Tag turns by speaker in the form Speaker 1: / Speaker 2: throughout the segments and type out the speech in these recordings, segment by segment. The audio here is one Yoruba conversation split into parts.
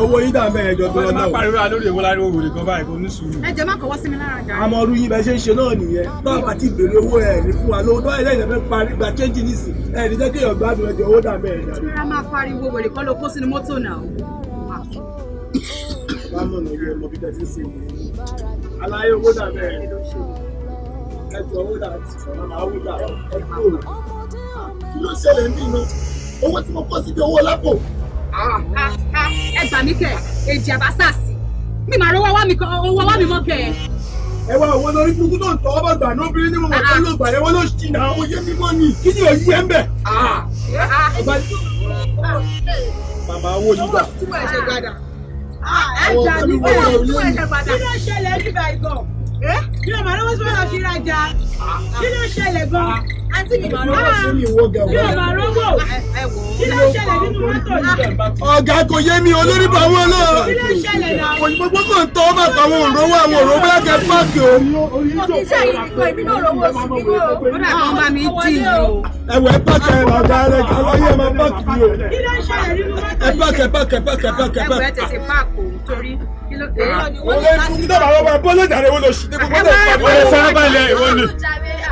Speaker 1: owó yín dà mẹ́rin ẹjọ́ tó lọ́nà. wọ́n ti máa pariwo alórí èwo láriwo wòlé kan báyìí kò ní sùúrù.
Speaker 2: ẹ jẹ́ má kọ́wọ́ sí mi lára ga. àmọ́
Speaker 1: ọdún yìí bẹ́ẹ̀ ṣe ń ṣe náà nìyẹn bá a bá ti bèrè owó ẹ̀ ní fún wa lówó tó ẹ̀ lẹ́yìn fẹ́ parí gba change nísìn ẹ̀ ní jẹ́ kí èèyàn gbádùn ẹjọ́ owó dà mẹ́rin ẹjọ́.
Speaker 2: rárá máa pariwo wòlé kan ló kó sínú mọ́tò náà.
Speaker 1: aláyé owó dà mẹ́rin ẹjọ́ owó dà ti sọ̀rọ̀ owó tí mo kọ́ síbi owó lápò
Speaker 2: gbà mí kẹ̀ èjì àbásàsì mi máa rówó wá mi kọ owó wá mi mọ́ kẹ̀.
Speaker 1: ẹ wá owó lórí burúkú náà tọ́ ọba gbà náà obìnrin ní mo wọ́n tó lò gbà yẹn wọ́n ló ṣì náà oyé mímọ́ ni kí ni òyú ẹ ń bẹ̀. màmá owó yìí gbà. owó tí wọ́n ṣe gbàdà.
Speaker 2: ẹ jà ní owó tí kí ló ṣẹlẹ̀ nígbà ìgọ̀? kí ló máa lọ́wọ́ sí wọn lọ fi rajà? kí ló ṣẹlẹ̀ gan-an? àǹtí mi máa
Speaker 1: lọ́wọ́ ọ̀gá kò yé mi olórí bá wọn lọ kò ní gbogbo kò ń tọ́ bá tàwọn òǹrówó àwọn òǹrówó bá kẹ páàkì o. ẹ̀wẹ̀ pàkẹ́ ọ̀gá rẹ̀ ọyẹ́ ẹ̀ máa pàkì mi o. ẹ pàkẹ́ pàkẹ́ pàkẹ́ pàkẹ́. ẹ̀wẹ̀ tètè
Speaker 2: pààkì òun torí kí ló dé. olórí fún mi dábàá wọn bá bọ́lẹ̀ dàrẹ́ wọn lọ sí.
Speaker 1: ẹ máa ń bọ̀ ọ́ sábàlẹ̀ ìwọ ni.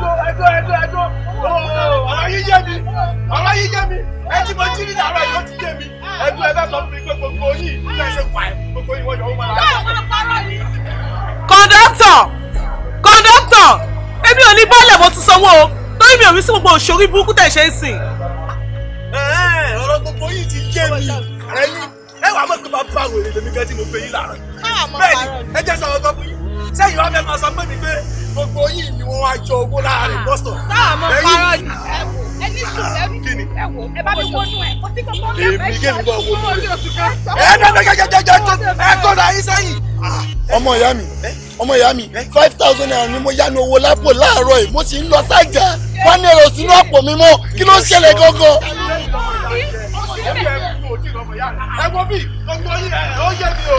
Speaker 1: ẹjọ́ ẹjọ́ ẹjọ́ ẹjọ́ ọ̀rọ̀ yìí yé mi ọ̀rọ̀ yìí yé mi ẹ ti mọ jírí dàrọ yìí ó ti yé mi ẹgbẹ́ ẹ bá sọ fún mi pé gbogbo yìí ní ẹsẹ̀ pa ẹ gbogbo yìí wọ́n yọ ọ́ máa lọ. kọ́ńdọ́tọ̀ kọ́ńdọ́tọ̀ èmi ò ní bọ́ọ̀lù mo ti sanwó o torí mi ò rí sí gbogbo òṣòrí burúkú tẹ̀ ṣe é sìn. ọ̀rọ̀ gbogbo yìí ti yé mi ẹ̀yin ẹ mọ̀ pé bá bá wèrè lèmi gẹ́tì mo fẹ́ yín lára bẹ́ẹ̀ ni ẹ jẹ́ sọ̀rọ̀ gbọ́ fún yín sẹ́yìn wá fẹ́ máa sọ pé mi gbogbo yìí ni wọ́n wá jọ owó láàrin bọ́sọ̀. táà mo parọ́
Speaker 2: ẹ wò ẹ ní sùn lẹ́nu ẹ wò ẹ bá mi wọnú ẹ kò sí kankan mẹ́fẹ̀ẹ́
Speaker 1: ṣe. ẹ. ọmọ ìyá mi ọmọ ìyá mi five thousand naira ni mo yánu owó lápò láàárọ̀ yìí mo sì ń lọ sájà wọn ní èrò sínú àpò mi mọ́ kí ló ń ṣẹlẹ̀ gangan. ẹ wọ bí ọjọ́ yìí ó yẹ mi o.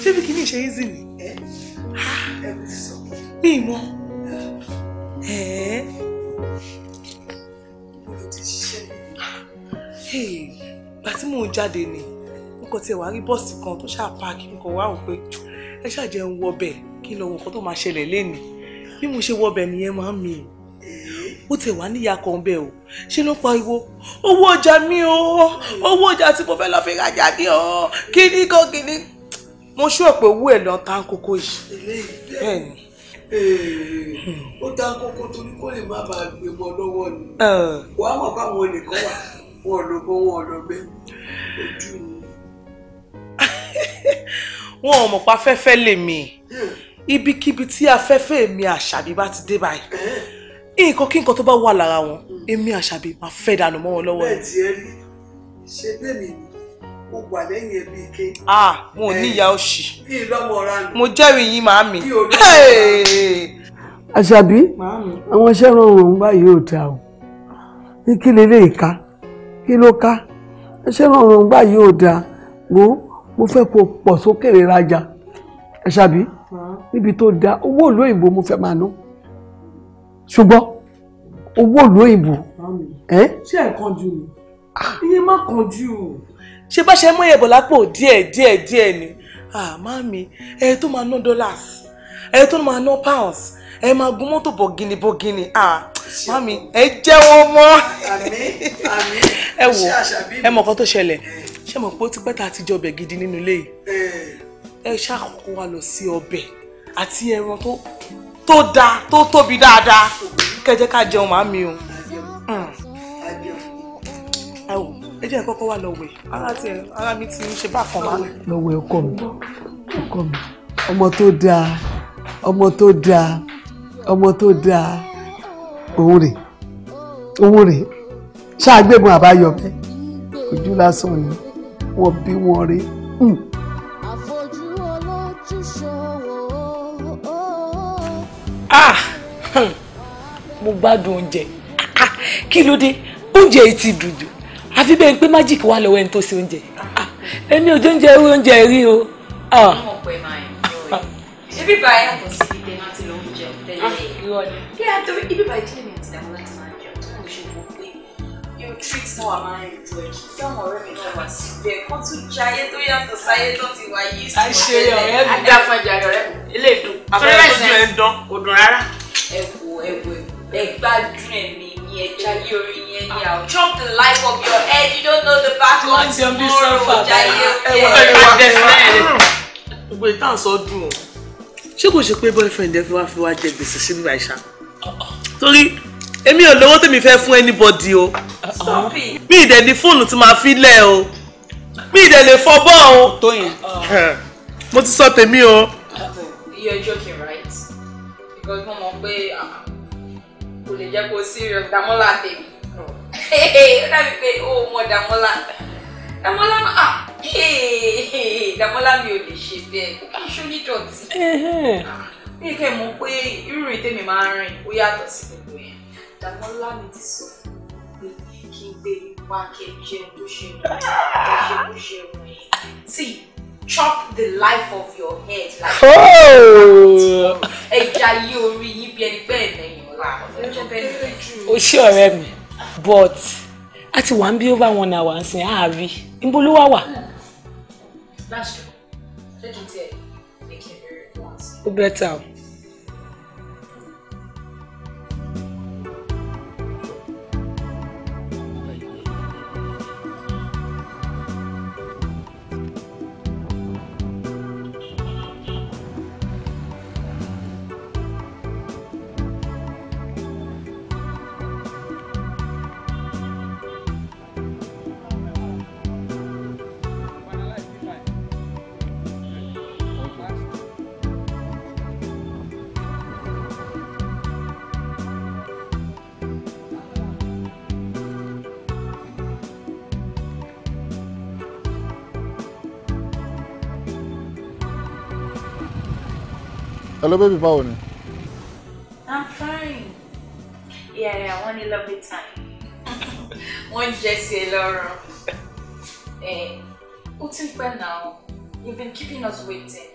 Speaker 1: ṣé bí kìíní ṣe easy ni ní ìmọ̀ ìgbà tí mò ń jáde ni mo kàn tiẹ̀ wá rí bọ́ọ̀sì kan tó ṣáà páàkì mo kàn wá wò pé ẹ ṣáà jẹ́ ń wọbẹ̀ kí n lọ wọ nǹkan tó máa ṣẹlẹ̀ lénìí bí mo ṣe wọbẹ̀ nìyẹn máa ń mi ó ti wà níyà kan bẹ́ẹ̀ o ṣe ló pariwo owó ọjà mi o owó ọjà tí mo fẹ́ lọ́ọ́ fi rajà ni o kíní kan kíní mo ṣúọ̀ pé owó ẹ̀ lọ ta kókó yìí bẹ́ẹ̀ ni. ó ta kókó torí kó lè má bàa gbé mọ lọ́wọ́ ni wàá mọ̀ fáwọn olè kan wà wọn lọ bọ́ wọn lọ bẹ́ẹ̀ ojú mi. wọn ò mọ̀ pa afẹ́fẹ́ lèmi ibikíbi tí afẹ́fẹ́ mi àṣàbí bá ti dé báyìí nǹkan kí nǹkan tó bá wà lára wọn èmi àṣàbí máa fẹ́ dànù mọ́ wọn lọ́wọ́ rẹ̀. bẹ́ẹ̀ tí ẹ rí ṣe bẹ́ẹ̀ mi mo wà lẹ́yìn ẹbí ike. ah mo ò ní ìyá òṣì. bí ìlọ́mọ ra nù. mo jẹ́rìí yín màámi. bí àṣàbí àwọn iṣẹ́ rọrùn báyìí ò ta o ní kí leléyìí ká kí ló ká iṣẹ́ rọrùn báyìí ò da mo mo fẹ́ kó pọ̀ sókèrè rajà àṣàbí níbi tó da owó ìlú òyìnbó mo fẹ́ máa ná ṣùgbọ́n owó ìlú òyìnbó. ṣé ẹ̀ kanjú ni ah. iye má kanjú o ṣe bá ṣe mú ẹ̀bọ̀ lápò díẹ̀ díẹ̀ díẹ̀ ni ah mami ẹ tó máa ná dollars ẹ tó máa ná pounds ẹ máa gun mọ́tò bọ̀gìnì bọ̀gìnì ah mami ẹ jẹ́wọ́ mọ́ ẹ wò ẹ mọ̀ kan tó ṣẹlẹ̀ ṣé mọ̀ pé ó ti pẹ́ tá a ti jẹ ọbẹ̀ gidi nínú ilé yìí eh. ẹ ṣàkókò wa lọ sí ọbẹ̀ àti ẹran tó tó da tó tóbi dáadáa kẹjẹ ká jẹun màá mi o. Mm. ẹ wò jẹ́ kọ́kọ́ wà lọ ara mi ti ń ṣe bákan máa. lọ wẹ̀ ọkọ mi ọkọ mi ọmọ tó dáa ọmọ tó dáa ọmọ tó dáa òun rè òun rè ṣáà gbẹ̀mọ àbáyọ bẹ́ẹ̀ ojú lásán ni wọ́n bí wọ́n rí. Mm.
Speaker 3: mo gbádùn oúnjẹ ah,
Speaker 1: ah, kí ló dé oúnjẹ yìí ti dùn jù àfi bẹ́ẹ̀ pé májìkì wà lọ́wọ́ ẹni tó ṣe oúnjẹ ẹni ah, ojú oúnjẹ irú oúnjẹ rí o.
Speaker 4: ṣé bíbá yàtọ̀ sí ibi tẹ̀ máa ti lọ oúnjẹ tẹ̀lé. kí á torí ibi bá ìdílé mi àti ìdààmú tricks náà wà máa ń jọ ẹ̀ kí àwọn ọ̀rẹ́ mi náà wà síbẹ̀ kó tún jayé tó yàtọ̀ sáyé tó ti wà yìí. a ṣe ọ̀rẹ́ mi adáfọ̀jà ọ̀rẹ́ mi ilé ìdùn.
Speaker 2: àbúrò ìdùn ẹ̀ ń dán kò dùn rárá. ẹ wo ẹ wo ẹ gbádùn ẹ̀mí
Speaker 4: yẹn jayé orí yẹn ni àwọn chop the life of your head you don't know the back of tomorrow jayé
Speaker 1: orí yẹn. gbogbo ìtàn sọ dùn o ṣé kò ṣe pé boyfriend ẹ fi wá fi wá jẹ gbèsè sínú àìsàn uh-uh. torí èmi ò lówó tèmi fẹ́ fún anybody o mi ì dẹ̀ ní fóònù tí màá fi lẹ̀ o mi ì dẹ̀ lè fọbọ́ o mo ti sọ tèmi o.
Speaker 4: you're joking right because mo mọ̀ pé ah, kò lè serious Dàmọ́lá
Speaker 2: tèmi ó dàbí pé ó mọ Dàmọ́lá Dàmọ́lá ah Dàmọ́lá mi ò lè ṣe bẹ́ẹ̀ kò kí n ṣó ní dọ̀tí. ní ah, kẹ́ mọ̀ pé irú ìtẹ́mi máa ń rìn ó yàtọ̀ sí gbogbo yẹn.
Speaker 4: Dàmọ́lá mi ti sọ fún mi pé kí n gbé wá kí ẹ jẹun tó ṣe ẹ̀jẹ̀ tó ṣe wọ̀nyí. See, chop the life of your head like oh! ẹja yí orí yín bí ẹni bẹ́ẹ̀ lẹ́yìn ọ̀la ọjọ́ bẹ́ẹ̀ ni. O ṣé ọ̀rẹ́ mi but a ti wà ń bí over one hour ń sìn àárí níbo ló wá wà. That's true. Ṣé kí n tiẹ̀ make it very once. Ó bẹ́ẹ̀
Speaker 1: ta o. Hello, baby, báwo ni?
Speaker 4: I'm fine. Yeah, yeah, Want a lovely time. Want Jesse and Laura. Eh, Ẹ ó ti pẹ́ You've been keeping us waiting.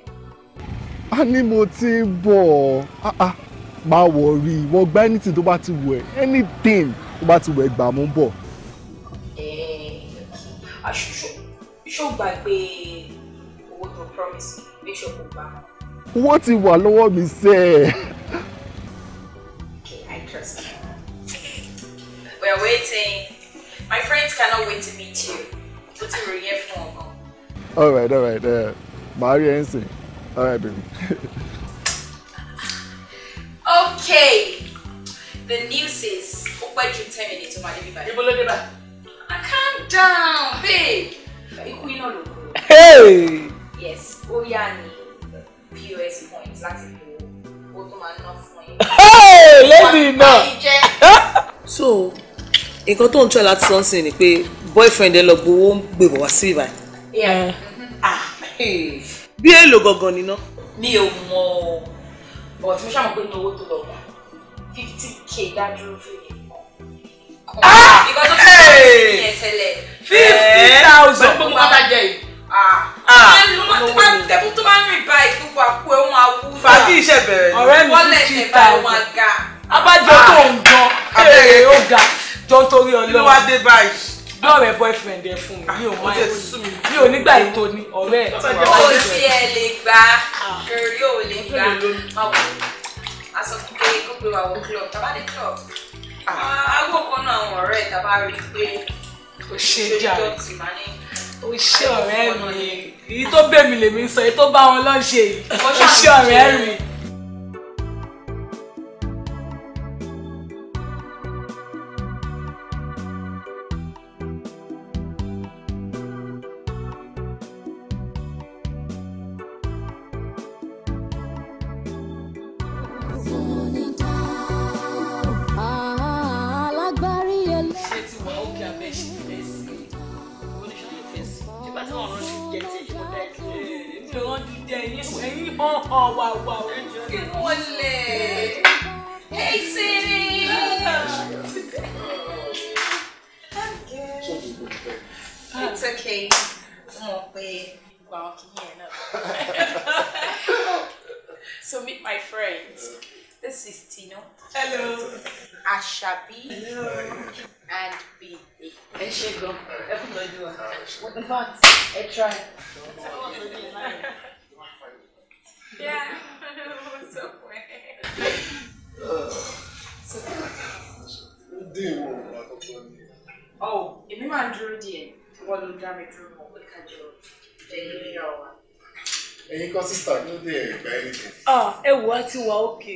Speaker 1: A ní mo ti ń bọ̀ ọ́. Ah, ah, má wọrí, wọ́n gba anything tó bá ti wù ẹ́. Anything tó bá ti wù ẹ́ gbà mú bọ̀.
Speaker 3: Eh, ah,
Speaker 4: Ṣó gbàgbé owó promise me, make sure kò gbà back
Speaker 1: wọ́n ti wà lọ́wọ́ mi sẹ́ ẹ̀.
Speaker 4: I trust you. We are waiting. My friends cannot wait to meet you. Ó ti rò yẹ fún
Speaker 1: All right, all right. Uh, màá rí ẹ sìn. All right, baby.
Speaker 2: okay. The news is ó pẹ́ ju ten minutes to my débi báyìí. Ibo ló dé báyìí? Calm down, babe. Ikú iná
Speaker 4: ló
Speaker 1: kúrò.
Speaker 4: Yes, ó yá ni pos point láti kó owó tó máa
Speaker 1: ná fún yín. lady náà. so nǹkan tó ń tọ́ láti sọ sí ni pé boyfriend ẹ lọ gbowó ń gbèbọ̀ wá sí ibà. Eh. Mm-hmm. Ah, bí èèlò gangan níná. mi ò mọ o
Speaker 2: but mo ṣàmọ̀ pé ní owó tó lọ gbà fifty k dádúró fún mi ah, fifty thousand. gbogbo bàtà jẹ yìí. Ah. Ah. tẹ́kùn tó máa ń rìn báyìí gbogbo àpò ẹ̀wọ̀n awú náà fàájì iṣẹ́
Speaker 1: bẹ̀rẹ̀ ọ̀rẹ́ mi ti ti ta ọ̀gá abájọ tó ń gan abẹ́rẹ́ eh, ó ga jọ nítorí ọlọ́run wá dé báyìí bí ọ̀rẹ́ boyfriend ẹ̀ fún mi mi ò máa mi ò nígbà ètò ni ọ̀rẹ́ ẹ̀ ó ti
Speaker 4: ẹ̀ lè gbà ah. kẹrì ò lè gbà ọkùnrin aṣọ pípé kó pé wà club tàbá dé club àwọn agbókan náà àwọn ọ̀rẹ́ tàbá rí i pé òṣèjà
Speaker 2: o ṣé ọ̀rẹ́ mi èyí tó bẹ̀ mí lèmi sọ èyí tó bá wọn lọ ṣe yìí ọ̀rẹ́ mi.
Speaker 4: In fact, I tried. yeah, what's up with Oh, èmi máa ń dúró díẹ̀ wọ́n ló dá mi dúró mọ́ pé kájọ ẹ̀yìn ríra wa.
Speaker 1: Ẹ̀yin kọ́ sísà ló dé ẹ̀gbá ẹ̀yìn.
Speaker 4: Ẹ
Speaker 2: wò á ti wà ókè.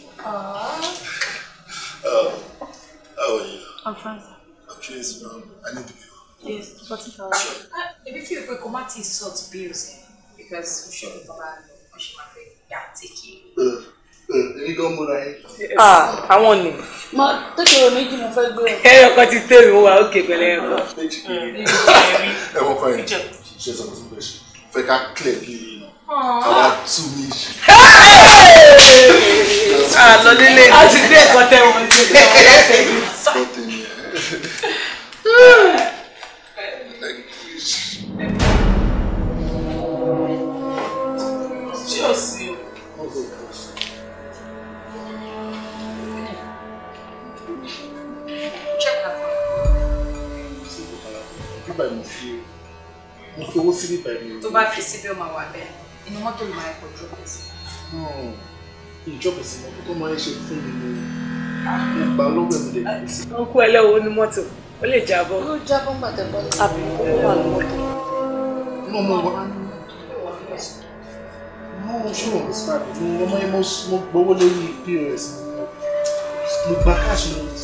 Speaker 3: Oh,
Speaker 1: Um, how are you?
Speaker 4: I'm fine, sir. Okay, so um, I need the bill. Yes, forty thousand. Sure. Uh, if you feel quick, come out sort bills, eh? Because we should be covered. We should not be yanticky.
Speaker 1: èmi gan múra yín. àwọn ni.
Speaker 2: mo tókèrè méjì mo fẹ́ gbé.
Speaker 1: ẹyọ kan ti tó mi okay òkè pẹ̀lẹ́ ẹ̀kọ́. ẹ wọ́n kọ́ yẹn ṣe sọ́kọ́sọ́kọ́ fẹ́ ká clear bíi
Speaker 3: àwa tún ní ìṣe. àlọ́ líle a ti gbé ẹ̀kọ́
Speaker 1: tẹ wọn ju Mo fi owó síbí pẹ̀lú.
Speaker 4: Tó bá fi síbí, ó máa wà bẹ́ẹ̀ inú mọ́tò ló máa ń kọjú ọ̀pẹ̀ sí.
Speaker 1: ìjọba ìsìn mọ́tò tó máa ń ṣe fún mi ni
Speaker 3: ah, mo gbà lọ́wọ́ mi lè fi sí. ó kú ẹlẹ́wọ̀
Speaker 1: ní mọ́tò ó lè
Speaker 2: jábọ́.
Speaker 3: ó jábọ́ gbàdẹ́gbọ́ àbùkù wà lọ́wọ́. mo mọ wa
Speaker 2: mo ṣòro mo mọ
Speaker 1: mo gbowó lórí pos mo gba káàṣì lórí.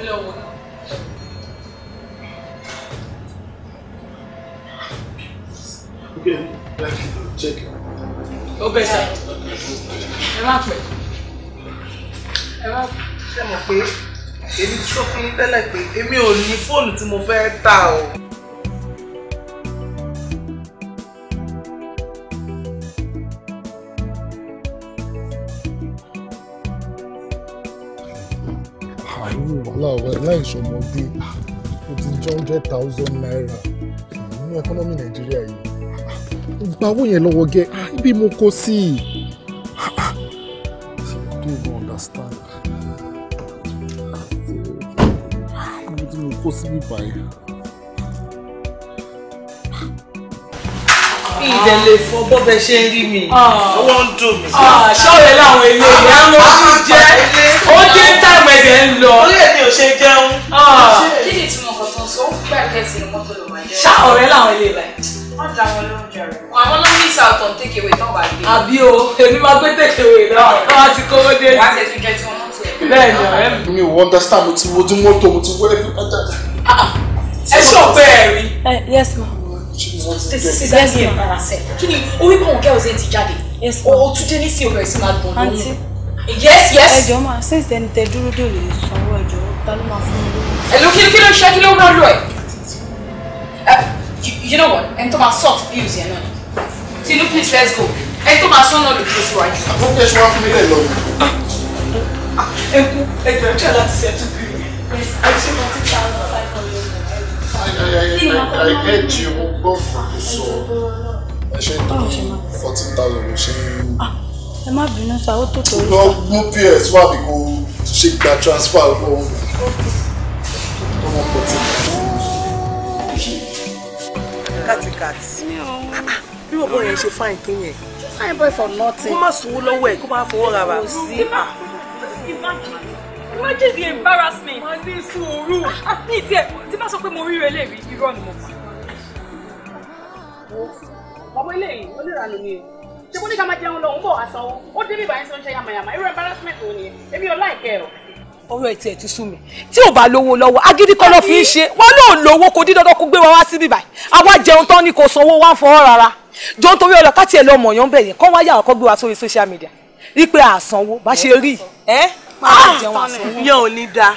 Speaker 4: ẹlẹ́wọ̀n.
Speaker 5: Okay, let's check. Ó bẹ̀ sá.
Speaker 2: Ẹ má pẹ́. Ẹ má
Speaker 1: ṣe mọ̀ pé èmi ti sọ fún yín tẹ́lẹ̀ pé èmi ò ní fóònù tí mo fẹ́ tà o. wàhálà ọ̀rọ̀ ẹ̀ láì sọmọdé ó ti jẹ́ hundred thousand naira ní ẹkọ́nọ́mì nàìjíríà yìí gba owó yẹn lọ́wọ́ gẹ́ ah, ibi mo kó sí i. I don't understand. ṣe ń rí mi owó ah. ń dùn mí. Ah, ṣọ́ọ̀rẹ́ làwọn eléyìí á lọ sí jẹ́ ó dé táwọn ẹ̀dẹ̀ ń lọ. orí èmi ò ṣe jẹun. kí
Speaker 4: ni ìtumọ̀ kan sọ ó gbà ni mọ́tò ló máa jẹ́. ṣá làwọn eléyìí báyìí wọ́n dà wọ́n lóúnjẹ rẹ̀. àwọn ló miss out on take away tán bá gbé. àbí o èmi máa gbé take away náà wọ́n á ti kówó dé. wàá tẹ̀ tún jẹ tí wọ́n mú tiẹ̀. bẹ́ẹ̀ ni ọ̀rẹ́ mi.
Speaker 1: mi ò understand mo ti wojú mọ́tò mo ti wọ ẹ̀fọ́ kájà. ẹ ṣọ̀pẹ́ ẹ̀ rí.
Speaker 4: Eh, yes ma. this is exactly embarrassing. kí ni orí báwọn girls ẹ ti jáde. yes ma. o tún dé ní sí ọ̀rẹ́ sí máa gbọ̀n lórí. yes yes. ẹ jọ̀ọ́ ma since then tẹ dúró dè lè sanwó ẹ jọ̀ọ́ ta ló máa fún mi lówó.
Speaker 2: ẹ ló you, know what ẹni tó máa sort bills yẹn náà Tinu please let's go ẹni tó máa sọ náà ló dúró
Speaker 1: síwájú. àwọn kí ẹ ṣe wá fún mi lẹ́yìn lọ́wọ́. ẹ kú ẹjọ ẹ jẹ́ láti ṣẹ́tù bí mi. ẹ ṣe máa ti ta ọ̀rọ̀ five
Speaker 3: I heard you gbọ́ fòkè sọ ẹ ṣe ń tó fourteen thousand ló ṣe ń. Ah, ẹ má bínú sa ó tó torí
Speaker 1: sa. lọ mú transfer kàtìkàtì ah, ah,
Speaker 2: bí bọ̀bọ̀ yẹn ṣe fáìn tó yẹn fáìn boy for nothing kó má
Speaker 1: sòwò lọ́wọ́ ẹ̀ kó má fowó rárá. Ah.
Speaker 4: imagine the embarrassment. wọ́n ní sùúrù. ní ìdí ẹ̀ tí bá sọ pé mo rí rẹ lè rí irọ́ ni mo pa.
Speaker 2: ọmọ eléyìí oníranú ni o ṣe ní ká máa jẹun lọ òun bọ̀ wá sanwó ó débìbà sọ ń ṣe yamayama irú embarrassment wo ni èmi ò láìkẹ́ o
Speaker 4: ọ̀rọ̀ ẹtì ẹtì sú mi
Speaker 2: tí ò bá lówó lọ́wọ́ agídí kọ́ ló fi ń ṣe wọn náà lówó kò dídọdọ kó gbé wa wá síbí báyìí àwa
Speaker 1: jẹun tán ni kò sanwó wá ń fọwọ́ rárá jọ nítorí ọlọ káti ẹ lọ mọ̀ yán bẹ̀yẹn kọ́ wáyà ọkọ gbé wa sórí social media rí pé àsanwó bá ṣe rí ẹ máa ah! jẹun àsanwó. ìyẹn ò ní dáa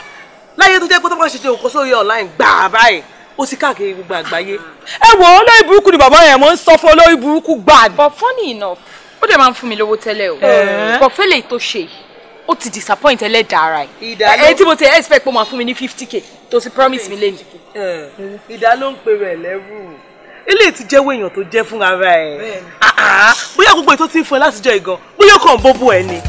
Speaker 1: láyé tó jẹ́ pé tó bá ṣe ṣe òkú sórí online gbà báyìí ó sì káàkiri gbogbo àgbáyé. ẹ
Speaker 4: wò ó lórí burúkú ni bàbá yẹn mo ń sọ fún olórí burúkú gbà. but funny enough ó dẹ̀ mán fún mi lówó tẹ́lẹ̀ o kò fẹ́lẹ̀ tó ṣe yìí ó ti disappoint ẹlẹ́dàá ara ẹ̀ ẹ tí mo ti expect pé mo máa fún mi ní fifty k tó ti promise mi lẹ́yìn.
Speaker 1: Eh, ìdá ló ń pe rẹ̀ lẹ́rù ilé ti jẹ́wọ́ èèyàn tó jẹ́ fúnra ẹ̀ ah, ah, bóyá gbogbo ètò tí ń fún ẹ látijọ́ ìgan bóyá ó kàn bóbú ẹ ni.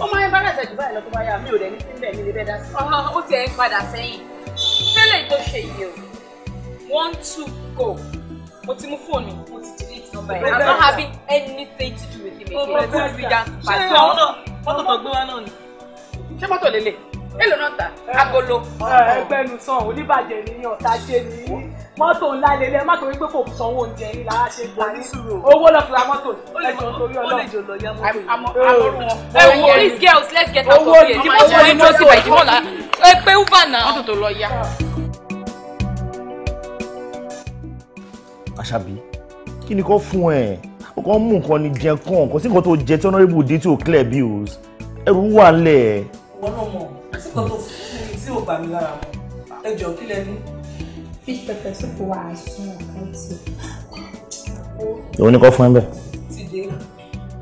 Speaker 2: ó máa ń bá rẹ̀ jù báyìí lọ tó bá yá mi ò dẹ̀ ní síbẹ̀ mi lè bẹ́ẹ̀ dá sí. ó ti ẹ̀ ń padà
Speaker 4: sẹ́yìn tẹ́lẹ̀ tó ṣe yìí o one two go mo ti mú fóònù mo ti jẹ I'm not having anything to do with him oh, again. Ọmọ tó rí jà. Ṣé
Speaker 1: tó gbé wá náà ni?
Speaker 2: Ṣé mọ́tò lélẹ̀? Èlò náà ta, eh, agolo.
Speaker 4: Eh, Ẹgbẹ́nu sàn, oníbàjẹ́ ni ọ̀tá jẹ́ ni. Mọ́tò ńlá lélẹ̀, mọ́tò wípé kò sanwó oúnjẹ yìí lára ṣe gbà ní. Owó lọ fura
Speaker 1: mọ́tò ẹ̀jọ̀ torí
Speaker 2: ọlọ́run.
Speaker 4: Oh, eh, please girls let's get out of here. Owó ni mọ́tò yìí.
Speaker 2: Ẹ Mọ́tò tó lọ
Speaker 1: Àṣàbí kí ni kò fún ẹ o kàn mú nǹkan ni jẹ kàn kò sí nǹkan tó jẹ tí honourable dé tí o clear bills ẹrù wà lẹ. ìwọ náà mọ sí nǹkan tó fún mi tí ò bá mi lára mọ ẹ jọ kí lẹnu. fish pepper soup wà á sún ọ̀kan tí.
Speaker 3: òun ni kò fún ẹ bẹ́ẹ̀. ti dé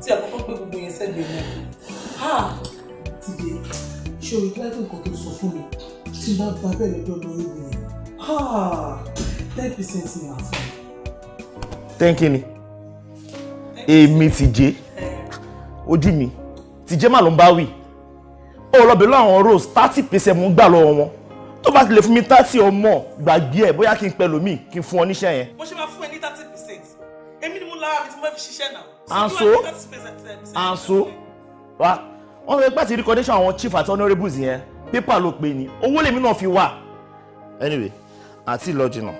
Speaker 3: tí àkọ́kọ́ pé gbogbo yẹn sẹ́gbẹ̀ẹ́
Speaker 1: mi ti dé ṣé o rí lẹ́gbẹ̀ẹ́ nǹkan tó sọ fún mi tí bá bá bẹ́ẹ̀ lọ́dọ̀ lórí mi. ten percent ni àfọ̀ tẹ́ńkì ni èmi tìjẹ́ ojú mi tìjẹ́ mà ló ń bá wì ọlọ́bẹ̀ láwọn rose thirty percent mo ń gbà lọ́wọ́ wọn tó bá ti lè fún mi thirty ọmọ gbàgbé ẹ̀ bóyá kí n pẹ́ lómi kí n fún ọ níṣẹ́ yẹn. mo ṣe máa fún ẹ ní thirty percent èmi ni mo lára mi tí mo fi ṣiṣẹ́ náà. àǹso àǹso wa wọ́n fẹ́ pàtí recognition àwọn chief àti honourables yẹn Paper ló pe ni owó lèmi náà fi wà. anyway àti ìlọjìnà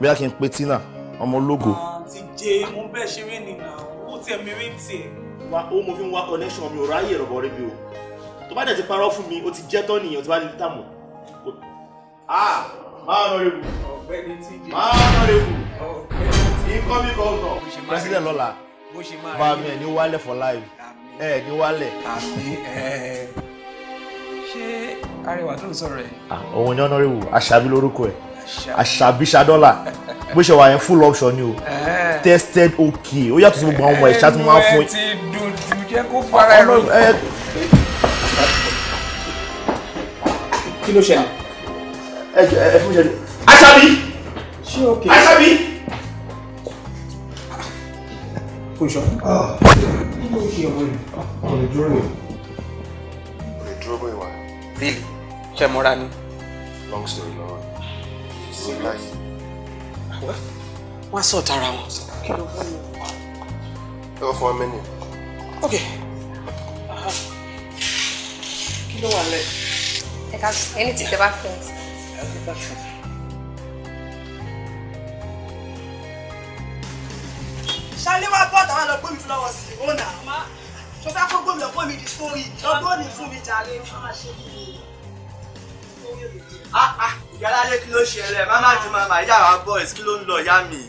Speaker 1: bóyá kí n pe tina ọmọ ológo. Uh ti jẹ mo bẹ́ẹ̀ ṣeré nìyà ó tiẹ̀ mi rí tiẹ̀. wa ó mo fi ń wá connection mi ò ráyè rọ̀bọ̀ rẹ̀ bi o tó bá dẹ̀ ti parọ́ fún mi o ti jẹ́ tán nìyẹn o ti bá lè tààmù. ah máa nọ rebu máa nọ rebu incoming governor president lọ́la bá mi ẹ̀ ní wálẹ̀ for life ẹ̀ ní wálẹ̀. ṣé arẹwà tó ń sọ̀rọ̀ ẹ̀. Ah, òun ni ọ̀nà rebu aṣàbí lórúkọ ẹ̀ àṣàbíṣadọ́là bó ṣe wà yẹn full option ni o tested okay ó yàtọ̀ sí gbogbo àwọn ọmọ ẹ̀ṣá tí wọ́n á fún yín. ẹ ti dùn jù jẹ́ kó fara ẹ̀rọ. kí ló ṣẹlẹ̀. ẹ ẹ fún mi ṣẹlẹ̀. àṣàbí. ṣé o kè é. àṣàbí. fúnṣọ. Ah. kí ló ṣe ọmọ yìí. ọmọ ìdúró ni. ọmọ ìdúró bóyá. bíi ṣe mọ́ra ni. long story lọ́wọ́ sí báyìí. wọ́n á sọ tara wọn. ẹ wọ́n fún wa mẹ́nu.
Speaker 4: ok kí ló wà lẹ. ẹ ká ẹni tí tẹ bá fẹ́.
Speaker 1: ṣáálé wá bọ́ọ̀tà wà lọ gbómi fún lọ́wọ́ sí i ó nà á tó sá fún gbómi
Speaker 4: lọ gbómi di sórí lọ gbóni fún mi jàre. ah
Speaker 1: ah yálàdé kí ló ṣẹlẹ̀ mama ti mama ìyá boys kí ló ń lọ ìyá mi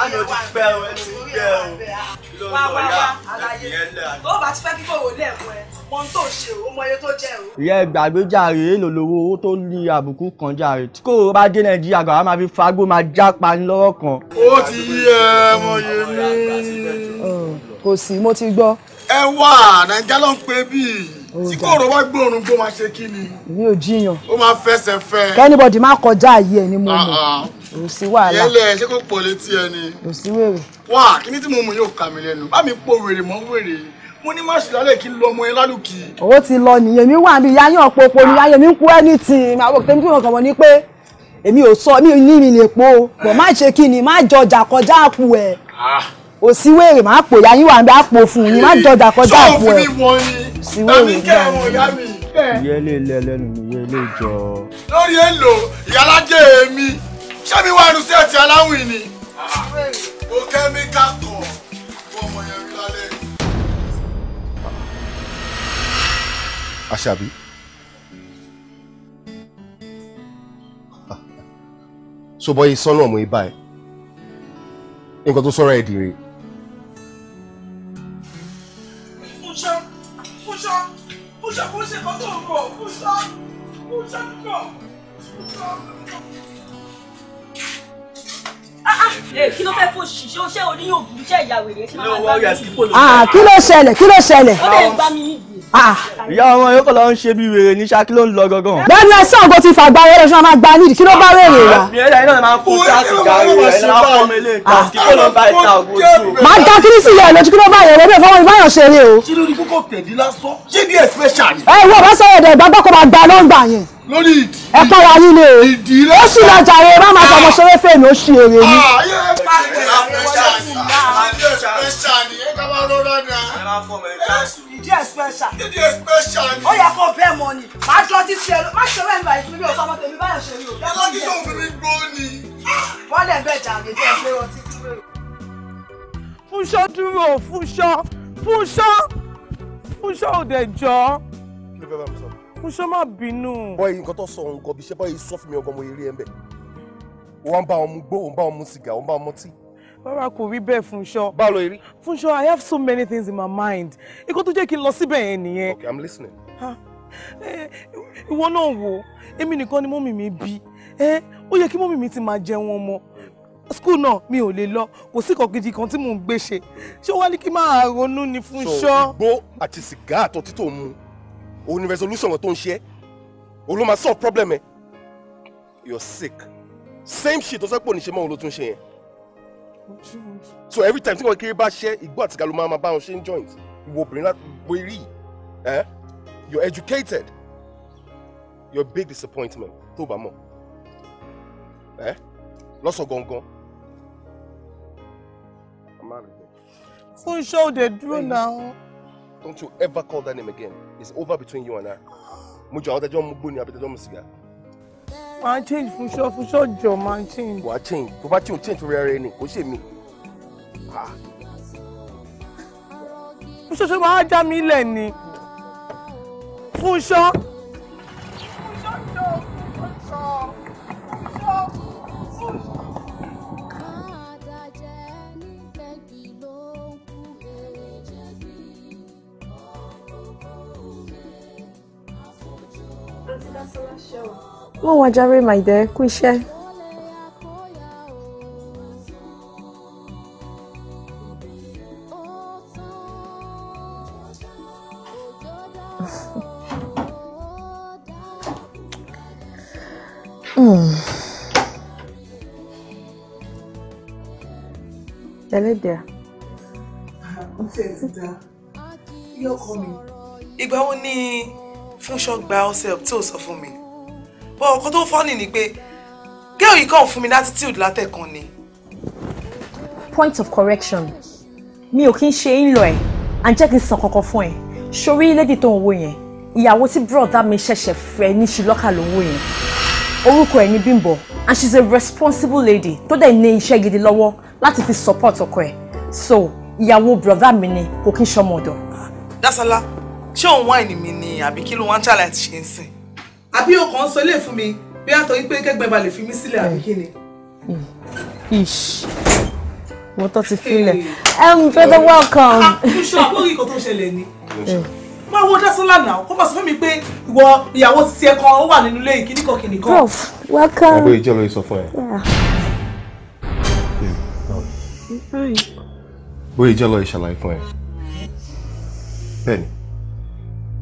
Speaker 1: àná ojú pẹ́ o ẹni ojú pẹ́ o kí ló ń lọ ìyá ẹ̀fìn ẹ̀lẹ́ àná. tó bá ti fẹ́ kí kò wò lẹ́ẹ̀kọ́ ẹ mọ ohun tó ṣe o mọ iye tó jẹ o. ìyá ìgbàgbé èèlò lówó owó tó ní àbùkù kan jàre tí kò bá dé nàìjíríà gbàgbà máa fi fagbó máa já pani lọ́wọ́ kan. ó ti yí ẹ mọ yé mi. kò sí mo ti gbọ́. ẹ wà nàìjíríà ló ń pè bíi tí kòrò bá gbóòórùn tó máa ṣe kí ni. mi ò jiyàn. ó máa fẹsẹ̀ fẹ. kẹ́nìbọ̀dì má kọjá àyè ẹ̀ ni mo mọ̀. Ah, ah. kò sí wàhálà. yẹlẹ ṣé kò pọ̀ létí ẹ ni. kò sí wèrè. wá kíní tí mo mú yóò kà mí lẹ́nu bá mi po wèrè mọ́ wèrè mo ní má ṣùlálẹ̀ kí lọ ọmọ yẹn lálùkì.
Speaker 4: owó ti lọ nìyẹn mi wà bí yáyàn popo ni yáyàn mi ń kú ẹni tì í màá wọ pé mi kò
Speaker 1: kàn wọ́n ni pé èmi ò sọ mi ní mi lè po pọ̀ má ṣe kí ni má jọjà kọjá àpò ẹ̀. Ah ò sí wèrè máa pò ya yín wà ń bẹ àpò fún yín má jọjà kọjá àpò ẹ sí wèrè náà ìyá ilé ilé ẹlẹ́nu ni ìyá ilé ìjọ. lórí èlò ìyálájẹ èmi ṣé mi wá irúṣẹ́ ti aláwìn ni. mo kẹ́míkà kọ̀ fún ọmọ yẹn rí lálẹ́. àṣàbí.
Speaker 6: so bọ́ yìí sọ́nà ọmọ ibà ẹ̀ nǹkan tó sọ́ra ẹ̀ dìre.
Speaker 1: 不想不想把痛苦，不想不想苦，不想。kí ah, ah, eh, ló fẹ́ fò ṣì
Speaker 4: ṣé o ṣé o ní òògùn iṣẹ́ ìyàwó ìrẹsì máa ń gbà mí. kí ló ṣẹlẹ̀ kí ló ṣẹlẹ̀. ó lè gbà mí
Speaker 1: Ah! ìyá ọmọ yòókù lọ ń ṣe bí wèrè ní ṣáà kí ló ń lọ gangan. bẹ́ẹ̀ni ẹ sàn kó ti fàgbà owó lọ
Speaker 4: sí máa gba nídìí kí ló bá rèrè rà.
Speaker 1: máa ga kiri sí ìyá ẹ lójú kí ló bá yẹ lórí ìfọwọ́ ìbáyọ̀ ṣe eré o. ṣé lórí kókó tẹ̀lé lásán ṣé ní ẹ̀ special. ẹ wo bá sọ èdè ìgbàgbọ́ kó máa gba ló ń gbà yẹn. lórí ìdí. ẹ kọ́ra yín lé o. ìdí rẹ̀ ó sì lọ jàre má máa fọmọ ah. ṣeré fèmí ó ṣì èrè ah, ni. ẹ máa fọmọ ẹ káàsì díẹ̀ special. kí díẹ̀ special ni. ó yẹ kó bẹ́ẹ̀ mọ ni màá jọ ti ṣe má ṣe wẹ́ẹ̀ nígbà ìfún mi ò sọmọ tèmi báyọ̀ ṣe rí o. ọlọ́dún yóò fi mi gbó ni. wọ́n lẹ̀ bẹ́ẹ̀ jà mí bẹ́ẹ̀ pé ọtí kúrò. fúnṣọ́ dúró fúnṣọ́ fúnṣọ́ fúnṣọ́ ò dẹ̀ jọ. fúnṣọ́ má bínú. bọ́ọ̀ nǹkan tó sọ òun gọ̀bí ṣe bọ́ọ̀ yìí sọ fún mi ọgọ́ mo rí ẹ̀ ń bẹ̀. wọ́n bá ọmú gbó òun bá ọmú sìgá òun bá ọmú tíì rárá kò rí bẹ́ẹ̀ Fúnṣọ́. báwo ló rí. Fúnṣọ́ I have so many things in my mind ikú tó jẹ́ kí n lọ síbẹ̀ yẹn nìyẹn. okay I'm listening. ìwọ náà wò èmi nìkan ni mọ́mì mi bí ó yẹ kí mọ́mì mi ti máa jẹun ọmọ skul náà mi ò lè lọ kò sí kan gidi kan tí mò ń gbé ṣe ṣé wàá ní kí máa ronú ni Fúnṣọ́. so igbó àti sìgá àtọtí tó mu òun ni resolution tó ń ṣe é ló máa solve problem ẹ you're sick same shit tó sọ pé òun ṣe mọ́ òun ló tún ṣe yẹn so every time tí wọn kéré bá ṣe ìgbó àtìkà ló máa ma bá wọn ṣe ń joint ìwọ obìnrin láti gbé rí ẹ you're educated you're a big disappointment tó bá mọ̀ ẹ eh? lọ́sọ̀ gangan. Funṣọ́ òde dúró náà. Don't you ever call that name again. It's over between you and I. Mo jọ àwọn tẹjọ́ mú gbóni àbí tẹjọ́ sìgá máa change sure, fúnṣọ́ sure, jọ máa change. wàá change tó bá tí o change fúnra rẹ ni kò ṣe mí. fúnṣọ́ sure, máa já mi lẹ̀ ni fúnṣọ́. sure,
Speaker 5: jọ fúnṣọ́ fúnṣọ́ fúnṣọ́.
Speaker 4: That's the last show wọ́n wá jàre my dear kú iṣẹ́. ẹlẹ́dẹ̀ẹ́.
Speaker 1: àwọn tí ẹ ti dá yọkọ mi. ìgbà wo ni fúnṣọ gba ọsẹ tó sọ fún mi bọ́ ọkọ tó fọ́nì ni pé gẹ́ọ̀ yìí kàn fún mi latitude látẹ̀kan ni.
Speaker 4: point of correction mi ò kí ń ṣe ń lọ ẹ̀ à ń jẹ́ kí n sàn kankan fún ẹ sórí lady tó ń wo yẹn ìyàwó tí brọ̀dá mi ṣẹ̀ṣẹ̀ fẹ́ ní ṣùlọ́kà ló wo yẹn orúkọ ẹ̀ ní Bímbọ́ and she's a responsible lady tó dẹ̀ ní iṣẹ́ gidi lọ́wọ́ láti fi support ọkọ ẹ̀ so ìyàwó brọ̀dá mi ni kò kí ń ṣọmọ ọ̀dọ̀. Ah,
Speaker 1: dásálà ṣé òun wáìnì mi ni àbí kí ló wá ń ṣàlàyé ti ṣe ń sìn àbí o ń sọ ilé fún mi bí a torí pé kẹgbẹ́ balẹ̀ fi mí sílẹ̀ àbí kí ni. Um,
Speaker 4: ah, mo tọ́ ti filẹ̀ um welcome.
Speaker 1: àkúṣọ àbórí nǹkan tó ṣẹlẹ̀ ni eh. máa wo dásánlá náà kó bá sọ fún mi pé ìwọ ìyàwó titi ẹ ó wà nínú ilé ìkíní kan kìnìkan. prof welcome. ẹgbẹ́ ìjọba yìí sọ fún ẹ. Where you jealous shall I find? Benny,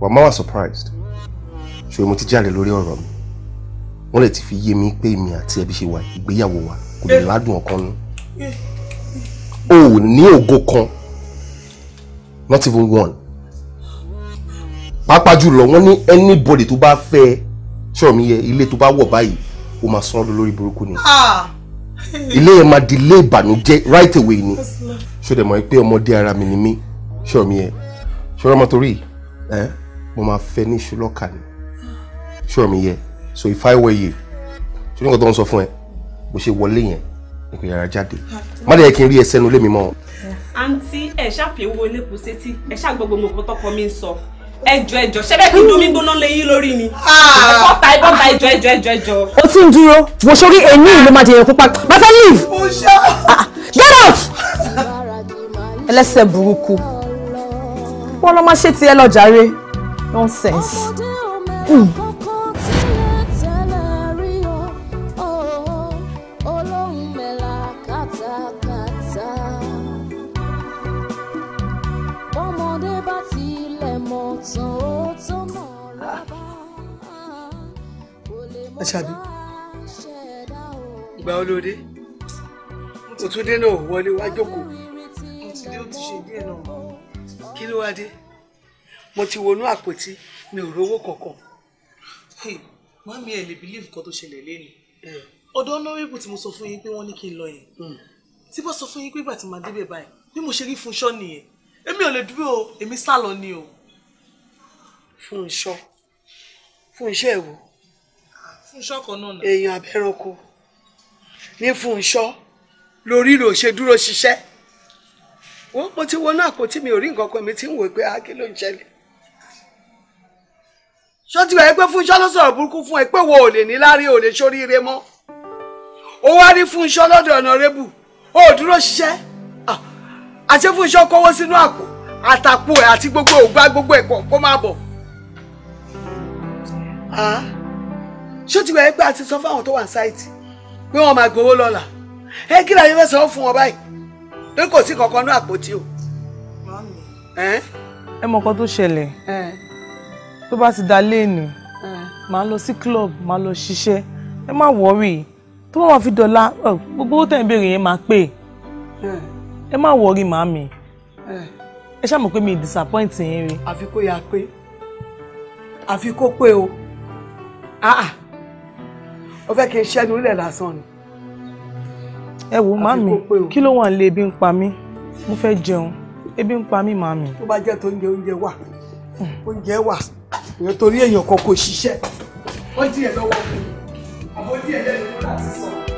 Speaker 1: well, mama surprised ṣùgbọ́n mo ti jáde lórí ọ̀rọ̀ mi wọ́n lè ti fi yé mi pé èmi àti ẹbí ṣe wà ìgbéyàwó wa kò lè ládùn ọ̀kan nu o ò ní ògo kan not even one pàápàá jùlọ wọ́n ní anybody tó bá fẹ́ ṣọ́ọ̀ mi yẹ ilé tó bá wọ̀ báyìí ó máa san ọ́ lórí burúkú ni ah! ilé yẹn máa di ilé ìbànújẹ́ right away ni ṣọdẹ mọ̀ pé ọmọdé ara mi ni mí ṣọ́ọ̀ mi yẹ ṣọ́ọ́ ọmọ torí ẹ mo máa fẹ́ ní ìṣúlọ́kà ni sure mi yẹ so if I were you ṣé nǹkan tó ń sọ fún ẹ bó ṣe wọlé yẹn ìpè yàrá jáde má dẹ̀ yẹ kí n rí ẹ sẹ́nu lé mi mọ́.
Speaker 2: àǹtí ẹ ṣàfihàn owó elépo sétí ẹ ṣàgbọ́gbọ́ mo kò tọkọ mi ń sọ ẹjọ ẹjọ ṣẹbẹ kí domi gbóná lé yín lórí ni ah! bọta ìbọta ẹjọ ẹjọ ẹjọ ẹjọ.
Speaker 4: o ti ń dúró wo sórí eyín ló máa jẹyàn kópa bàtà leave ah, get out ẹlẹ́sẹ̀ burúkú wọn lọ máa ṣe tiẹ̀ lọ jàre nonsense. Mm.
Speaker 3: àṣàbí
Speaker 1: ìgbà olóde mo tó tún dé náà wọlé wá jókòó mo ti dé ó ti ṣe díẹ̀ náà kí ló wá dé mo ti wọnú àpótí mi ò rówó kankan. mọ́mí ẹ̀ lè bílíìfù kan tó ṣẹlẹ̀ lẹ́nu ọ̀dọ̀ ọ̀nàrẹ́bù tí mo sọ fún yín pé wọ́n ní kí n lọ yẹn hmm. tí bá sọ fún yín pé ìgbà tí màá débẹ̀ báyìí bí mo ṣe rí Fúnṣọ́ nìyẹn èmi ò lè dúró èmi sá ni o. Fúnṣọ́ Fúnṣọ́ ẹ̀ wò fúnṣọ́ kan náà nà. èèyàn abẹ́ranko ní fúnṣọ́ lórí rò ṣe dúró ṣiṣẹ́ wọ́n mo ti wọnú àpótí mi ò rí nǹkan kan mi ti ń wò pé ah, kí ló ń ṣẹlẹ̀ ṣọ́tí wẹ̀ pé fúnṣọ́ ló sọ̀rọ̀ burúkú fún ẹ pé wo ò lè ní lárí ò lè ṣoríire mọ́ ó wá rí fúnṣọ́ lọ́dọ̀ ọ̀nàrẹ́bù ó dúró ṣiṣẹ́ àṣẹ ah, fúnṣọ́ kọ́wọ́ sínú àpò àtàpò ẹ̀ àti gbogbo ògbà gbogbo ẹ̀kọ́ kó má bọ̀. Ah, ṣó ti wẹ̀ ẹgbẹ́ àti sọ fáwọn tó wà ní sáìtì pé wọ́n máa gbowó lọ́la ẹ kí làyè fẹ́ sọ fún wọn báyìí pé kò sí kankan ní àpótí o. ẹ mọ nǹkan tó ṣẹlẹ̀ tó bá ti da léènì màá lọ sí club màá lọ ṣiṣẹ́ ẹ má wọ́rì tó bá wà fi dọ̀la gbogbo owó tẹ̀ ń béèrè yẹn máa pè ẹ má wọ́rì màámi ẹ ṣáà mọ̀ pé mi disappoint yín rí.
Speaker 4: àfi kó yà pé
Speaker 1: àfi kó pé o. Ah, ah ó fẹ́ kí n ṣẹ́nu orílẹ̀ lásán ni. ẹ wo màmí kí ló wà nílé ebi ń pa mí mo fẹ́ jẹun ebi ń pa mí màmí. tó bá jẹ́ tó oúnjẹ oúnjẹ wà oúnjẹ wà èèyàn torí èèyàn kan kò ṣiṣẹ́ ó díẹ̀ lọ́wọ́
Speaker 3: àbójú ẹ̀ lẹ́nu láti sọ.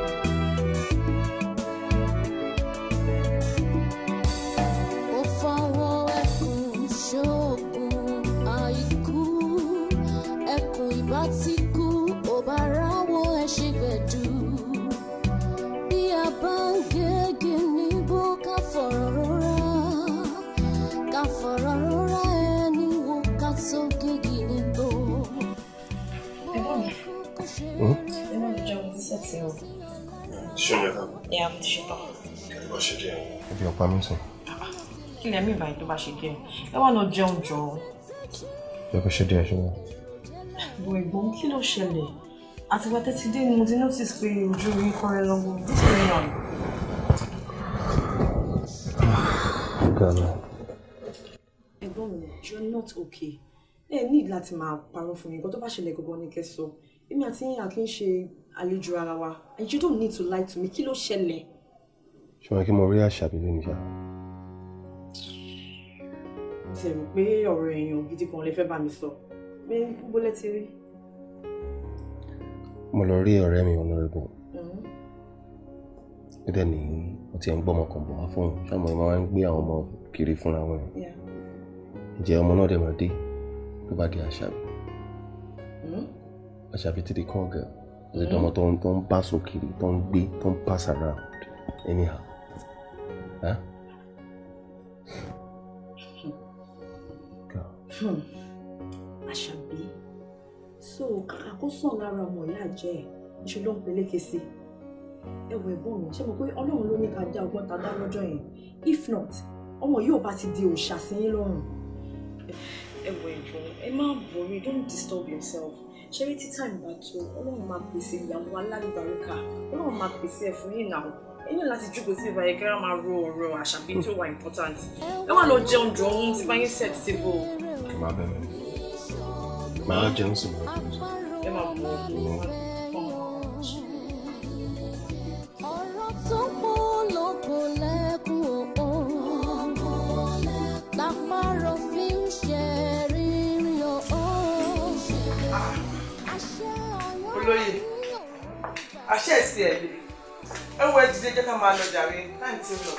Speaker 3: Ẹ má jẹun ti sẹ́tì o. Ṣé o yẹ ká? Ẹ á ti ṣe tán.
Speaker 4: Kẹ́lẹ́ bá ṣe díẹ̀.
Speaker 1: Ebi ọ̀pá mi sùn.
Speaker 4: Kí ni ẹ̀mí ìbàyẹ̀ tó bá ṣe díẹ̀? Ẹ wá lọ jẹun jọ. Ẹ kò ṣe díẹ̀ ṣe wọ́n. Bo ìgbọ́n kí ló ṣẹlẹ̀? Àtìgbà tẹ́tí dé ni mo ti notice pé ojú orí kọ́rẹ́ lọ́wọ́. This is not. Gana. Ẹ̀gbọ́n mi, you're not okay. Ẹ ní láti máa parọ́ fún mi, nǹkan tó bá ṣẹlẹ̀ gbogbo ni kẹ́ sọ èmi àti yín à kí n ṣe àlejò ara wa and you don't need to lie to me kí ló ṣẹlẹ̀.
Speaker 1: ṣùgbọ́n kí mo rí àṣà mi lónìí ṣá.
Speaker 4: mo ti rò pé ọ̀rọ̀ èèyàn gidi kan lè fẹ́ bá mi sọ pé bó lẹ́ ti rí.
Speaker 6: mo lọ rí ọ̀rẹ́ mi honorable
Speaker 4: uh-huh.
Speaker 6: ó dẹ̀ ní mo ti ń gbọ́ ọmọ kan bọ̀ wá fún un ṣáàmù ẹ̀ máa ń gbé àwọn ọmọ kiri fúnra wọn ǹjẹ́ ọmọ náà dẹ̀ máa dé tó bá di àṣà hmm? àṣàbí tí they call girl ó ti mm-hmm. dánmọ́ the ń tó pass bá sókiri be, ń pass around anyhow.
Speaker 5: Huh?
Speaker 4: Hmm. I shall be. So, sàn lára ọmọ ìyá àjẹ́ ẹ̀ ṣe ló ń peléke sí ẹwọ ẹ̀gbọ́n mi ṣe mọ̀ pé Ọlọ́run ló ní ká dá ọgbọ́n ta dá lọ́jọ́ yẹn if not ọmọ yóò bá ti di òòṣà sí yín lọ́rùn. ẹwọ ẹ̀gbọ́n ẹ má borí don't disturb yourself Charity time, táìmù bá tó ọlọ́run máa pèsè ìyàwó alálùbáríkà ọlọ́run máa pèsè ẹ̀ fún yìí náà ẹni láti jókòó sí ìbáyé kẹ́rẹ́ máa ro ọ̀rọ̀ àṣàbí tó wà important ẹ wà lọ jẹun jọ ohun tí báyìí set table. kì máa bẹ̀rẹ̀
Speaker 3: máa jẹun sí máa jẹun sí. ẹ máa mú ọ ọ̀rọ̀ tó kó lóko lẹ́kùn.
Speaker 1: àṣẹ ìsì ẹ̀ lè ẹ wọ ẹjíde jẹ́ ká máa lọ jàre
Speaker 3: láì tí lọ.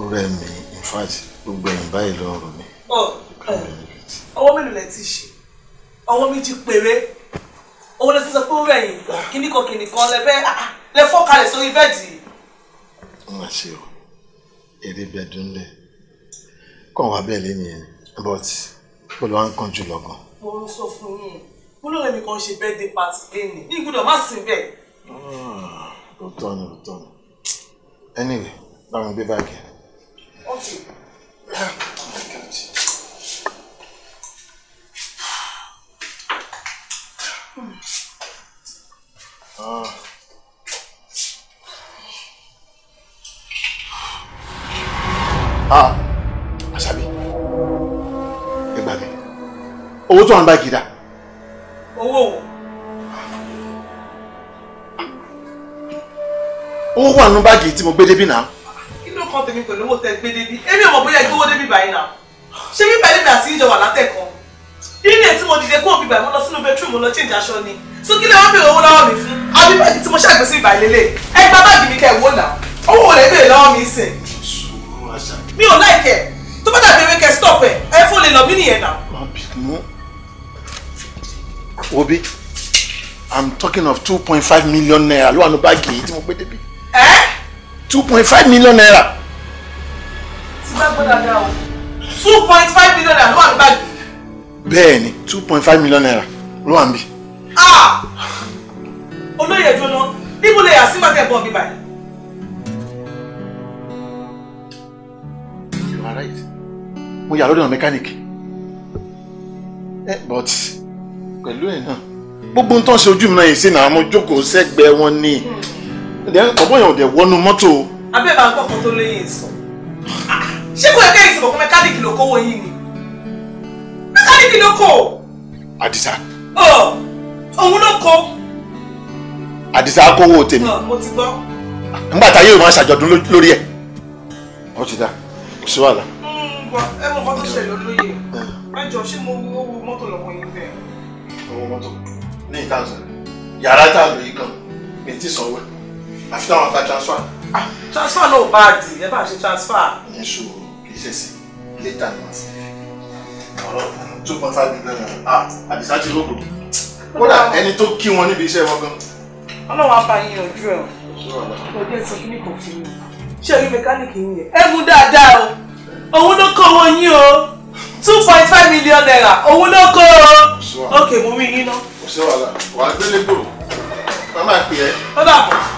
Speaker 6: ọ̀rẹ́ mi in fact gbogbo ẹ̀yìn báyìí lọ́rùn mi.
Speaker 1: ọwọ́ mélòó lẹ ti ṣe ọwọ́ méjì péré owó lẹ ti sọ pé ó rẹ̀yìn kíníkan kíníkan lẹ fẹ́ ah, ah, lẹ fọ́kalẹ̀ sórí bẹ́ẹ̀dì. wọ́n á ṣe o eré bẹ́ẹ̀dùn lẹ̀ kọ́ wa bẹ́ẹ̀ lé nìyẹn but pẹ̀lú à ń kan jù lọ gan. mo ń sọ fún yín mo lóore mi kan ṣe birthday party lẹ́nu ní ìgbọ́dọ̀ má sí bẹ́ẹ̀ lóòótọ́ ah, ni lóòótọ́ ni anyway bá mi gbé báàgì. Ah. Ah, Àṣàbí, ẹ gbà mí, owó tó wà ń bá gidá. wà nínú báàgì tí mo gbé débí náà. kí ló kàn tèmi pẹ̀lú owó tẹ gbé débí èmi ò mọ̀ bóyá ìgbówó débí báyìí náà ṣé bí bàálẹ̀ mi àti ìjọba látẹ̀kọ́ ilé tí mo dìde kó òbí bàálẹ̀ mo lọ sínú bedroom mo lọ change aṣọ ni so kí lè wọ́n bèrè owó lọ́wọ́ mi fún àbí báàgì tí mo ṣàgbé sí ìbàlẹ̀ lè ẹ gba báàgì mi kẹ́ wò náà owó ò bèrè lọ́wọ́ mi sìn I'm talking of two point five million naira ló wà ní báàgì yìí mo gbé débi two point five million naira. ti bá gbọ́dọ̀ dá o two point five million naira ló wà ní báàgì. bẹ́ẹ̀ ni two point five million naira ló wà níbí. Ah! olóyè jóná níbo lè yà sí màtẹ́ bọ̀ bíbá yìí. you are right mo yà lọ́dọ̀ mẹkáníìkì eh, but pẹ̀lú ẹ̀ náà gbogbo ń tán ṣe ojú mi náà yìí sí náà mo jókòó sẹ́gbẹ̀ẹ́ wọn ni. Mm then ọ̀bọ̀ yẹn ò dẹ̀ wọnú mọ́tò. abẹ́ bá ń gbọ́ kan tó lóyún sọ ṣé kò yẹ kẹ́yìn sọ̀rọ̀ fún mẹkáníìkì ló kówó yín ni mẹkáníìkì ló kó. àdìsá. ọ òun ló kó. àdìsá kówó tèmi. mo ti gbọ́. nígbà táyé ìwọ̀n aṣàjọ̀dún lórí ẹ̀ ó ti dá kò sí wàhálà. Mm, ẹ mọ nǹkan tó ṣẹlẹ̀ olóye mẹjọ ṣé mo wo mọ́tò lọ́wọ́ yín bẹ́ẹ̀. owó mọ́tò ní ìtàn yàrá tààlù yìí kan mi ti sanwó àfi táwọn ta transfer. ah transfer no bad, di ẹ bá ṣe transfer. ẹ ṣòro kì í ṣe sí létà ni wọn sì ọ̀rọ̀ two point five million ah àdìsá ti rògbò. kódà ẹni tó kí wọn níbi iṣẹ́ wọn gan. ọlọ́run á bá yín yanjú ẹ̀ o kò jẹ́ sọ kí ni kò fi yín ṣé orí mẹkáníìkì yín yẹn. ẹ mú dáadáa o òun ló kọ́ owó yín o two point five million naira òun ló kọ́ o. ok mú mi yín ná. kò sí wàhálà wàá gbélé gbòòrò màmá pè é. ó bọ̀.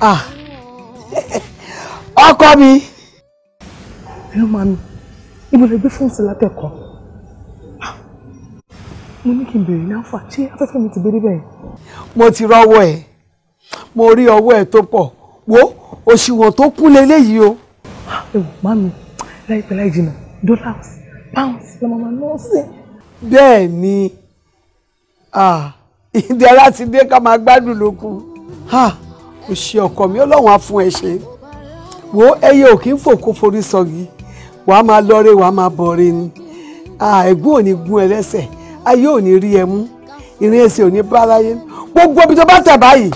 Speaker 1: ah ọkọ mi ẹ̀rọ máa mi ibo lè gbé fóònù sí látẹ̀kọ́ ah. mo ní kí n bèrè náà fà ṣé afẹ́fẹ́ mi ti gbé débẹ̀ mo ti rọ́wọ́ ẹ̀ mo rí ọwọ́ ẹ̀ tó pọ̀ wo òṣùwọ̀n tó kún leléyìí o. Ah, ẹ wò má mi láìpẹ́ láì jìnnà dollars pounds lọ́mọ máa ná sí. bẹ́ẹ̀ ni ah ìdẹ̀ra ti dé ká máa gbádùn lókun ó ṣe ọkọ mi ọlọ́run á fún ẹ ṣe wo ẹyẹ ò kí ń fòkó forí sọgi wàá máa lọ́re wàá máa bọ̀re ni ẹ̀gbọ́n ò ní gún ẹ lẹ́sẹ̀ ayé ò ní rí ẹ mú ìrìn ẹsẹ̀ ò ní bá láyé gbogbo ibi tó bá tẹ̀ báyìí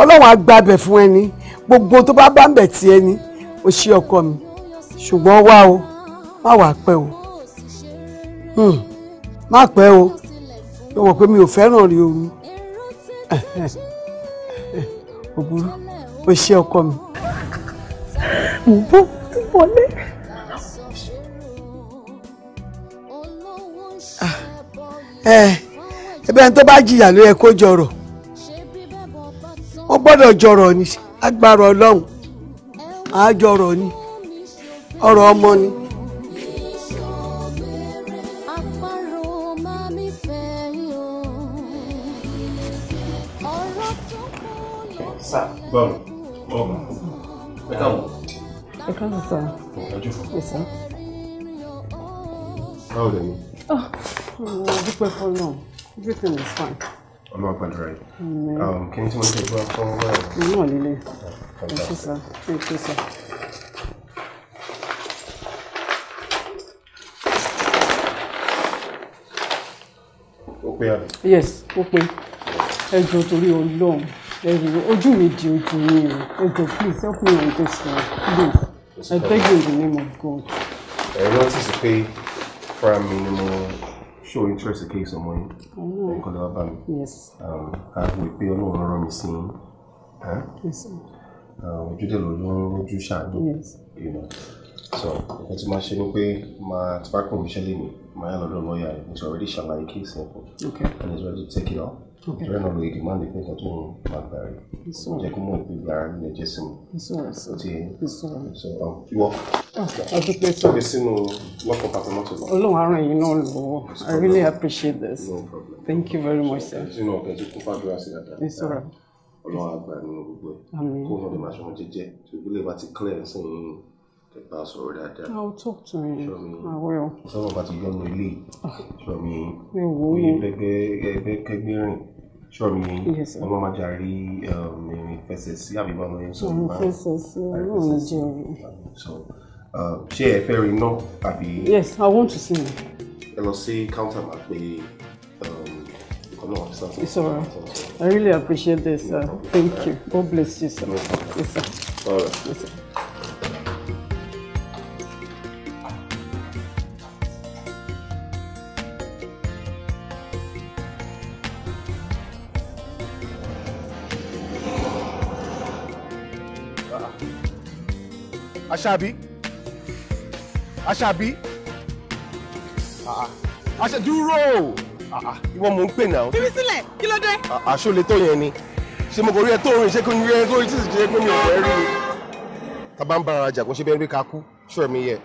Speaker 1: ọlọ́run á gba bẹ̀ fún ẹni gbogbo tó bá bá ń bẹ̀ tiẹ̀ ni ó ṣe ọkọ mi ṣùgbọ́n wá o má wàá pẹ́ o hmm. má pẹ́ o mo mọ̀ pé mi ò fẹ́ràn rí omi òbúrú o ṣe ọkọ mi mò ń bọ̀ wọlé. Ah. Eh, ẹ̀bẹ̀ tó bá jìyà ló yẹ kó jọrọ̀ wọ́n gbọ́dọ̀ jọrọ̀ ni agbára Ọlọ́run àá jọrọ̀ ni ọ̀rọ̀ ọmọ ni.
Speaker 3: báwo ọkàn ẹ káàbọ̀. ẹ káàbọ̀ sọ. ọjọ́ fún mi. ẹ̀sán. báwo lè ní. ọmọ ah, dúpẹ́ fún náà everything is fine.
Speaker 1: ọlọ́wà gbàdúrà yìí. Um, kí ni tí wọ́n ti gbọ́ fún wọn. mo náà lélẹ̀.
Speaker 5: ẹ ṣe sá ẹ
Speaker 1: ṣe sá. ó pé àbí. yes ó pé ẹ jọ torí Ọlọ́run ẹ̀rù ojú mi di ojú yín o ẹjọ please help me on this one please i beg you in the name of God.
Speaker 5: ẹ rántí pé
Speaker 6: fúnra mi ni mo show interest kí ọmọ yín nǹkan lọ́wọ́ bá mi àwọn um, ìpè ọlọ́run rán mi sí i um, ojú dẹ̀ lójú ojú ṣáájú so nǹkan tí máa ṣe ni pé máa tí bá kàn mí ṣẹlẹ̀ mi máa yà lọ́dọ̀ lọ́ọ̀yà rẹ̀ mo ti already ṣàlàyé kí n sẹ́kù and he's ready to take it up ìtọ́rẹ́ náà lóye dìmáàndì pé nǹkan tó ń máa gbà rẹ̀ kò jẹ́ kó mọ̀ pé bí ara nílẹ̀ jẹ́ sí mi. o ti sọ um, ìwọ ọdúpẹ́ ah, sọ mi
Speaker 1: sínú lọ́kọ̀ pàtàmọ́tò náà.
Speaker 6: Ọlọ́run aràn yìí náà
Speaker 3: lọ́wọ́ I really
Speaker 6: appreciate this no problem. thank you very much sir. sínú ọ̀kẹ́ tó kún fàdúrà sí dáadáa. ìṣòro Ọlọ́run àgbà nínú gbogbo ẹ̀ kó wọn lè máa ṣọmọ jẹ́jẹ́ tó ìbílẹ̀ bá ti clear sí i nípa sọ̀rọ̀ dáadáa. I will
Speaker 3: talk to him. I will.
Speaker 6: sọ́wọ́n bá ti yọnu ilé. Ah. sọ mi. mi ò wò ó yẹn. ẹgbẹ́ ẹgbẹ́ kẹgbẹ́ rìn sure mi ọmọ máa jàrí ìrìn um, fẹsẹ̀ sí àbí báwọn ẹni sọ nípa
Speaker 3: fẹsẹ̀ sí ọmọ mi jẹ ọ̀rẹ́.
Speaker 1: so um, ṣé ẹ fẹ́ rí iná àbí.
Speaker 3: yes i want to see you.
Speaker 1: ẹ lọ sí counter máa pe ìkan um, náà sir. it's all right
Speaker 3: i really appreciate this sir uh, thank you god bless you sir. Yes,
Speaker 1: sir. Àṣàbí Àṣàbí àṣà ah, ah. dúró ah, ah. mò ń pè náà. fi mí sílẹ̀ kí ló dé. aṣọ lè tó yẹn ni ṣé mo kò rí ẹ tó rìn ṣé kò ní rí ẹ tó rí títí ṣe pé mi ò fẹ́ rí i. tá a bá ń bára ajá kó ṣe bẹ́ẹ̀ rí ká kú ṣọ́ mi yẹ.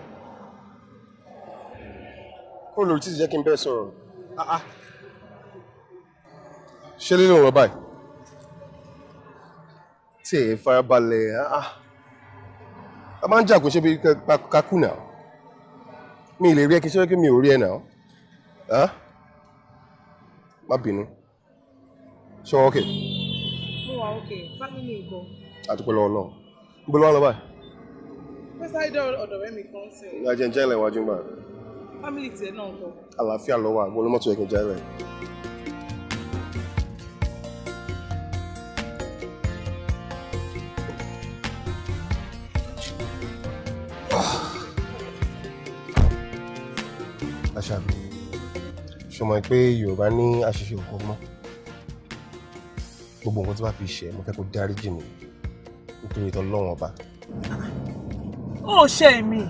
Speaker 1: kó lórí títí jẹ́ kí n bẹ́ẹ̀ sọ̀rọ̀. ṣé lílo ọ̀rọ̀ báyìí. tí ẹ farabalẹ̀ ah ah a máa ń jà kó ṣe bí kakú náà mi ì lè rí ẹ kí ṣe pé mi ò rí ẹ náà á má bínú ṣọ ọkẹ.
Speaker 4: mo wà ókè fámìlì nǹkan.
Speaker 1: àtúpẹ́ lọ́wọ́ náà ń gbé lọ́wọ́ lọ́wọ́ báyìí. pẹ́sà ìdọ̀ ọ̀dọ̀ rẹ mi kan sí. ìyá
Speaker 6: jẹ́ ń jẹ́ ilẹ̀ iwájú ń
Speaker 1: fámìlì tiẹ̀ náà ń àlàáfíà lọ́wọ́ àgbọ̀n olómọ̀tò ẹ̀kẹ́ jẹ́ ilẹ̀.
Speaker 6: ṣàbí ṣe mọ̀ pé yorùbá ní àṣìṣe òkú mọ́
Speaker 1: gbogbo nǹkan tí wàá fi ṣe mo fẹ́ kó dáríjì mi nítorí ìtọ́ lọ́wọ́n ọba. ó ṣe mí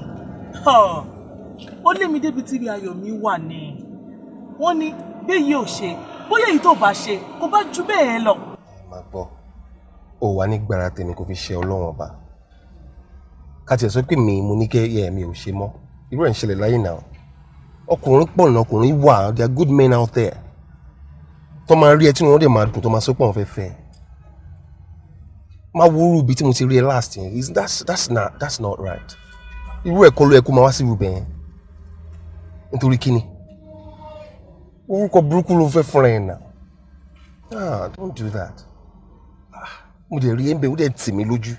Speaker 1: ó lé mi débi tí ayọ̀ mi wà ní wọ́n ní béyìí ò ṣe bóyá èyí tó bá ṣe kó bá ju bẹ́ẹ̀ lọ.
Speaker 6: màá gbọ́ ó wà ní gbàrà tèmi kò fi ṣe ọlọ́wọ́n ọba
Speaker 1: ká tiẹ̀ sọ pé mi mo ní kẹ́ ẹ̀ mi ò ṣe mọ́ irú ẹ̀ ń ṣẹlẹ̀ láyé náà ọkùnrin pọ̀ ní ọkùnrin wà they are good men out there tó máa rí ẹ tí wọ́n dẹ̀ máa dùn tó máa sọ́pọ̀ fẹ́ fẹ́ máa wúrú ibi tí mo ti rí ẹ last year is that's that's not that's not right irú ẹ̀kọ́ ló yẹ kó máa wá sí irú bẹ́ẹ̀ nítorí kíni orúkọ burúkú ló fẹ́ fúnra ẹ̀ nà ah don't do that ah, mo dẹ̀ rí ẹ ń bẹ̀ ó dẹ̀ tì mí lójú.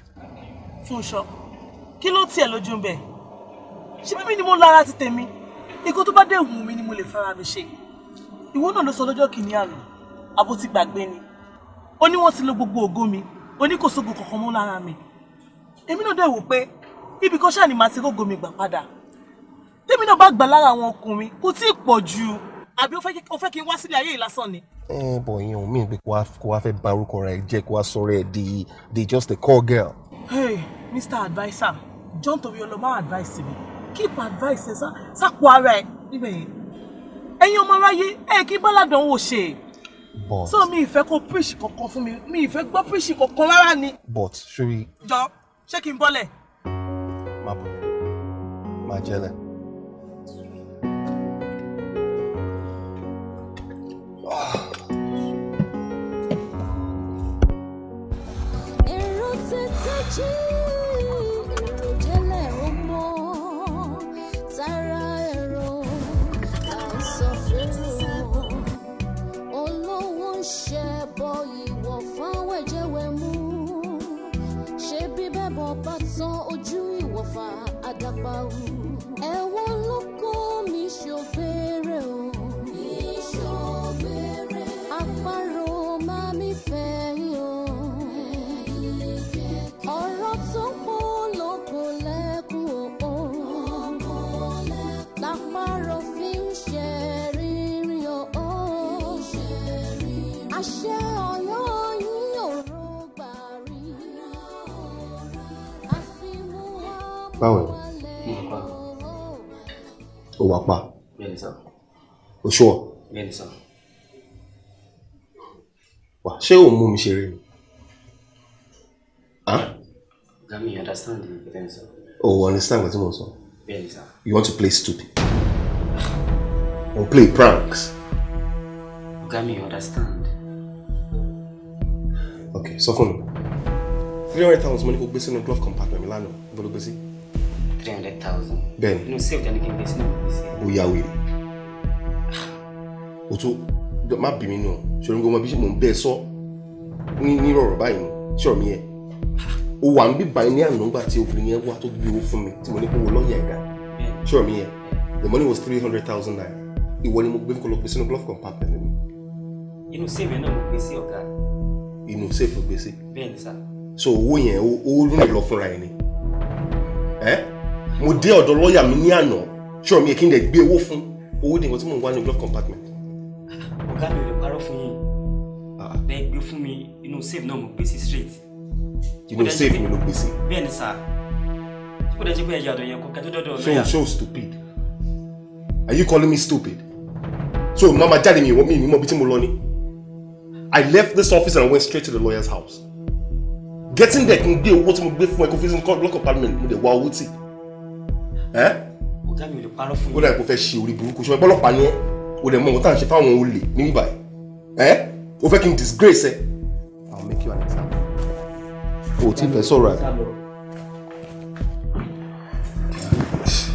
Speaker 1: Fúnṣọ kí ló tiẹ̀ lójú ń bẹ̀ ṣé bíbí ni mo lára ti tèmi ikú tó bá dé wù mí ni mo lè fara mi ṣe ìwọ náà ló sọ lọ́jọ́ kìíní àná àbó ti gbàgbé ni ó ní wọ́n ti lo gbogbo ògo mi ó ní kò sógo kankan mú lára mi èmi náà dẹ̀ wò pé ibì kan ṣáà ni màá ti rógo mi gbà padà tèmi náà bá gbà lára àwọn ọkùnrin kò tí ì pọ̀ jù àbí ó fẹ́ kí n wá sílé ayé yìí lásán ni. ẹ ẹ bọ yẹn ò mí kó wá fẹ́ ba orúkọ rẹ jẹ́ kó wá sọ̀rọ̀ ẹ di just a call girl. hey mr adviser john tobi ọlọmọ advice mi keep advice sa sápò ara ẹ níbẹ̀ yẹn ẹ̀yin ọmọ aráyé ẹ kí bọ́ládàn wò ṣe so mi ìfẹ́ kó preach kankan fún mi mi ìfẹ́ gbọ́ preach kankan rárá ni. but sori. jọ ṣé kí n bọ́lẹ̀.
Speaker 6: má bọ̀ má jẹ́lẹ̀.
Speaker 3: èrò san ojú ìwọ̀fà àdàpàwù ẹ̀wọ̀n ló kó mi ṣòfèrè o. mi ṣòfèrè. àparò máa mi fẹ̀yìn o. ẹ̀yìn kẹ̀kẹ́. ọ̀rọ̀ tó pọ̀ ló kò lẹ́kùn o. ọkọ lẹ́kùn. làparò fi ń ṣe rírìn o. fi ń ṣe rírìn. àṣẹ ọ̀.
Speaker 6: báwo ni. o wà pa.
Speaker 1: o ṣọ́ ọ. wà ṣé òun mú mi ṣeré
Speaker 6: Ah?
Speaker 2: Gami, you understand the
Speaker 6: Oh, understand what you sir. Yes, sir. You want to play stupid.
Speaker 1: or play pranks. Gami, you understand. Okay, so Three hundred thousand money for basing on glove compartment, Milano. Bolo busy three hundred thousand. bẹ́ẹ̀ni inú sèw tani kí n bẹ sínú gbèsè. o yà wèrè o tó má bì mí nù sọ̀rọ̀ nígbà wọn bí mò ń bẹ́ẹ̀ sọ ní nírọ̀rọ̀ báyìí sọ̀rọ̀ mi yẹn o wà ń bíbá ní àná nígbà tí obìnrin yẹn wá tó gbé owó fún mi tí mo ní kó wo lọ́ọ̀yà ẹ̀dá sọ̀rọ̀ mi the money was three hundred thousand naira I want mo gbé kó lọ gbé sínú glove compartment mi.
Speaker 4: inú sèfù náà mo gbé sí ọ̀gá.
Speaker 1: inú sèfù gbé sí. bẹ́ẹ̀ni sá. so owó yẹn owó lónìí lọ fúnra ẹ̀ ni. ẹ́ eh? mo dé ọ̀dọ̀ lọ́ọ̀yà mi ní àná ṣọ́ọ̀ mi kí n dẹ̀ gbé owó fún owó dìgbò tí mò ń wá ní glove compartment. ọ̀gá mi ò lè parọ́ fún yín bẹ́
Speaker 6: ah. gbé fún mi inú safe náà mo gbé sí straight. inú safe mi ló gbé sí. bẹ́ẹ̀ ni sà
Speaker 1: tí kò dẹ́ jẹ́ pé ẹ̀yà ọ̀dọ̀ yẹn kò kẹ́tọ́ dọ́dọ̀ lọ́yà. so so stupid are you calling me stupid so mama jáde mi ìwọ mi ìmọ̀ bí tí mo lọ ni I left this office and went straight to the lawyer's house getting there kí n gbé owó tí mo gbé fún ẹ kó fi sí ní glove compartment mo dẹ̀ wá owó tì ẹ́. ọ̀gá mi ò lè parọ́ fún mi. ó dà kó fẹ́ ṣe orí burúkú ṣọ́ ọlọ́pàá ni ẹ́ o lè mọ ohun tá à ń ṣe fáwọn olè níbí báyìí ẹ́ o fẹ́ kí n disgrace ẹ. I'll make you an example. o ò tí ì fẹ́ sọ̀rọ̀ ẹ̀.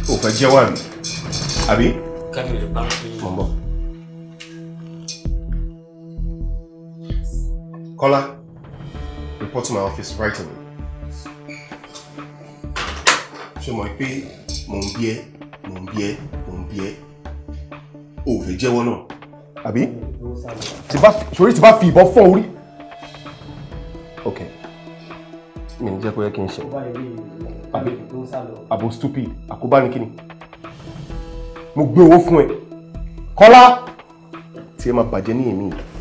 Speaker 1: o fẹ́ jẹ́wọ́ àmì àbí. ọ̀gá
Speaker 6: mi ò lè parọ́ fún mi. mọ̀
Speaker 1: Kọ́lá, report to my office right away. ṣe mọ̀ pé mò ń bí ẹ mò ń bí ẹ mò ń bí ẹ o ò fẹ́ jẹ́wọ́ náà. àbí sori ti bá fi ìbọn fọ́ orí. ok mi ní jẹ́ kó yẹ kí n ṣe àbí àbò stupid àkóbá ni kíni mo gbé owó fún ẹ kọ́lá tí ẹ máa bàjẹ́ ní èmi yìí.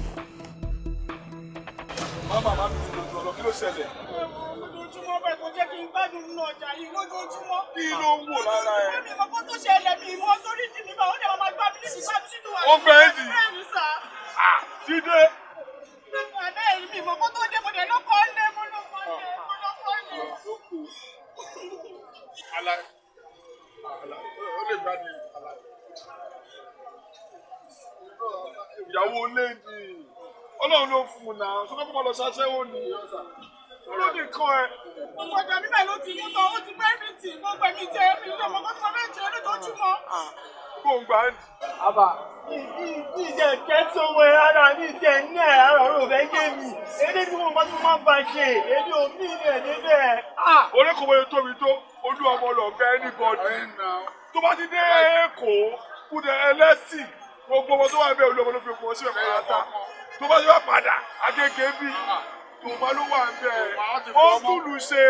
Speaker 2: ọjà yìí lójoojúmọ́. kí ló ń wò lára ẹ. ojoojúmọ́ mi mọ kó tó ṣe ẹlẹ́mì ìmọ̀ sórí ìdí mi báwo ni màmá gbá mi níbi gbá mi sínú àná. ó fẹ́ ẹ́ jíde. àná èyí mi mọ kó tó dé mo dé lọ́kọ́ lé mo lọ́kọ́ lé mo
Speaker 1: lọ́kọ́ lé. ala ala ó lè gbá ala. ìyàwó lé ọlọ́run ló fún un náà sọ́kọ́ kọ́kọ́ lọ sáṣẹ́wó nìyẹn kúrò lè kọ ẹ.
Speaker 2: gbogbo ọjà níbẹ̀ ló ti mú tán ó ti bẹ́ẹ̀ mi tì gbogbo ẹ̀mí jẹ ẹ̀mí jẹ ọmọ kọ́tùmọ̀ bẹ́ẹ̀ jẹ lójoojúmọ́.
Speaker 1: kò ń gbà ń. àbà. ìjẹ kẹtọ wẹ ara mi ìjẹ náà ara rò fẹ gé mi èdè tí mo máa máa bá ṣe èdè omi ilẹ̀ débẹ̀. orékòwé tóbi tó ojú ọmọ lọ̀gá anybody tó bá ti dé èkó kúndé ẹlẹ́sìn gbogbo ọmọ tó wà bẹ́ẹ̀ olú ọmọ ló fi kó síbẹ̀ kó kòmá ló wà bẹ́ẹ̀ ó túlù ṣe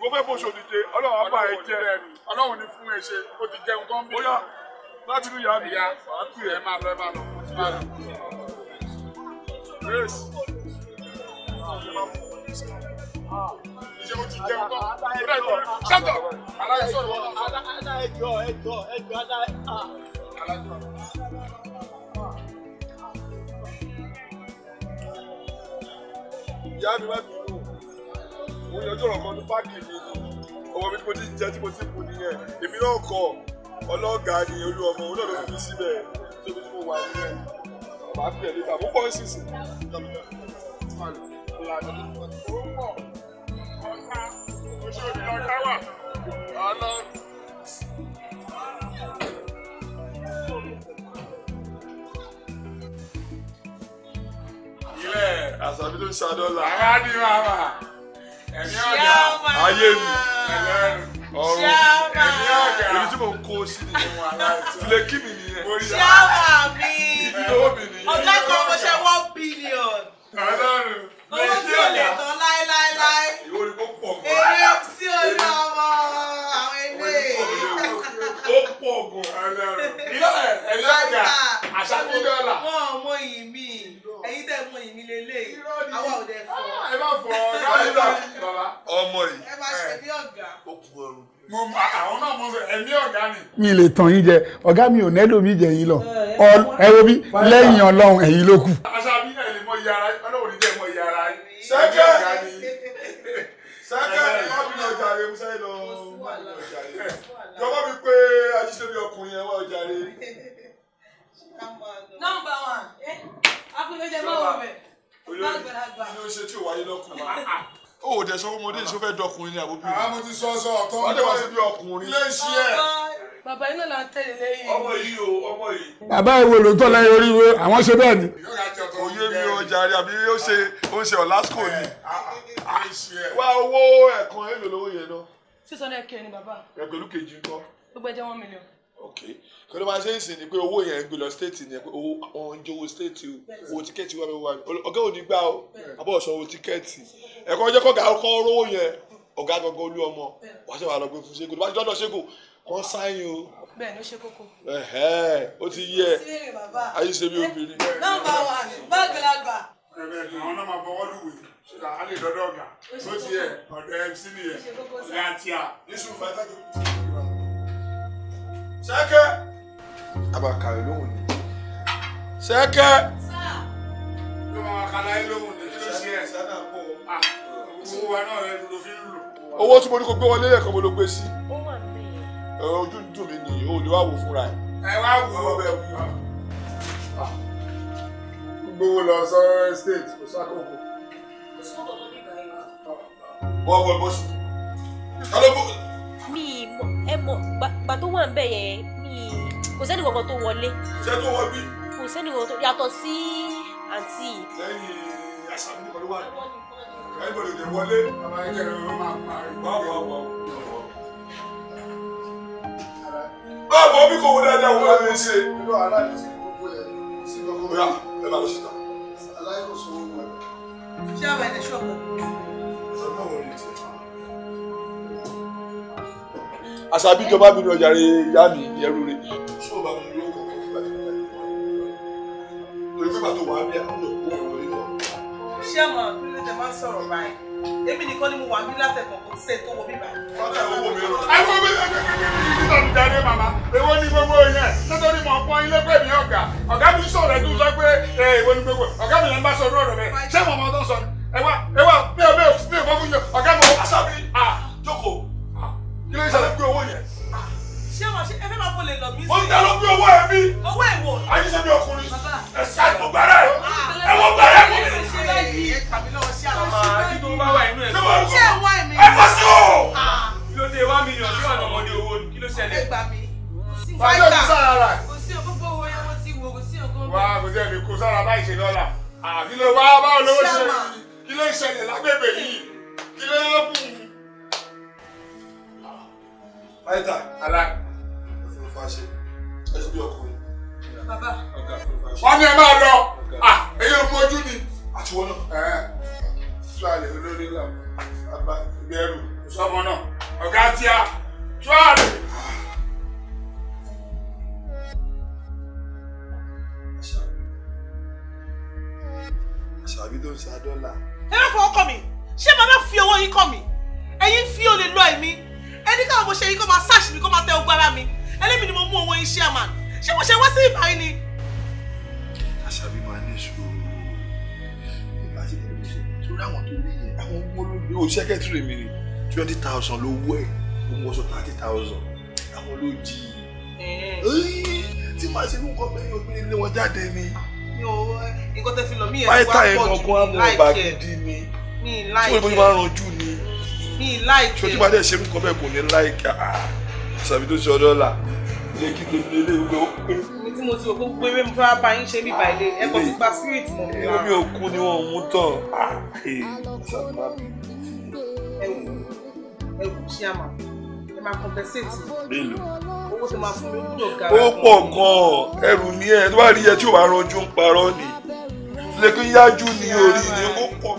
Speaker 1: kò fẹ́ bó ṣòdìde ọlọ́run apá ẹ jẹ ọlọ́run ní fún ẹ ṣe ó ti jẹun tán bí. bóyá láti inú ìyá mi ìyá àtú ẹ máa lọ ẹ máa lọ. grace
Speaker 5: ṣé o ti jẹun tán bẹ́ẹ̀ lọ ṣẹ́tọ̀ aláìsọ̀rọ̀ aláìjọ
Speaker 1: ẹjọ ẹjọ
Speaker 5: aláìjọ.
Speaker 1: ìyá mi má bí wò mo yọjú ọ̀rọ̀ kan ní páàkì mi ọmọ mi tí mo ti jẹ tí mo ti kú nìyẹn èmi náà kọ ọlọ́gàá ni olú ọmọ òun náà ló fi síbẹ̀ tóbi tí mo wà nìyẹn ọba pè é níta mo kọ́ ẹ sísìn. ọ̀tá
Speaker 2: òṣèlú ọ̀tá wà ọlọ́run.
Speaker 1: àṣàbí ló ń ṣàdọ́là. àwa ni màmá ẹ̀mí ọ̀dà ayé mi ọ̀run ẹ̀mí ọ̀dà èyí tí mò ń kó sí nìyẹn fìlẹ̀kì mi nìyẹn. ṣé àwọn àmì ọ̀gá kan mo ṣe wọ́n mo àwọn mi lè tàn yín jẹ ọ̀gá mi ò nẹ́lò mi jẹ yín lọ ẹ wo bí lẹ́yìn ọlọ́run ẹ̀yin ló kù. aṣọ àbí ẹ̀ lè mọ iye ara yín ọlọ́run ní mọ iye ara yín. sẹ́kẹ̀ sẹ́kẹ̀ ọ̀bìnrin ọjà rẹ̀ musa yìí lọ jọba mi pé ajíṣẹ́bí ọkùnrin ẹ̀ wá ọjà eh, rẹ̀. nọ́mbà wọn afúnlẹ̀jẹ̀ máa wọ̀ bẹ̀. olórí ní o ṣe tí ò wáyé lọ́kùnrin. o ò dẹ̀ sọ fún ọmọdé ìṣó fẹ́ dọkùnrin ní àbúbí. àwọn mo ti sọ sọ ọtọ ọmọdé wá síbi ọkùnrin. ilé iṣẹ́ ẹ̀. bàbá iná là ń tẹ̀lé lẹ́yìn. ọmọ yìí o ọmọ yìí. bàbá ìwé ló tọ́ lẹ́yìn orí ìwé àwọn ṣe bẹ́ẹ̀ ni. òye mi ò jàre àbí ó ṣe ó ń ṣe ọ̀lásìkò ni. Eh, ah, ah, wá owó ẹ̀kan èlò lówó yẹn lọ.
Speaker 4: sísan ẹ̀kẹ́ ni bàbá.
Speaker 1: ẹgbẹ̀lú kejì ń kọ́.
Speaker 4: gbogbo ẹjẹ one million.
Speaker 1: okay kí ló máa ṣe ń ni pé owó yẹn ń gbé lọ stéètì ni pé owó àwọn ń jówó stéètì o owó tíkẹ́ẹ̀tì wà wíwá mi ọ̀gá ò ní o àbọ̀ ọ̀sán owó tíkẹ́ẹ̀tì ẹ̀kọ́ jẹ́ kọ́gà ọkọ̀ rówó yẹn ọ̀gá gbogbo olú ọmọ wàá ṣe wà lọ gbé fún ṣégo tó bá ti dọ́dọ̀ ṣégo wọ́n sáyìn o.
Speaker 4: bẹ́ẹ̀ ló ṣe kókó.
Speaker 1: ẹ̀hẹ́ ó ti yẹ ayé ṣe bí abakari lóhùn ni. sẹ́kẹ́. ló máa kala yín lóhùn ni ṣé ṣe ẹ̀ sádà kó owó wa náà rẹ ló fi ń lò. owó tí mo ní kó gbé wọlé lẹ́ẹ̀kan mo ló gbé sí. ó mà ní. ojú dùn mí nìyí o lè wá wò fúnra ẹ. ẹ wá wò ó bẹ́ẹ̀ wò. gbowó lọ sọ estate kò
Speaker 4: sákòókò. kò sí ọ̀dọ́ lórí ìgbà yìí. bọ́ọ̀ bọ́ọ̀ bọ́ọ̀ sí. mi ẹ mọ̀ gbà tó wà ń bẹ̀ yẹn kò sẹ́ni kankan tó wọlé. kò sẹ́ni kankan tó yàtọ̀ sí àǹtí. lẹ́yìn
Speaker 1: báwo báwo. bí kò wọ dáadáa wọ́n lè ṣe. ìlú aláàbí ti gbogbo ẹ̀ àṣàbí ìjọba mi lọ yàrá ìyá mi ìyẹrù rẹ. ṣé o bá mi ló kọ̀ kí bàtà ìgbà yìí wọ́n yìí lórí pípa tó wà á bí àwọn òkú ìwọlé lọ. ṣé àmọ́ àbílẹ̀ tẹ máa ń sọ̀rọ̀ báyìí èmi nìkan ni mo wà ní látẹ̀kọ̀ kò sẹ́ tó wọ bíbá. ọ̀tá owó mi rọ. àwọn ọmọ mi nígbà mi darí màmá èwo ni gbogbo yẹn nítorí mo pọ́n ilé pẹ̀ ní ọ̀gá ọ̀gá mi sọ̀rọ̀ ẹ̀dùn sọ pé èwo ni gbogbo ọ̀gá mi yẹn bá sọ lọ́rọ̀ bẹ́ẹ̀ ṣé màmá tó sọ ni ẹ̀wà ẹ̀wà mi ò mi ò mi ò fọ́ fún yẹn ọ̀gá mi ò. aṣọ mi jókòó kí ló ń ṣàlẹ́ pé owó yẹn. ṣé wọn ṣe ẹfẹ máa fọlẹ lọ mí. ó ń ta ló pé owó ẹ mi. owó ẹ wò. ayé ṣe bí ọkùnrin. ẹ ṣá ìwọ gbàrà ẹ ah. ẹ wọ gbàrà ẹ fún mi. ṣé ẹ wá ẹ̀mí. ẹ fọ́ sí o. Ah. kí ló dé wá mílíọ̀nù kí wà ní ọmọdé owó ni kí ló ṣẹlẹ̀. kò sí
Speaker 3: ọgbọ́gbọ́ owó yẹn wọ́n ti wò kò sí ọgbọ́gbọ́. wá
Speaker 1: kò sí ẹ̀mí kò sára báyìí ṣe lọ́la àbí ah, ló wá báwo lówó ṣe Aita, àyíká ara òfurufú àṣẹ ẹṣin bí ọkùnrin. bàbá wọ́n ní ẹ máa lọ ah, ẹ̀yin ojú ni. láìta ẹ̀ gangan àwọn ọba gidi ni tí wọ́n máa ń ranjú ni ṣojú máa dẹ̀ ṣe ń kọ́ bẹ́ẹ̀ kò ní láìka ah, sàbí tó ṣe ọdọ́ la ilé kíkẹ́ ilé ìwé ó pé. mi tí mo ti òkú gbé wé mo fẹ́ bá yín ṣe bí bàálé ẹ̀kọ́ ti gba spirit mọ̀ mi lára. omi òkú ni wọ́n mú tán sàbí ah, máa bí. ẹ wù ẹ wù ṣí àmà ẹ máa compensate. bẹ́ẹ̀ni owó tó máa fún mi gbúdọ̀ gara. ó pọ̀ gan-an ẹrù ni ẹ tó bá rí ẹ tí ò bá ranjú ń parọ́ ni lẹ́kùn yájú ni orí ni ó pọ̀.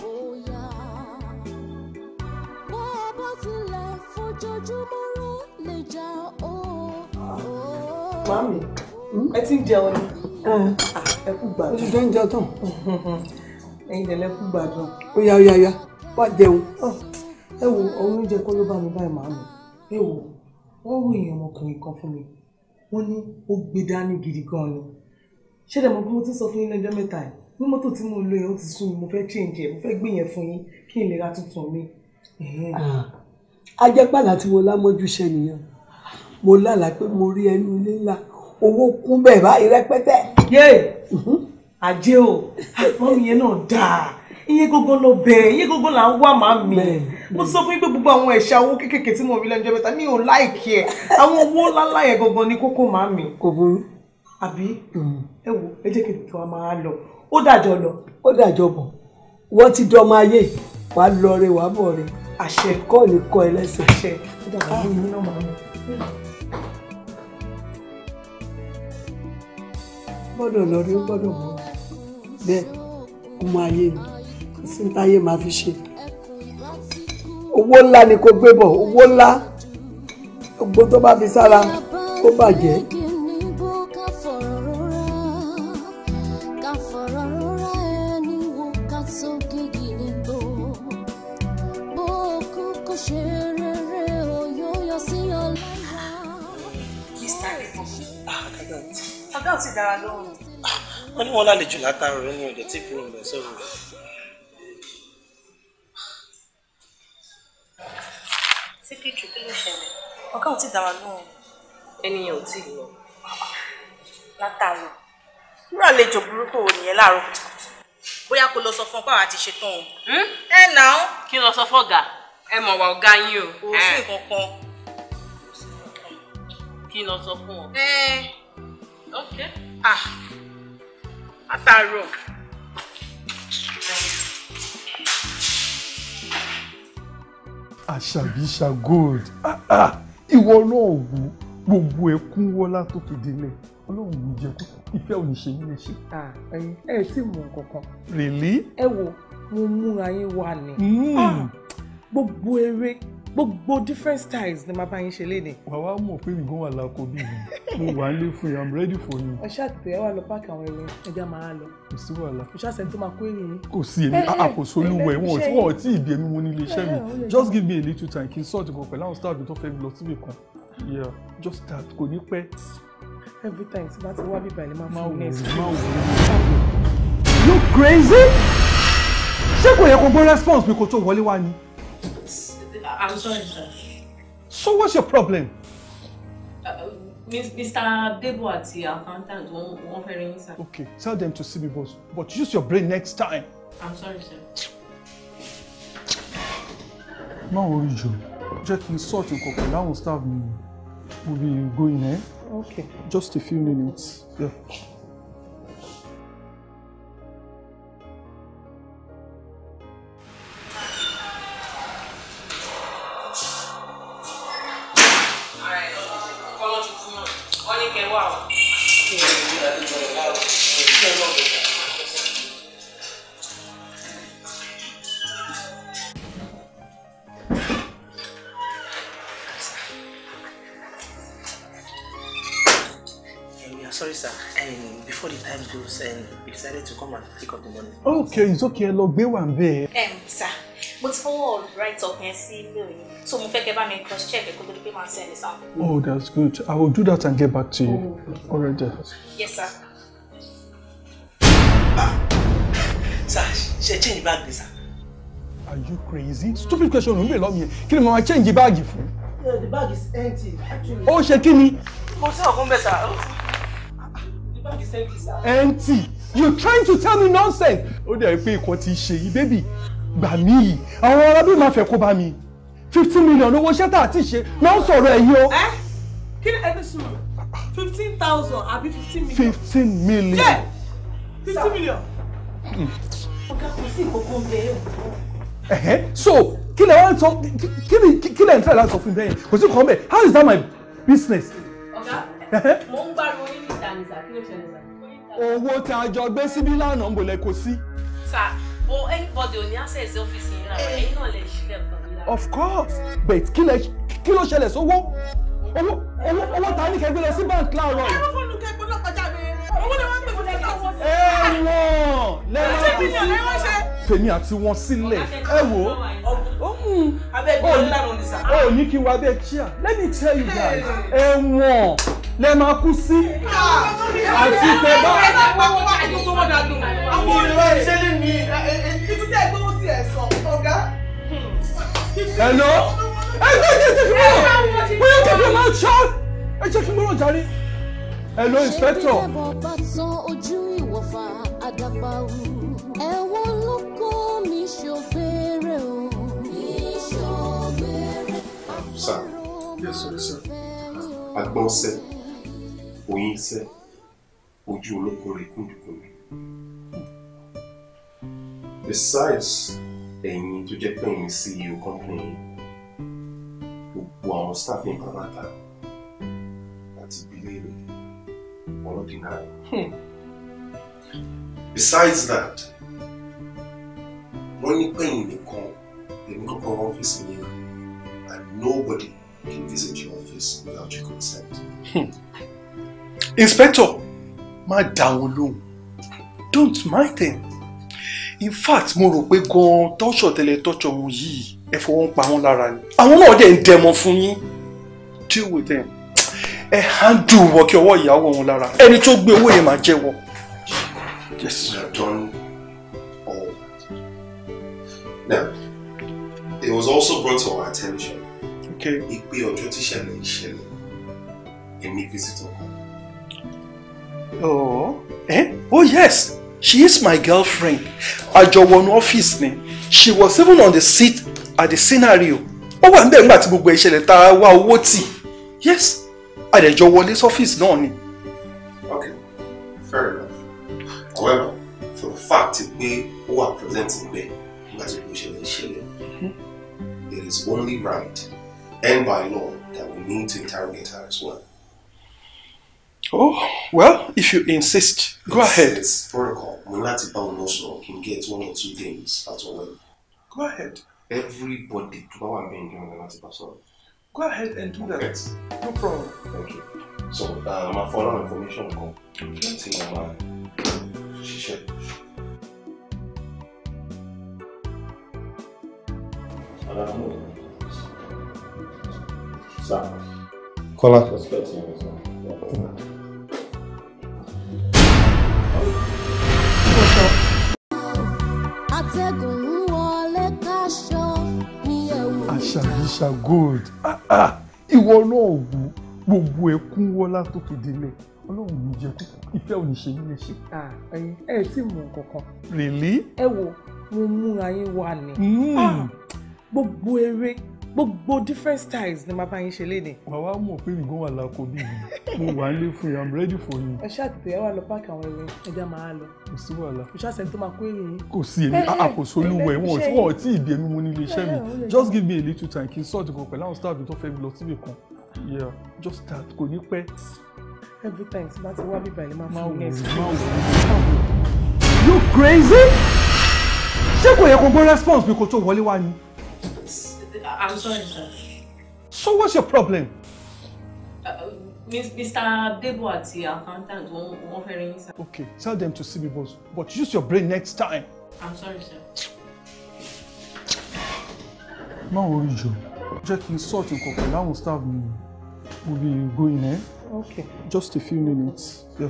Speaker 1: Mami, ẹ ti ń jẹun ni. Ẹ ah, kú gbádùn. Oṣù tó ń jẹun tán. Ẹyin tẹ̀lé kú gbádùn. Ó yá ó yá yá, wá jẹun. Ah, ẹ wo ọ̀run oúnjẹ kọ́ ló bá mi báyìí màámi. Ẹ wo, wọ́n ròyìn ọmọkùnrin kan fún mi. Wọ́n ní ó gbé dání gidi gan ni. Ṣé dẹ̀ mọ̀ bí mo ti sọ fún yín lọ́jọ́ mẹ́ta yìí? bí mọ́tò tí mo lo yẹn ó ti sún mi mo fẹ́ change ẹ̀ mo fẹ́ gbé fún yín kí n lè ra tuntun mi. ajẹ́pàlà ah, tí mo lámọ́jú nìyẹn mo lálà pé mo rí ẹnu ilé ńlá owó kún bẹ́ẹ̀ báyìí rẹpẹtẹ. yé mm-hmm. ajé o àgbọ̀n yẹn náà dáa iye gbogbo ló bẹ iye gbogbo là ń wá màá mi mo sọ fún yín pé gbogbo àwọn ẹ̀ṣẹ̀ owó kéékèèké tí mo rí lẹ́nu jẹ́bẹ̀ta mi ò láìkí ẹ̀ àwọn owó ńláńlá yẹn gbogbo ni kókó màá mi. kò burú. àbí mm. ẹ wo ẹ jẹ́ kí n tó a máa lọ ó dàjọ lọ ó dàjọ bọ̀ wọ́n ti dọ́mọ ayé wàá lọ rẹ wàá bọ̀ rẹ àṣẹ kọ́ ni kọ́ ẹlẹ́sìn àṣẹ ó dàbí bí mi náà máa ń lọ. gbọ́dọ̀ lọ rí ó gbọ́dọ̀ bọ̀ bẹ́ẹ̀ ọmọ ayé mi kò táyé máa fi ṣe owó ńlá ni kò gbé bọ̀ owó ńlá gbogbo tó bá fi sára kó bàjẹ́.
Speaker 4: ti dára lóhùn.
Speaker 1: wọ́n ní wọ́n lálejò látàrọ ní ọ̀dẹ̀ tí kúrò lọ sọ́run rẹ̀.
Speaker 4: síkírìtì kí ló ṣẹlẹ̀ ọ̀gá ò tí dára lóhùn. ènìyàn ò tí ì lọ. látàrọ irú àlejò burúkú wo nìyẹn láàárọ̀ kùtùkùtù bóyá kó lọ sọ fún ọ pé àwa ti ṣetán o.
Speaker 2: Hmm? ẹ nà ó. kí n lọ sọ fọ́gà ẹ mọ̀ wá ọ̀gá yín o. kò sí nǹkan kan. kí n lọ sọ fún ọ.
Speaker 4: Okay.
Speaker 1: Ah. Àtàárọ̀. Àṣàbíṣà gold. Ah, ah. Ìwọ náà wò gbogbo ẹkún wọlá tó fi délẹ̀. Ọlọ́run mi jẹ́ kó ìfẹ́ ò ní ṣe yín léṣe. Ẹyin ẹ tí mọ̀ kankan. Rèlí. Ẹ wo, mo múra yín wà ní. Hmm. Ah. Gbogbo eré gbogbo different styles ni màá bá yín ṣe léde. wà wá mọ̀ pé nǹkan wà lákò bí mi mo wà ń lé fún yín i'm ready for you. ọṣà tètè ẹ wà lọ páàkì àwọn ẹrọ ẹja máa lọ. kò sí wàhálà. ọṣà sẹ́ni tó máa kó èrè yín. kò sí èmi àkóso ah, ah, olúwẹ̀ wọn tí wọn tí ìdí èmi mo ní ilé iṣẹ́ mi just give me a little time kí n sort nǹkan pẹ̀lú àwọn staff mi tó fẹ́ lọ síbì kan yeah just start kò ní pẹ́. every time tí bá ti wá bíbá
Speaker 4: ilé máa fún mi next
Speaker 1: you crazy ṣé kò yẹ kó gbọ́ response mi kó tó wọlé wá ni.
Speaker 4: I'm sorry, sir.
Speaker 1: So what's your problem?
Speaker 4: Uh, Mr. Debo àti accountant wọ́n fẹ́ rí yín, sir.
Speaker 1: Okay, tell them to see me, boss. But use your brain next time.
Speaker 4: I'm sorry, sir.
Speaker 1: No worry Joe. Jẹ́ kí n sort That will àwọn me. We'll be going, eh? Okay. Just a few minutes. Yeah. ṣẹ́yìn sókè ẹ lọ gbé wà ń bẹ́ẹ̀.
Speaker 4: ẹ ǹ sà mo ti fọwọ́ right yẹn sí mail yẹn so mo fẹ́ kẹ́ bá mi cross check ẹ̀ kó tó di pé màá send it out.
Speaker 1: oh that's good i will do that and get back to you oh. all right then. yes sir. sir ṣe change bag mi sir. are you crazy stupid question ò ń bè lọ́mọ yẹn kí ni mo máa change báàgì fún. the bag is empty actually. ó ṣe kí ni. mo ti sọ̀kún bẹ́ẹ̀ sà. the bag is empty sir. empty. You're trying to tell me nonsense. ó dẹ̀ pé nǹkan ti ṣe yìí bébì gbà mí yìí àwọn arábí máa fẹ́ kó bá mi fifteen million owó iṣẹ́ tá a ti ṣe máa ń sọ̀rọ̀ ẹ̀yìn o. ẹ eh? kí ni ẹni sùn fifteen thousand àbí fifteen million. fifteen million. jẹ́ fifteen million. Hmm.
Speaker 4: ọ̀gá kò sí ìkókó ń bẹ ẹ́
Speaker 1: o. so kí lẹ wọ́n sọ kí ni kí lẹ ń tẹ̀lé láti sọ fún mi kò sí kọ́ ń bẹ̀ how is that my business.
Speaker 2: ọ̀gá mo ń gbàgbọ́ yín níta nìta kí ló ṣẹlẹ̀
Speaker 4: sá
Speaker 1: owó tí a jọ gbé síbí lánàá ń bọ̀lẹ̀ kò sí.
Speaker 4: sir o anybody ò ní access ọ́fíìsì yìí rárá ẹ̀yin náà lè ṣílẹ̀ pọ̀.
Speaker 1: of course but kí ló ṣẹlẹ̀ sówó owó owó owó ta ni kẹgbẹ́ lọ sí bank láàárọ̀ yìí. ẹ̀rọ fóònù
Speaker 4: kẹgbẹ́ lọ kọjá mi
Speaker 1: owó ni wọ́n ń gbé fún mi láwọn. ẹ wọ́n lẹ́wọ́n ti sí tèmi àti wọn sílẹ̀ ẹ wò ó ó ní kí n wá bẹ́ẹ̀ kíá let me tell you guys ẹ wọ́n lẹ máa kú sí. àti tẹ àwọn olùwà ìṣẹ̀lẹ̀ mi ìtú tẹ gbówó sí ẹ̀sán ọ̀gá. hello.
Speaker 3: ẹ gbé ẹ jẹ́ kí n bọ̀ bóyá kí n máa ṣá
Speaker 1: ẹ jẹ́ kí n bọ̀ jàre. hello inspector. ṣé bí
Speaker 3: ẹbọ bá mi ṣòfèrè o. Sir,
Speaker 1: yes, sir, sir. Agbọ́nsẹ̀ oyin sẹ́ ojú olóko rẹ̀ kúndùkúndù. besides
Speaker 6: ẹ̀yin tó jẹ́ pé ẹ̀yin CEO company gbogbo àwọn
Speaker 1: staff yẹn pàtàkì àti ìbílẹ̀ rẹ̀ ọlọ́dínláàrọ̀. Hmm. besides that wọ́n ní pẹ̀yìn nìkan èmi kọ́kọ́ ọ́fíìsì yẹn and nobody
Speaker 6: can visit your office without your consent.
Speaker 1: Hmm inspector má dá wọn lóhùn don't mind them in fact mo rò pé gan-an tọ́ṣọ̀ tẹ́lẹ̀ tọ́ṣọ̀ wọn yìí ẹ fọwọ́ ń pa wọn lára ni àwọn náà dẹ̀ ń dẹmọ fún yín deal with them ẹ handle wọn kí ọwọ́ ìyàwó wọn lára ẹni tó gbé owó yẹn máa jẹ́wọ́. yes. Now, it was also brought to our attention. Okay. Ìpè ọjọ́ tí ṣẹlẹ̀ ìṣẹlẹ̀, èmi visitor Oh. Eh? Oh yes, she is my girlfriend. one office, ni. She was even on the seat at the scenario. Ó wà níbẹ̀ nígbà tí gbogbo ìṣẹ̀lẹ̀ tá a wá owó tì. Yes, àdẹ̀jọ wọlé sọ́fíìsì office, ni. Okay, fair enough. However, for the fact pé ó wà present níbẹ̀ nígbà tí gbogbo it mm-hmm. is only right and by law that we need to interrogate her as well. Oh, well, if you insist, go it's, ahead. It's protocol. Munati Baunoso can get one or two things at one. Go ahead. Everybody, Tubawa and Benjamin Munati Basol. Go ahead and do okay. that. No problem. Thank you. So, uh, my follow up information will go. Let's see my She said. Sir. Kola. Respect him as well.
Speaker 3: atẹ́gùn ń wọlé káṣọ ní ẹ̀wù. àṣàbíṣà
Speaker 1: gold ah, ah. ìwọ náà wò gbogbo ẹkún wọlá tó kéde lẹ ọlọ́run mi jẹ kó ìfẹ́ ò ní ṣe yín léṣe. ẹ ẹ tí mọ kankan. rèlí. ẹ wo mo múra yín wà ní. Hmm. Ah, gbogbo eré gbogbo different styles ni màá bá yín ṣe léde. màá mọ̀ pé nǹkan wà lákò bí mi mo wà ń lé fún yín i'm ready for you. ẹ ṣáà tètè ẹ wà lọ páàkì àwọn ẹrẹ ẹja máa lọ. kò sí wàhálà. kò ṣàṣẹ tó máa kó èrè yín. kò sí èmi àkóso ah, ah, olúwẹ̀ wọn tí wọn tí ìdí èmi mo ní ilé mi just give me a little time kí n sọ́ọ̀tì kan pẹ̀lú àwọn staff mi tó fẹ́ mi lọ síbì kan yeah just start kò ní pẹ́. every time tí bá ti wá bíbá ilé máa fún mi next week. you crazy? ṣé kò yẹ kó gbọ́ response mi kó tó wọlé wá ni?
Speaker 4: I'm sorry, sir.
Speaker 1: So what's your problem?
Speaker 4: Uh, Mr. Debo àti accountant wọ́n fẹ́ rí yín, sir.
Speaker 1: Okay, tell them to see me, boss. But use your brain next time.
Speaker 4: I'm sorry, sir.
Speaker 1: No worry Joe. Jẹ́ kí n sort nǹkan pẹ̀lú àwọn staff We'll be going, eh? Okay. Just a few minutes. Yeah.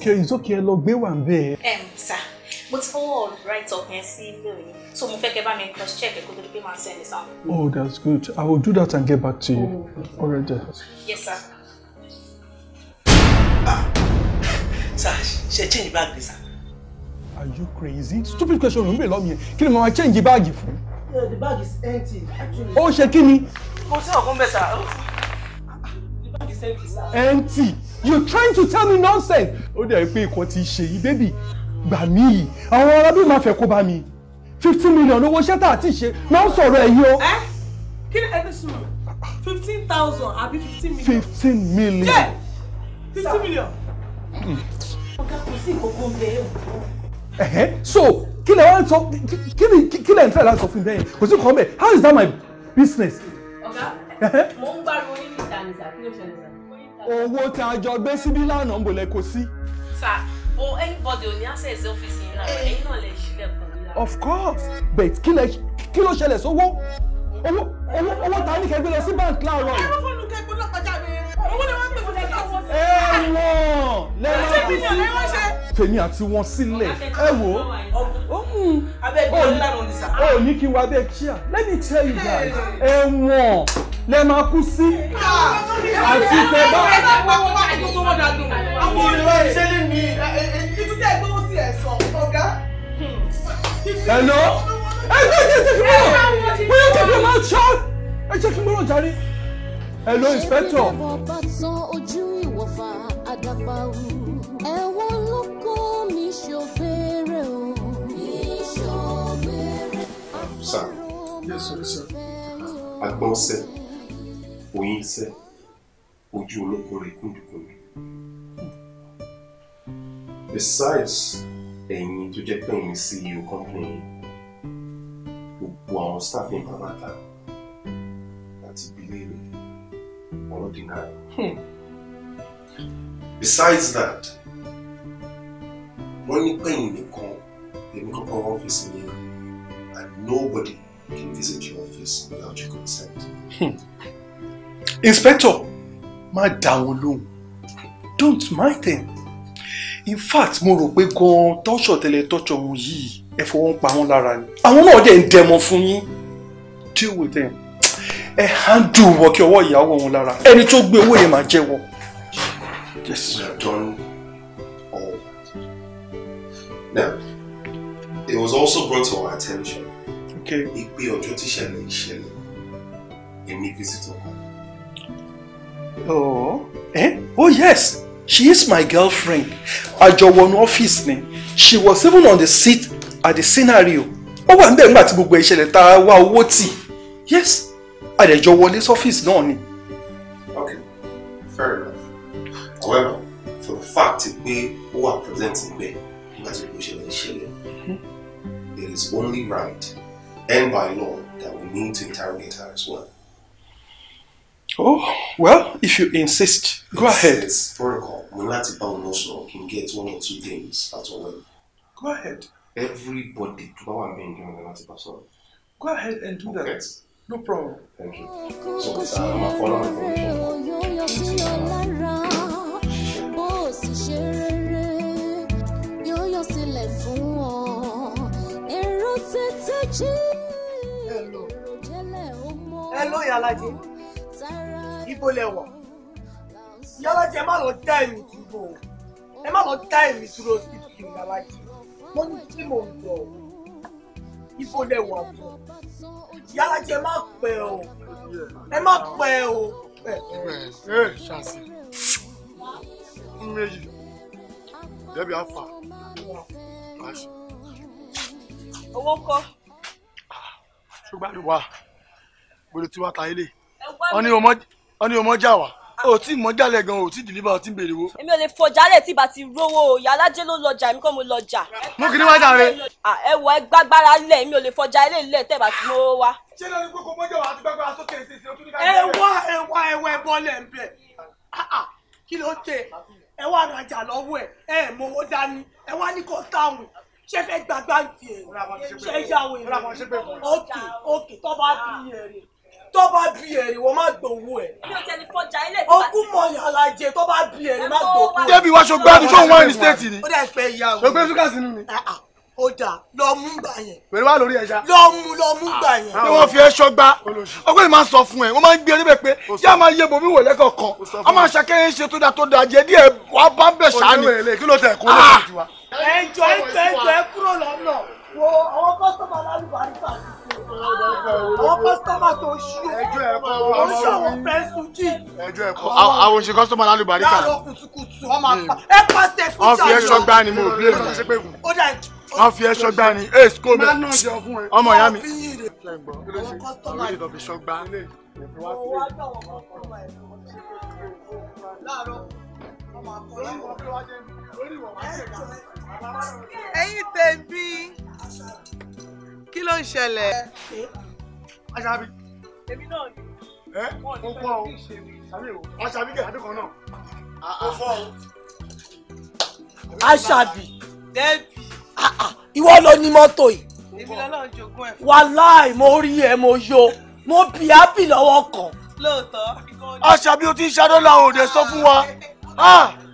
Speaker 1: okay it's okay ẹ lọ gbé wà Em,
Speaker 4: sir. ẹ ǹ sà mo ti fọwọ́ right up yẹn sí mail yẹn so mo fẹ́ kẹ́ bá mi cross check ẹ̀ kó tó di pé màá send it sáà.
Speaker 1: oh that's good i will do that and get back to you oh. all right then. yes sir. ah sir she change bag sir. are you crazy stupid question ló ń bè lọ́mọ yẹn kí ni mo máa change báàgì fún. the bag is empty actually. ó ṣe kí ni. mo ti sọ̀kún bẹ́ẹ̀ sir empty you trying to tell me nonsense. ó dẹ̀ pé nǹkan ti ṣe yìí bébì gbà mí yìí àwọn arábìnrin máa fẹ́ kó bá mi fifteen million owó iṣẹ́ tá a ti ṣe máa ń sọ̀rọ̀ ẹ̀yìn o. ẹ eh? kí ni ẹni sùn fifteen thousand àbí fifteen million. fifteen million. jẹ́ fifteen million. Hmm. ọ̀gá kò sí ìkókó ń bẹ ẹ̀ o. so kí lẹ wá ń sọ kí ni kí lẹ ń tẹ̀lé láti sọ fún bẹ́ẹ̀ kò sí kọ́ mẹ́ how is that my business.
Speaker 2: ọ̀gá mo ń gbárùn onídìí ìdánisà kí ló ṣẹlẹ̀ sá
Speaker 1: owó tí a jọ gbé síbí lánàá ń bolẹ̀ kò sí.
Speaker 4: sir o anybody ò ní access ọ́fíìsì yìí lánàá eh, eh. ẹ̀yin náà lè ṣílẹ̀kùn.
Speaker 1: of course but kí ló ṣẹlẹ̀ sówó owó owó ta ní kẹgbẹ́ lọ sí báńkì láàárọ̀ yìí. ẹ̀rọ fọ́nù kẹgbẹ́ lọ́kọjá mi owó ni wọ́n ń pèsè lẹ́kọ̀ọ́ sí. ẹ wọ lẹ́wọ́n sí tèmi àti wọn sílẹ̀ ẹ wò ó ní kí wá bẹ́ẹ̀ kíá let me tell you guys ẹ wọ̀n lẹ máa kú sí àti tẹ bá. àwọn olùwà ìṣẹ́lẹ̀ mi ìtútẹ́ ẹgbẹ́ wọn sì ẹ̀sán
Speaker 3: ọ̀gá. hello ẹ gbé ẹ jẹ́ kí n bọ̀ wọ́n yóò tẹ̀lé máa
Speaker 1: ṣá ẹ jẹ́ kí n bọ̀ jàre hello inspector. ẹ̀rí
Speaker 3: bàbá ojú yes sir sir
Speaker 1: agbọ́n sẹ́ oyin sẹ́ ojú olóko rẹ̀ kúndùkúndù besides ẹ̀yin tó jẹ́ pé ẹ̀yin CEO company gbogbo àwọn staff yẹn pàápàá àti bíléèrè or not denied. Hmm. Besides that, wọ́n they make up our office ọ́fíìsì ni and nobody can visit your
Speaker 3: office without your consent.
Speaker 1: Hmm. Inspector, my dá Don't mind them. In fact, mo rò pé gan-an tọ́ṣọ̀ tẹ́lẹ̀ tọ́ṣọ̀ wọn yìí ẹ fọwọ́ ń pa wọn lára ni. Àwọn náà dẹ̀ ń dẹmọ fún yín. Deal with them ẹ handle wọ́kí ọwọ́ ìyàwó òun lára ẹni tó gbé owó yẹn máa jẹ́wọ́. Yes. I've done all. Now, it was also brought to our attention. Okay. Ìpè ọjọ́ tí ṣẹlẹ̀ ìṣẹ̀lẹ̀ èmi visitor kan. Oh, eh? Oh yes, she is my girlfriend. Àjọwọ̀nù ọ́fíìsì ni. She was even on the seat at the scenario. Ó wà níbẹ̀ nígbà tí gbogbo ìṣẹ̀lẹ̀ tá a wá owó tì. Yes. àdẹ̀jọ wọlé sọ́fíìsì náà ni. okay fair enough however for the fact pé ó wà presenting níbẹ̀ as ló ṣẹlẹ̀ ṣẹlẹ̀ mm-hmm. it is only right and by law that we need to interrogate her as well. Oh, well, if you insist, go it's, ahead. It's protocol. We're not about notional can get one or two things at all. Go ahead. Everybody, go ahead and do okay. that.
Speaker 3: No problem. Thank you. So, um, follow my Hello. Yalaji. Ibo lẹ
Speaker 1: Yalaji, ẹ má lọ dá èmi dúró. Ẹ má lọ dá èmi dúró Yalaji. Mo ní kí Ibo lẹ wà Yálàjì ẹ má pẹ́ o ẹ má pẹ́ o. ẹ ẹ ṣàṣì ń méjì jẹbi afa aṣọ. owó kọ. ṣùgbọ́n àdúrà gbọ́dọ̀ tí wàá ta ilé wọ́n ní o mọ́ jà o ti mọ jálẹ̀ gan o ti deliver o ti béèrè wo.
Speaker 4: èmi ò lè fọ jálẹ̀ tí bá ti rówó ìyá alájẹ ló lọjà èmi kò mo lọjà.
Speaker 1: mú kí ni wá jàre.
Speaker 2: ẹ wọ ẹ gbàgbára lẹ èmi ò lè fọjà eléyìí tẹ bá ti mọ wa.
Speaker 1: ṣé lórí kókó mọ́jọ́ wa ti gbàgbára sókè ìṣèṣe o tún ní ká. ẹ wá ẹ wá ẹ wá ẹ bọ́lẹ̀ ń bẹ̀ ah, ah, kí ló tẹ ẹ wá rajà lọ́wọ́ ẹ ẹ mọ̀wó dání ẹ wá ní kò táwọn ṣé fẹ́ gbàgbá ìtì ẹ̀ ṣé yàwó ẹ̀ ókè ókè tó bá
Speaker 3: bí ẹ̀ rẹ̀
Speaker 1: tó bá bí ẹ̀rí wọ́n má gbowó ẹ̀.
Speaker 4: ogún mọ̀yàn
Speaker 1: alajẹ tó bá bí ẹ̀rí má gbowó. débi wá ṣogbá ni ṣóun wá ní stéètì ni. ó dẹ̀ fẹ́ ìyá o. ṣogbẹ́ ṣúgà sínú ni. ó dà lọ mú gbà yẹn. pẹ̀lú wa lórí ẹja. lọ mú lọ mú gbà yẹn. pé wọ́n fi ẹ ṣọgbá ọgbẹ́ni máa ń sọ fún ẹ wọ́n máa ń gbé oníbẹ̀ pé yá máa yẹ bòmí wò lẹ́kọ̀ọ̀kan a máa ṣàkẹ́yìn ṣe tó dáa tó dáa jẹ díẹ̀ wàá bá ń bẹ̀ ṣáà ni. ẹ
Speaker 4: jọ ẹ jọ ẹ kúrò lọ́nà wo àwọn kọ́sítọ́mà lálùbáríkà ti tó àwọn
Speaker 1: kọ́sítọ́mà tó ṣí o ń ṣàwọn fẹ́ǹsù jì àwọn òṣè kọ́sítọ́mà lálùbáríkà láàárọ̀ kùtùkùtù wọn máa pa ẹ pa steph ní ṣàjọ wọn fi ẹṣọ gbá ni mo bí èso ṣe pé kù wọn fi ẹṣọ gbá ni ace kò mẹ ọmọ ìyá mi àwọn kọ́sítọ́mà yìí lọ fi ṣọ gbá. láàárọ̀ ọmọ ẹ̀yin tèmi kí ló ń ṣẹlẹ̀. aṣáájú. èmi náà ni. ẹ o fọ o aṣáájú kẹ adúgbò náà ah, ah. o fọ o. aṣáájú. dẹ́bi. ìwọ ló ní mọ́tò yìí. èmi lọ́lọ́ ń jogún ẹ̀. wàláì mo rí ẹ mo yó mo bì á bì lọ́wọ́ kan. lóòótọ́. aṣáájú o ti ń ṣàdọ́là òde sọ fún wa.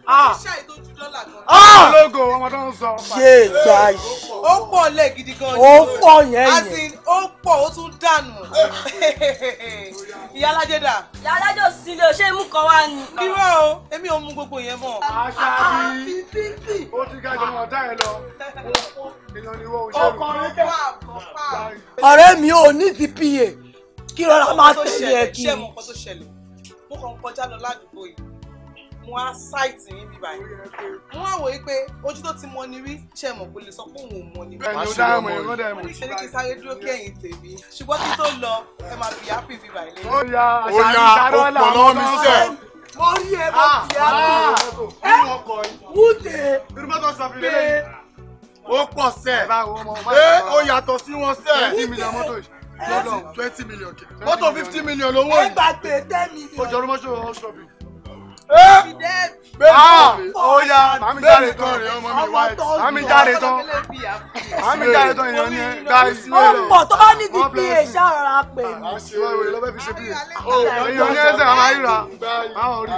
Speaker 1: Ah! Ah! Ah! ológo ọmọ tó ń sọ. ṣé ìjà yìí. ó pọ̀ lẹ̀ gidi gan ni. ó pọ̀ yẹn yẹn. as in ó pọ̀ ó tún dànù. ìyá alájẹ dà. ìyá alájẹ ò sí ilé o ṣé imú kan wá ni. irọ́ o èmi ò mú gbogbo yẹn mọ́. aṣáájú ó ti ga jọmọ ọ̀tá ẹ lọ. èèyàn ni wọ́n ò ṣe rò. ọ̀rẹ́ mi ò ní ti pa kí rọra máa tẹ̀lé ẹ kiri. ṣé mo kàn kọjá lọ ládùúgbò yìí wọn á ṣáìtì yín bíbá yìí wọn á wòye pé ojú tó ti mọ ni rí ṣe mọ̀ kó lè sọ pé òun ò mọ ni ẹni o dá mọ ẹ̀rọ dẹ̀ mọ̀. wọ́n ní ṣe ní kí sáré dúró kí ẹ̀yìn tèmi ṣùgbọ́n kí tó lọ ẹ máa fi happy bíbá yìí lẹ́yìn. ó ya àṣà mi sẹ. mo rí ẹ mo fi ah, happy ah, ah. ẹ wúte pé ó pọ̀ sẹ́ ẹ ó yàtọ̀ sí wọn sẹ́ twenty million kẹ mọ́tò fifty million lówó yìí. ẹ ten million. ojoojúmọ́ ṣe wọ́n ṣọ́ọ̀bù oya
Speaker 5: bẹ́ẹ̀ni tán rẹ ọmọ mi wáyé àmì jáde tán àmì jáde tán èèyàn ní guys wẹrẹ ọ̀pọ̀ tó bá ní bíi pa
Speaker 4: ṣàrọra pè
Speaker 1: mí. àṣewéwé lọ́bẹ̀ fi ṣe bíi èèyàn ní ẹsẹ̀ àwọn ayíra àwọn orí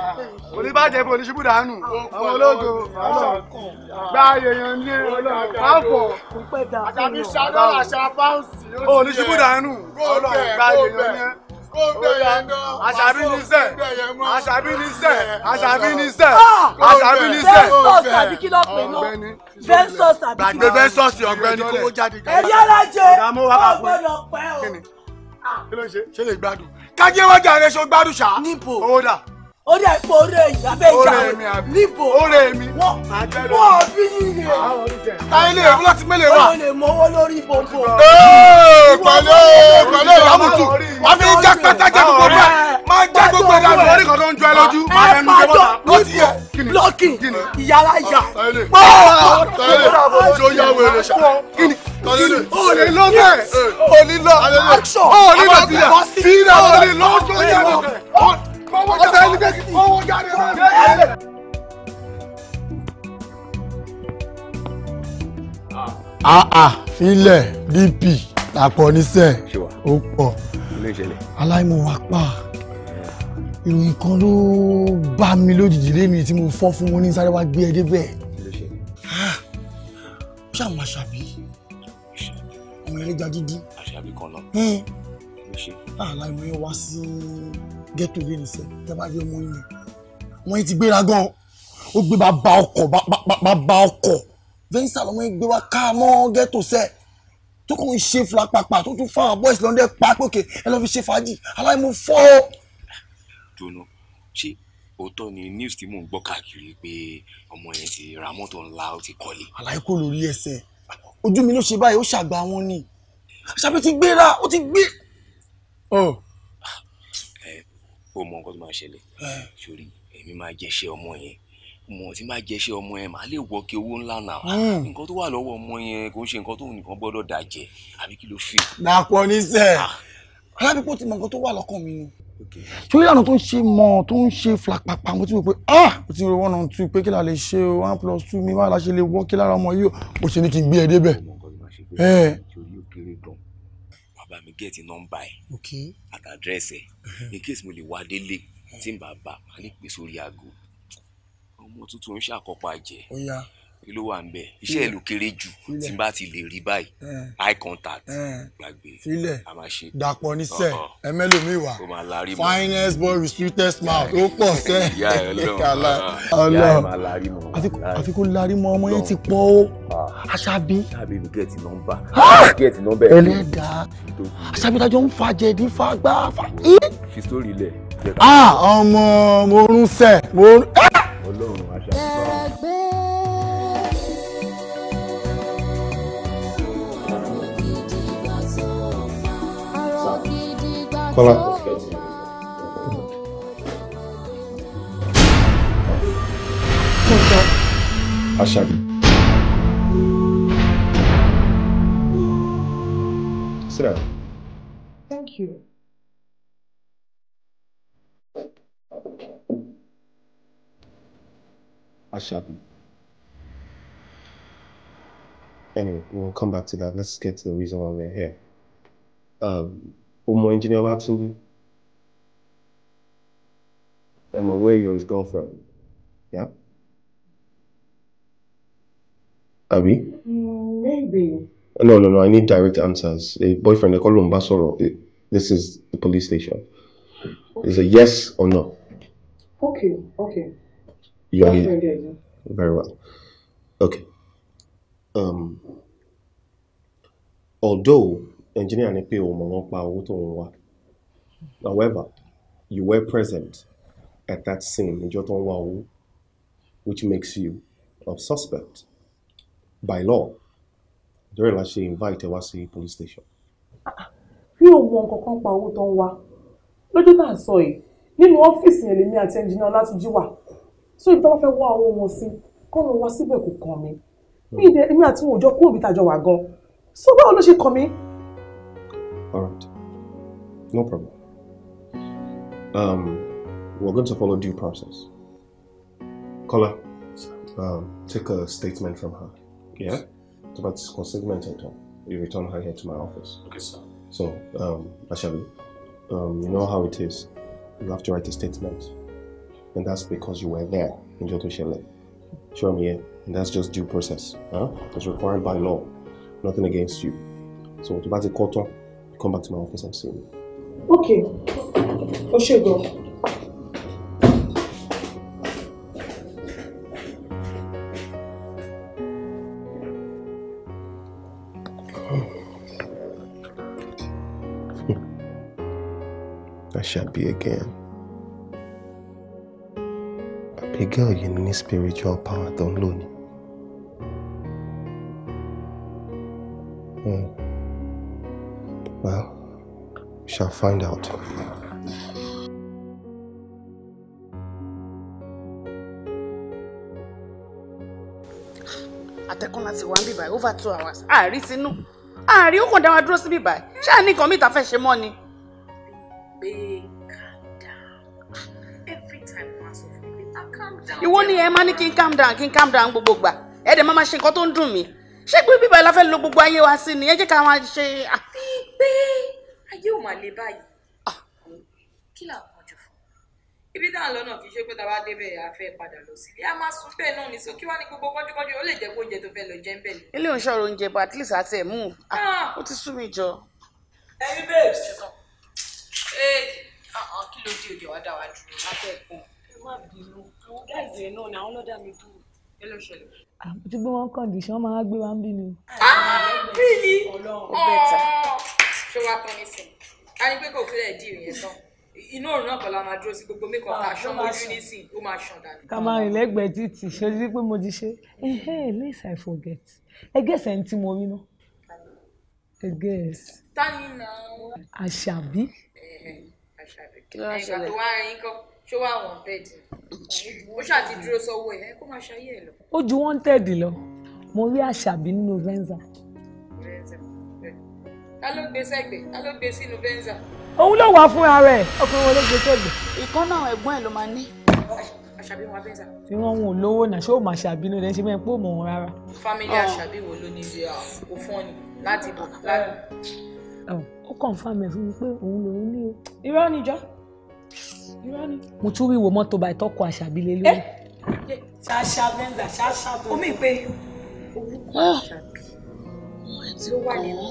Speaker 1: oníbàjẹ́ bí oníṣubú dànù àwọn ológo gba èèyàn ní ọlọ́pọ̀
Speaker 4: àtàbí ṣàdọ́là
Speaker 1: ṣàpáǹsì oníṣubú dànù
Speaker 4: gba èèyàn ní
Speaker 1: àṣàbí ni sẹ àṣàbí ni sẹ àṣàbí ni sẹ àṣàbí ah! ni sẹ. ventus àbí kí ló pè náà ventus àbí kí ló pè náà. gbàgbé
Speaker 5: ventus ọ̀gbẹ́ni kó kó jáde. ẹ̀rí alájẹ ọgbọ́dọ̀ pẹ́
Speaker 1: o. Ah. kí ló ń ṣe ṣe lè gbádùn. kájé wájà rẹ ṣó gbádùn ṣá. níbo owó dà ó dẹ̀ pé orí ẹ̀yìn abẹ́ ìjà níbo wọ́n wọ́n fi yín yẹ. táyé lè wọ́n láti mélèé wà. wọ́n lè mọ́wọ́ lórí gbogbo. pẹ̀lú pẹ̀lú ìyàmùtù wọ́n fi já pátákì gbogbo rẹ̀ máa já gbogbo rẹ̀ àti orí kan tó ń jọ ẹ lójú. ẹ máa jọ níbo blọkin ìyára ìyá. táyé lè jó yá wẹrẹ ṣá. Olè lọ́tẹ̀, olè lọ́, olè lọ́tẹ̀, olè lọ́tẹ̀, olè lọ́tẹ̀ ọ̀sẹ̀ ẹni bẹ́ẹ̀ kí owó jáde máa ń bẹ́ẹ̀. àà filẹ̀ dp àpọ̀ níṣẹ́ ó pọ̀ aláìmọ wá pa ìròyìn kan ló bá mi lójijì lémi tí mo fọ́ fún mo ní sáré wá gbé ẹ débẹ̀ ah, ó ṣàwọn àṣàbí ọmọ ẹlẹ́jà dídí àṣàbí kan náà ah, aláìmọ yẹn wá sí get ghetto bí nìṣẹ́ tẹ́ bá rí ọmọ yẹn wọ́n ti gbéra gan ó gbé bàbá ọkọ̀ bàbá ọkọ̀ vẹ́ńsà lọ́mọ yẹn gbé wa ká mọ́ ghetto sẹ́ẹ̀ tó kàn ń ṣe flapapa tó tún fáwọn boys lọ́ndẹ̀ pa pòkè ẹ lọ́ fi ṣe fàájì aláìmọ̀ fọ́ ọ.
Speaker 6: dùnú ṣé òótọ́ ni news tí mò ń gbọ́ káàkiri pé ọmọ yẹn ti ra mọ́tò ńlá ó ti kọ́lé.
Speaker 1: aláìkó lórí ẹsẹ̀ ojú mi ló ṣe báyìí ó ṣàgbà wọn ni
Speaker 6: ṣàbí ti gbéra ó
Speaker 1: ti gbé. Oh
Speaker 6: pé ọmọ nǹkan tó máa ṣẹlẹ̀ sórí èmi máa jẹ́ṣẹ́ ọmọ yẹn mo ti máa jẹ́ṣẹ́ ọmọ yẹn màá lè wọ́ kí owó ńlá náà ah, hmm. nǹkan tó wà lọ́wọ́ ọmọ yẹn kò ń ṣe nǹkan tó nìkan gbọ́dọ̀ dà jẹ àbí kí ló fi.
Speaker 1: dàpọ̀ níṣẹ́ ah. alábìpọ̀ ti mọ nǹkan tó wà lọ́kàn mi ni sórí ìlànà tó ń ṣe mọ tó ń ṣe flapapa mo ti rò pé ah mo ti rò one on two pé kí la lè ṣe one plus two mi báyìí la lè wọ́ lára ọmọ yìí o ṣe ni kí n gbé ẹ débẹ̀
Speaker 6: get nọ́mbà ẹ̀ àti àdírẹ́sì ẹ̀ uh-huh. in case mo lè wá délé uh-huh. tí n bá bá a lè pè sórí aago ọmọ tuntun ń ṣàkópa jẹ. ó yá kí ló wà ń bẹ iṣẹ́ ìlú kéré jù tí n bá ti lè rí báyìí eh. eye contact eh. gbàgbé a máa ṣe. dàpọ̀ ní sẹ́
Speaker 1: ẹ mẹ́lòmí wà finest boy with sweetest mouth ó pọ̀ sẹ́ ẹ̀ẹ́dẹ́gbẹ̀rún ọlọ́ àfi kó larí mọ́ ọmọ yẹn ti pọ̀ ó ah. aṣábí. aṣábí mi gẹ̀ẹ́tì nọ́mbà gẹ̀ẹ́tì nọ́mbà ẹ̀ ẹlẹ́dàá aṣábí dájọ́ ń fàjẹ̀dí fàgbà fà.
Speaker 6: fi sórí ilẹ̀.
Speaker 1: ah ọmọ mo ń sẹ̀ mo ń. Ah!
Speaker 6: ọlọ́run aṣáájú.
Speaker 1: Fala. A
Speaker 3: Thank you.
Speaker 6: A anyway, we'll come back to that. Let's get to the reason why we're here. Um, Omo Engineer Watungu. I'm aware you're his girlfriend. Yeah? Abby?
Speaker 1: Maybe.
Speaker 6: No, no, no. I need direct answers. A boyfriend, they call him Basoro. This is the police station. Okay. It's a yes or no.
Speaker 1: Okay, okay. You're here.
Speaker 6: Very well. Okay. Um,
Speaker 1: although engineer ni pé o mọ̀ wọ́n pa owó tó ń wá however you were present at that scene in tó ń wá
Speaker 6: which makes you a suspect by law nítorí la ṣe invite ẹ wá police station.
Speaker 1: mi ò mọ nǹkan kan pa owó tó ń wá lójú tá à ń sọ yìí nínú ọ́fíìsì yẹn lèmi àti ẹnjìnìá Látúnjí wà so ìbá wọn fẹ́ wá owó wọn sí kọ́ ló wá síbẹ̀ kò kàn mí hmm. mi ìdẹ èmi àti wọn ò jọ kúrò bí tàjọ wà gan So why don't you come in? Alright, no problem. Um, we're going to follow due process. Kola, um, take a statement from her. Yeah? It's about this item. You return her here to my office. Okay, sir. So, um, Ashabi, um, you know how it is. You have to write a statement. And that's because you were there in Joto Shele. Show me here. And that's just due process. Huh? It's required by
Speaker 6: law nothing against you. So to buy the come back to my office and see me.
Speaker 1: Okay. Oh, sure, go. I shall be again. A girl, you need spiritual power, don't lonely. Mm. Well, we shall find out.
Speaker 4: àtẹ̀kùn láti wà níbí báyìí over
Speaker 2: two hours àárí sínú àárí ó kàn dá wa dúró síbí báyìí ṣáà ní nǹkan mìta fẹ́ ṣe mọ́ ni. ìwọ ni ẹ máa ní kí n calm down kí n calm down gbogbo gbà ẹ dẹ̀ máa ma ṣe nǹkan tó ń dùn mí ṣé pé bíbá la fẹ́ lo gbogbo ayé wa sí ni ẹ jẹ́ ká máa ṣe. àbí
Speaker 4: pé ayé ò mà le báyìí ah. kí là ń pọ̀jù fún ibi tá à ń lọ náà kì í ṣe pé tá a bá débẹ̀ a fẹ́ padà lọ sílé a máa sùn bẹ́ẹ̀ náà ní so kí wá ní gbogbo kọ́júkọ́jú ó lè jẹ́ pé oúnjẹ tó fẹ́ lọ jẹ́ ń bẹ̀lẹ̀.
Speaker 2: ilé òun ṣọ̀rọ̀ oúnjẹ but at least àti ẹ̀ mú ah, ah. ó ti sú mi jọ.
Speaker 4: ẹyin babes ẹ eh, kí ló dé òde wa dá wa dúró lábẹ́ ẹ̀kọ́ ẹ má bínú àwọn gáàsì ẹ̀ náà ni àwọn lọ́dà mi dúró ẹ lọ́ ṣẹlẹ̀ àti gbé wọn kọ̀ǹdíṣàn wọn máa gbé wa ń bí ni. bíyì ṣé wàá pọn nísìn a ní pé kò kílẹ̀ dì yẹn tán inú òrùn náà kọ́ la máa dúró sí gbogbo mẹ́kọ̀ọ́ ká aṣọ ojú nísìn ó máa ṣàn dànù. ká máa rìn lẹ́gbẹ̀ẹ́ títì ṣe ojú pé mo ti ṣe ẹ̀hẹ́ lace i forget ẹgẹ́sẹ̀ ń tí mo rí náà ẹgẹ́s. tani na. àṣàbí.
Speaker 5: àṣàbí kí ló wá ṣẹlẹ̀. ìgbà tó wá
Speaker 4: rìn kọ́ ṣó wà wanted ó ṣàti dúró sọ́wọ́ ẹ̀ kó máa ṣayé ẹ̀ lọ.
Speaker 2: ó ju wanted lọ mo rí àṣàbí nínú venza. ta ló gbé sẹ́gbẹ̀ẹ́ ta ló gbé sínú venza. òun
Speaker 1: ló wà fúnra rẹ̀
Speaker 2: ọkùnrin wo ló gbé sẹ́gbẹ̀ẹ́. ìkan náà ẹ̀gbọ́n ẹ̀ ló máa ní. àṣàbí wọn
Speaker 4: venza.
Speaker 1: tí wọ́n ń wò lówó náà ṣé ó máa ṣàbínú lẹ́yìn ṣe mẹ́rin pé òun òun rárá.
Speaker 4: fámílì ah. àṣàbí wo ló ní ibi òfun ah, ni láti bọ̀ láti. Oh, ó kàn fámì ẹ̀ fún mi pé òun lòun ní irọ́ níjọ́ mo tún wíwo mọ́tò báyìí tọ́kọ àṣàbí lé lórí. Eh, ṣáṣá bẹ́ńdà ṣáṣá tó. omi ìpè orúkọ ah! àṣàbí tí ó wà nínú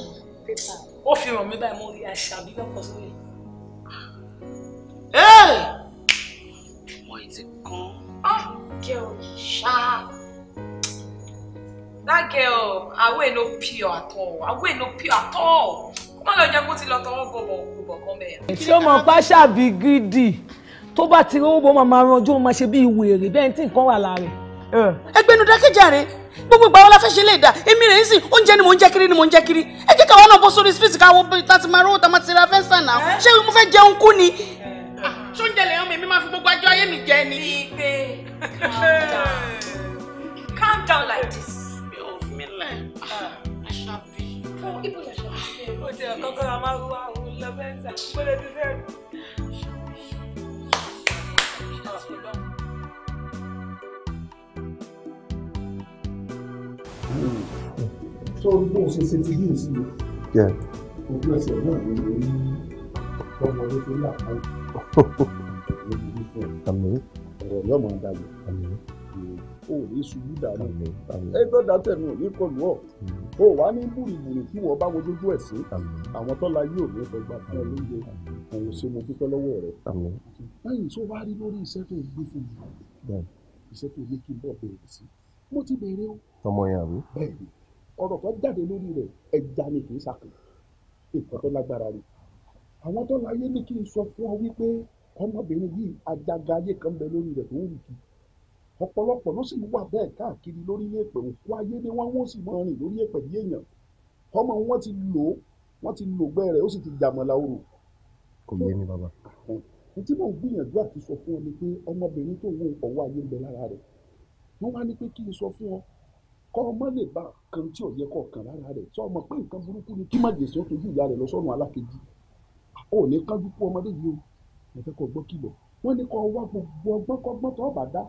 Speaker 4: pépà. ó fi hàn mí báyìí mo rí àṣàbí lọ́pọ̀ sórí. wọ́n ti kàn ah, girl ṣáá. that girl away no pure at all away no pure at all má lọ jẹ́ kó ti lọ tọwọ́ bọ̀bọ̀ òkú bọ̀kan bẹ́ẹ̀.
Speaker 2: ṣé o mọ̀
Speaker 1: pàṣà bí gidi tó bá ti rówó bọ́ máa ranjú máa ṣe bí wèrè
Speaker 4: bẹ́ẹ̀ tí
Speaker 2: nǹkan wà lára ẹ̀. ẹgbẹ́nu dákẹ́jàre gbogbo ìgbà wọn la fẹ́ ṣe lè dà èmi rẹ̀ ń sìn oúnjẹ ni mò ń jẹ kiri ni mò ń jẹ kiri ẹ jẹ́ káwọn náà bọ́ sórí street káwọn tàti máa rówó tàmátì ra fẹ́ sàn náà ṣé mo fẹ́ jẹun kú ni. Ah, ṣóúnjẹ lè yan mi mi máa fi gbogbo àjọ ayé mi jẹ ni. ìgbé calm down calm down like this. mi ò fi mi lẹ̀. Ah ibo lẹ ṣe wá. o ti ọkọkọ a máa wá òun lọ mẹ́ta kó lè ti fẹ́ẹ́.
Speaker 1: tó o bó o ṣe ṣe ti yí òsì rẹ ojú ẹsẹ̀ náà ló lè rí ọmọ ló fi là pa ọmọ yìí ọ̀rọ̀ yọmọ dàgbà o ò ní ṣubú dànù ẹjọ́ dátẹ̀ mi ò ní kọlù ọ́ o wà ní búrìbùrì kí wọ́n bá wọn dójú ẹ̀ sí àwọn tọ́la yóò ní ẹgbẹ́ gba fún ẹ lóúnjẹ àwọn ṣe mo dúpẹ́ lọ́wọ́ rẹ. lẹ́yìn tó wá rí lórí iṣẹ́ tó gbé fún mi iṣẹ́ tó ní kí n bọ̀ bẹ̀rẹ̀ sí mo ti bẹ̀rẹ̀ o. ọmọ ìyàwó. bẹ́ẹ̀ni ọ̀rọ̀ kan jáde lórí rẹ̀ ẹja ni kì í ṣàkè nǹkan tó lágbára rẹ̀ àwọn tó láyé ní kí n sọ fún ọ wípé ọmọbìnrin yìí ajagayé kan bẹ lórí rẹ̀ tó ń kí ọ̀pọ̀lọpọ̀ ló sì ń wà bẹ́ẹ̀ káàkiri lórí èpè òkú ayé ni wọ́n wọ́n sì máa rìn lórí èpè bí èèyàn ọmọ wọn ti lò ó wọ́n ti lò gbẹ́ rẹ̀ ó sì ti jàmọ̀lá oòrùn.
Speaker 6: kò yé mi bàbá.
Speaker 1: ní tí mò ń gbìyànjú àti sọ fún ọ ni pé ọmọbìnrin tó ń wo ọwọ́ ayé ń bẹ lára rẹ̀ wọ́n wá ní pé kí n sọ fún ọ kọ́ ọmọ lè bá kan tí ò yẹ kọ́ kan lára rẹ̀ sọ ọmọ pé nǹkan burúkú ni kí má jèsè ó tojú ìyá rẹ̀ lọ sọ́run alákejì ò ní kánjú kú ọmọdé yìí o mo fẹ́ kọ́ gbọ́ kìlọ̀ wọ́n ní kọ́ wá gbogbo ọgbọ́n kọ́gbọ́n tó bá dá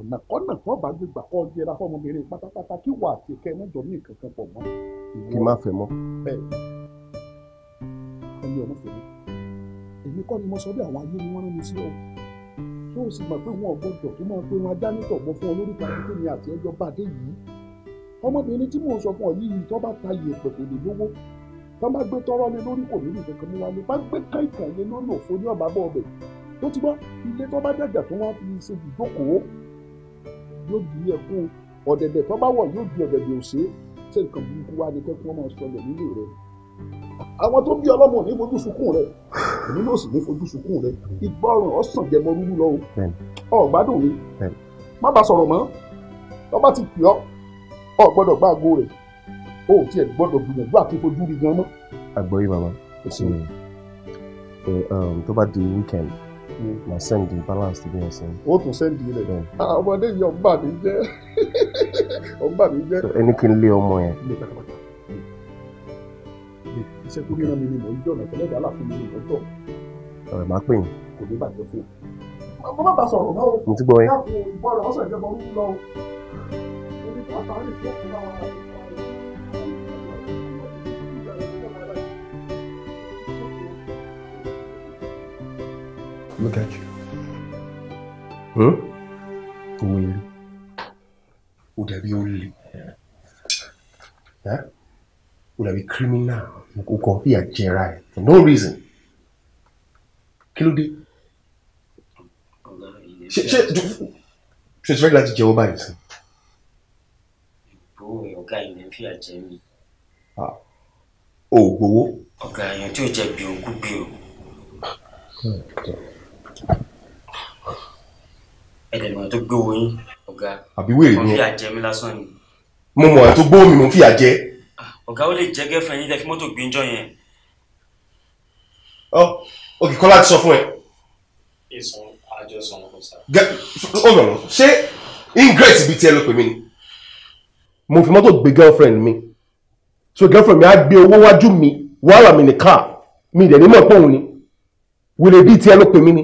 Speaker 1: ọ̀nà kọ́nà tó bá gbégbà kọ́ yẹra fọmọbìnrin pátápátá kí wà á ti kẹ́ mọ́jọ ní ìkankan pọ̀ mọ́. kí má fẹ́ mọ́. bẹ́ẹ̀ ẹni ọmọ fèrè èmi kọ́ ni mo sọ bí àwọn ayé ni wọ́n rán mi sí ọ tó o sì mọ̀ pé wọn ò gbọdọ̀ tó máa pé wọn adánítọ̀ mọ́ fún olórí kan tó ní àti ọjọ́ bá dé yìí ọmọbìnrin tí mò ń sọ fún ọ yìí tó bá ta yè pẹ̀ kò lè lówó tó bá gbé tọrọ lé lórí kò ní lè kankan mú wálé bá gbé káìkà lé lórí òfò ní ọ̀bá bọ̀ ọbẹ̀ tó ti gbọ́ ilé tó bá dàgbà tó wá fi ṣe ìdókòó yóò di ẹkún ọ̀dẹ̀dẹ̀ tó bá wọ̀ yóò di ọ̀dẹ̀dẹ̀ òṣè ṣé nǹkan burúkú wá ni kẹ́kún ọmọ sọlẹ̀ nílé rẹ̀ àwọn tó bí ọlọ́mọ ní fojú sunkún rẹ èmi náà sì ní fojú sunkún rẹ ìgbọràn ọ̀sán jẹmọ rúrú lọ o ọ̀gbádùn mi má bàa sọ̀rọ̀ mọ́ lọ́ba ti pè ọ́ ọ̀ gbọ́dọ̀ gbá aago rẹ̀ o ò tiẹ̀ gbọ́dọ̀ gbìyànjú àti fojú rí gan mọ́. àgbọ̀yé màmá ẹ um, tó bá di weekend màá send the balance to bẹ́ẹ̀ sẹ́yìn. wọ́n tún send ilẹ̀ ah, ọmọdé yìí ọ̀n bà mí jẹ́ ọ̀n bà mí jẹ́. ẹni
Speaker 6: kí n lé ọmọ yẹn.
Speaker 1: iṣẹ́ tó ní mi ni mò ń jọ̀ náà tẹ́lẹ̀ dàlà fún mi ni mò ń jọ̀.
Speaker 6: ọ̀rẹ́ máa pè yín. kò
Speaker 1: ní bàjẹ́ fún mi. mo má bàa sọ̀rọ̀ náà o. mo ti gbọ́ yín. ìyá kò gbọ́dọ̀ ọ̀sẹ̀ ìjọba ń lọ. orí tó àtàrí ìfọ̀kúnlá wa.
Speaker 5: Look at you. Huh?
Speaker 6: Owó ìlú. Ó dàbí olè.
Speaker 1: Ó dàbí criminal. Kò kàn fìyà jẹra ẹ̀ for no reason. Kí ló dé? Ṣé ṣé ṣe ṣe láti jẹ owó báyìí sí?
Speaker 6: Ìgbó ọ̀gá yìí ń fìyà jẹ mí.
Speaker 1: Ah. O go gbowó.
Speaker 6: Ọ̀gá yẹn tí ò jẹ̀bi òkú gbé tó
Speaker 1: gbowó yín ọ̀gá àbí wèrè ni mo
Speaker 6: fìyà jẹ mí lásán ni. mo mọ̀ ẹ́ tó gbowó mi mo fìyà jẹ. Ah, ọ̀gá ó lè jẹ́ gẹ́fẹ̀ẹ́ yín tẹ́fí mọ́tò gbẹ́njọ́ yẹn.
Speaker 1: ọ oh, òkè kọ́lá ti sọ fún ẹ.
Speaker 6: èso àjọ sọ̀rọ̀ kò sá.
Speaker 1: ọ̀rọ̀ ṣé ingrate bíi tiẹ̀ ló pè mí ni mo fi mọ́tò gbé girlfriend mi so girlfriend mi á gbé owó wájú mi wàhálà mi ní car mi ìdẹ̀ ní mọ̀ pọ̀ òun ni wèrè bíi tiẹ̀ ló pè mí ni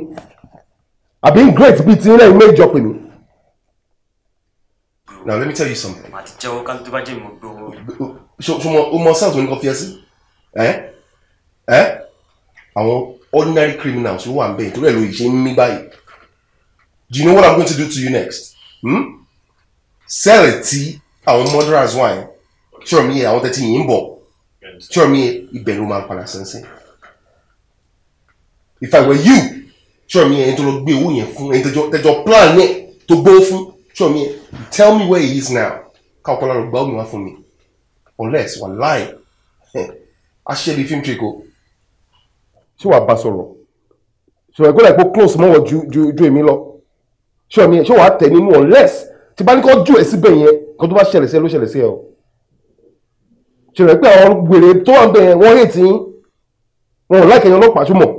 Speaker 1: àbí great bíi ti rẹ̀ ilé ìjọ pẹ̀lú. now let me tell you something. àti
Speaker 6: jẹ́wọ́ ká tó bá jẹ́ ìmọ̀ gbogbo.
Speaker 1: ṣùgbọ́n o mọ sáà tó ní kò fi ẹ sí ẹ àwọn ordinary criminals ló wà ń bẹ ìtòrí ẹ̀ lóye ṣe ń mí báyìí do you know what i'm going to do to you next hmm? sell it ti àwọn murderers wà yẹn Sure mi yẹ àwọn tẹ́tí yìí ń bọ̀ Sure mi yẹ ibẹ̀ ló máa ń padà sẹ́nsẹ́ if i were you ṣọ́ọ̀mí ẹni tó lọ gbé owó yẹn fún ẹni tẹjọ plan yẹn tó gbówó fún ṣọ́ọ̀mí ẹ tell me where he is now ká ọ̀pọ̀lọpọ̀ lọ gba omi wá fún mi unless wà láì aṣẹ́bi film trick o. ṣé wàá bá sọ̀rọ̀ ṣe wàá gbọ́dọ̀ pé close mọ́wọ́ ju ju ju èmi lọ ṣọ́ọ̀mí ẹ ṣé wàá tẹ̀ nínú unless tí bá ní kó jù ẹ̀ síbẹ̀ yẹn kó tó bá ṣẹlẹ̀ sí ẹ ló ṣẹlẹ̀ sí ẹ o ṣe rẹ̀ pé àwọn gbèrè tó wà ń bẹ̀ yẹn wọ́n hẹ̀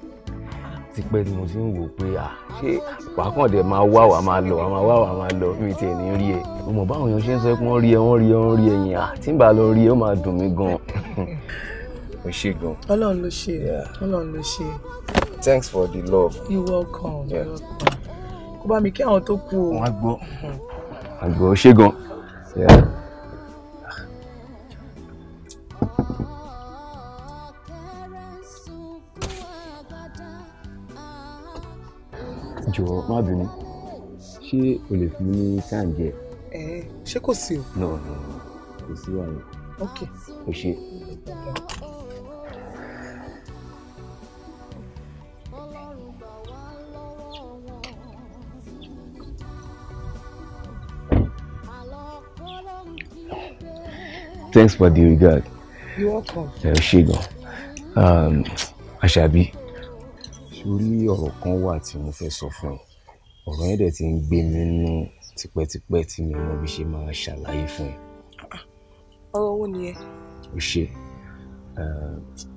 Speaker 6: tipẹ́ ni mo ti ń wò pé à ṣé wàá máa wá wàá máa lọ máa wá wàá máa lọ mi tiẹ̀ ní rí ẹ o mọ̀ báwọn èèyàn ṣe ń sọ pé wọ́n rí ẹ wọ́n rí ẹ wọ́n rí ẹyìn à tí n bá lọ rí ẹ ó máa dùn mí gan o ṣe gan.
Speaker 1: Ọlọ́run ló ṣe Ọlọ́run ló ṣe.
Speaker 6: thanks for the love.
Speaker 1: you welcome. Yeah. You welcome. kó bá mi kí àwọn tó kú o. wọ́n á gbọ́.
Speaker 6: àgbọ̀ ṣe gan. Yeah. Jo, má bínú ṣé o lè fún mi ní time díẹ̀. ṣé kò sí o. no no kò sí wàhálà. ok o ṣe. thanks for the regard. you're welcome. Um, I shall be. sórí ọ̀rọ̀ kan wà tí mo fẹ́ sọ fún ẹ ọ̀rọ̀ yẹn dẹ̀ ti ń gbé mi nú tipẹ́tipẹ́ tí mi mọ bí ṣe máa ṣàlàyé fún ẹ. ọ̀rọ̀ wo nìyẹn. o ṣe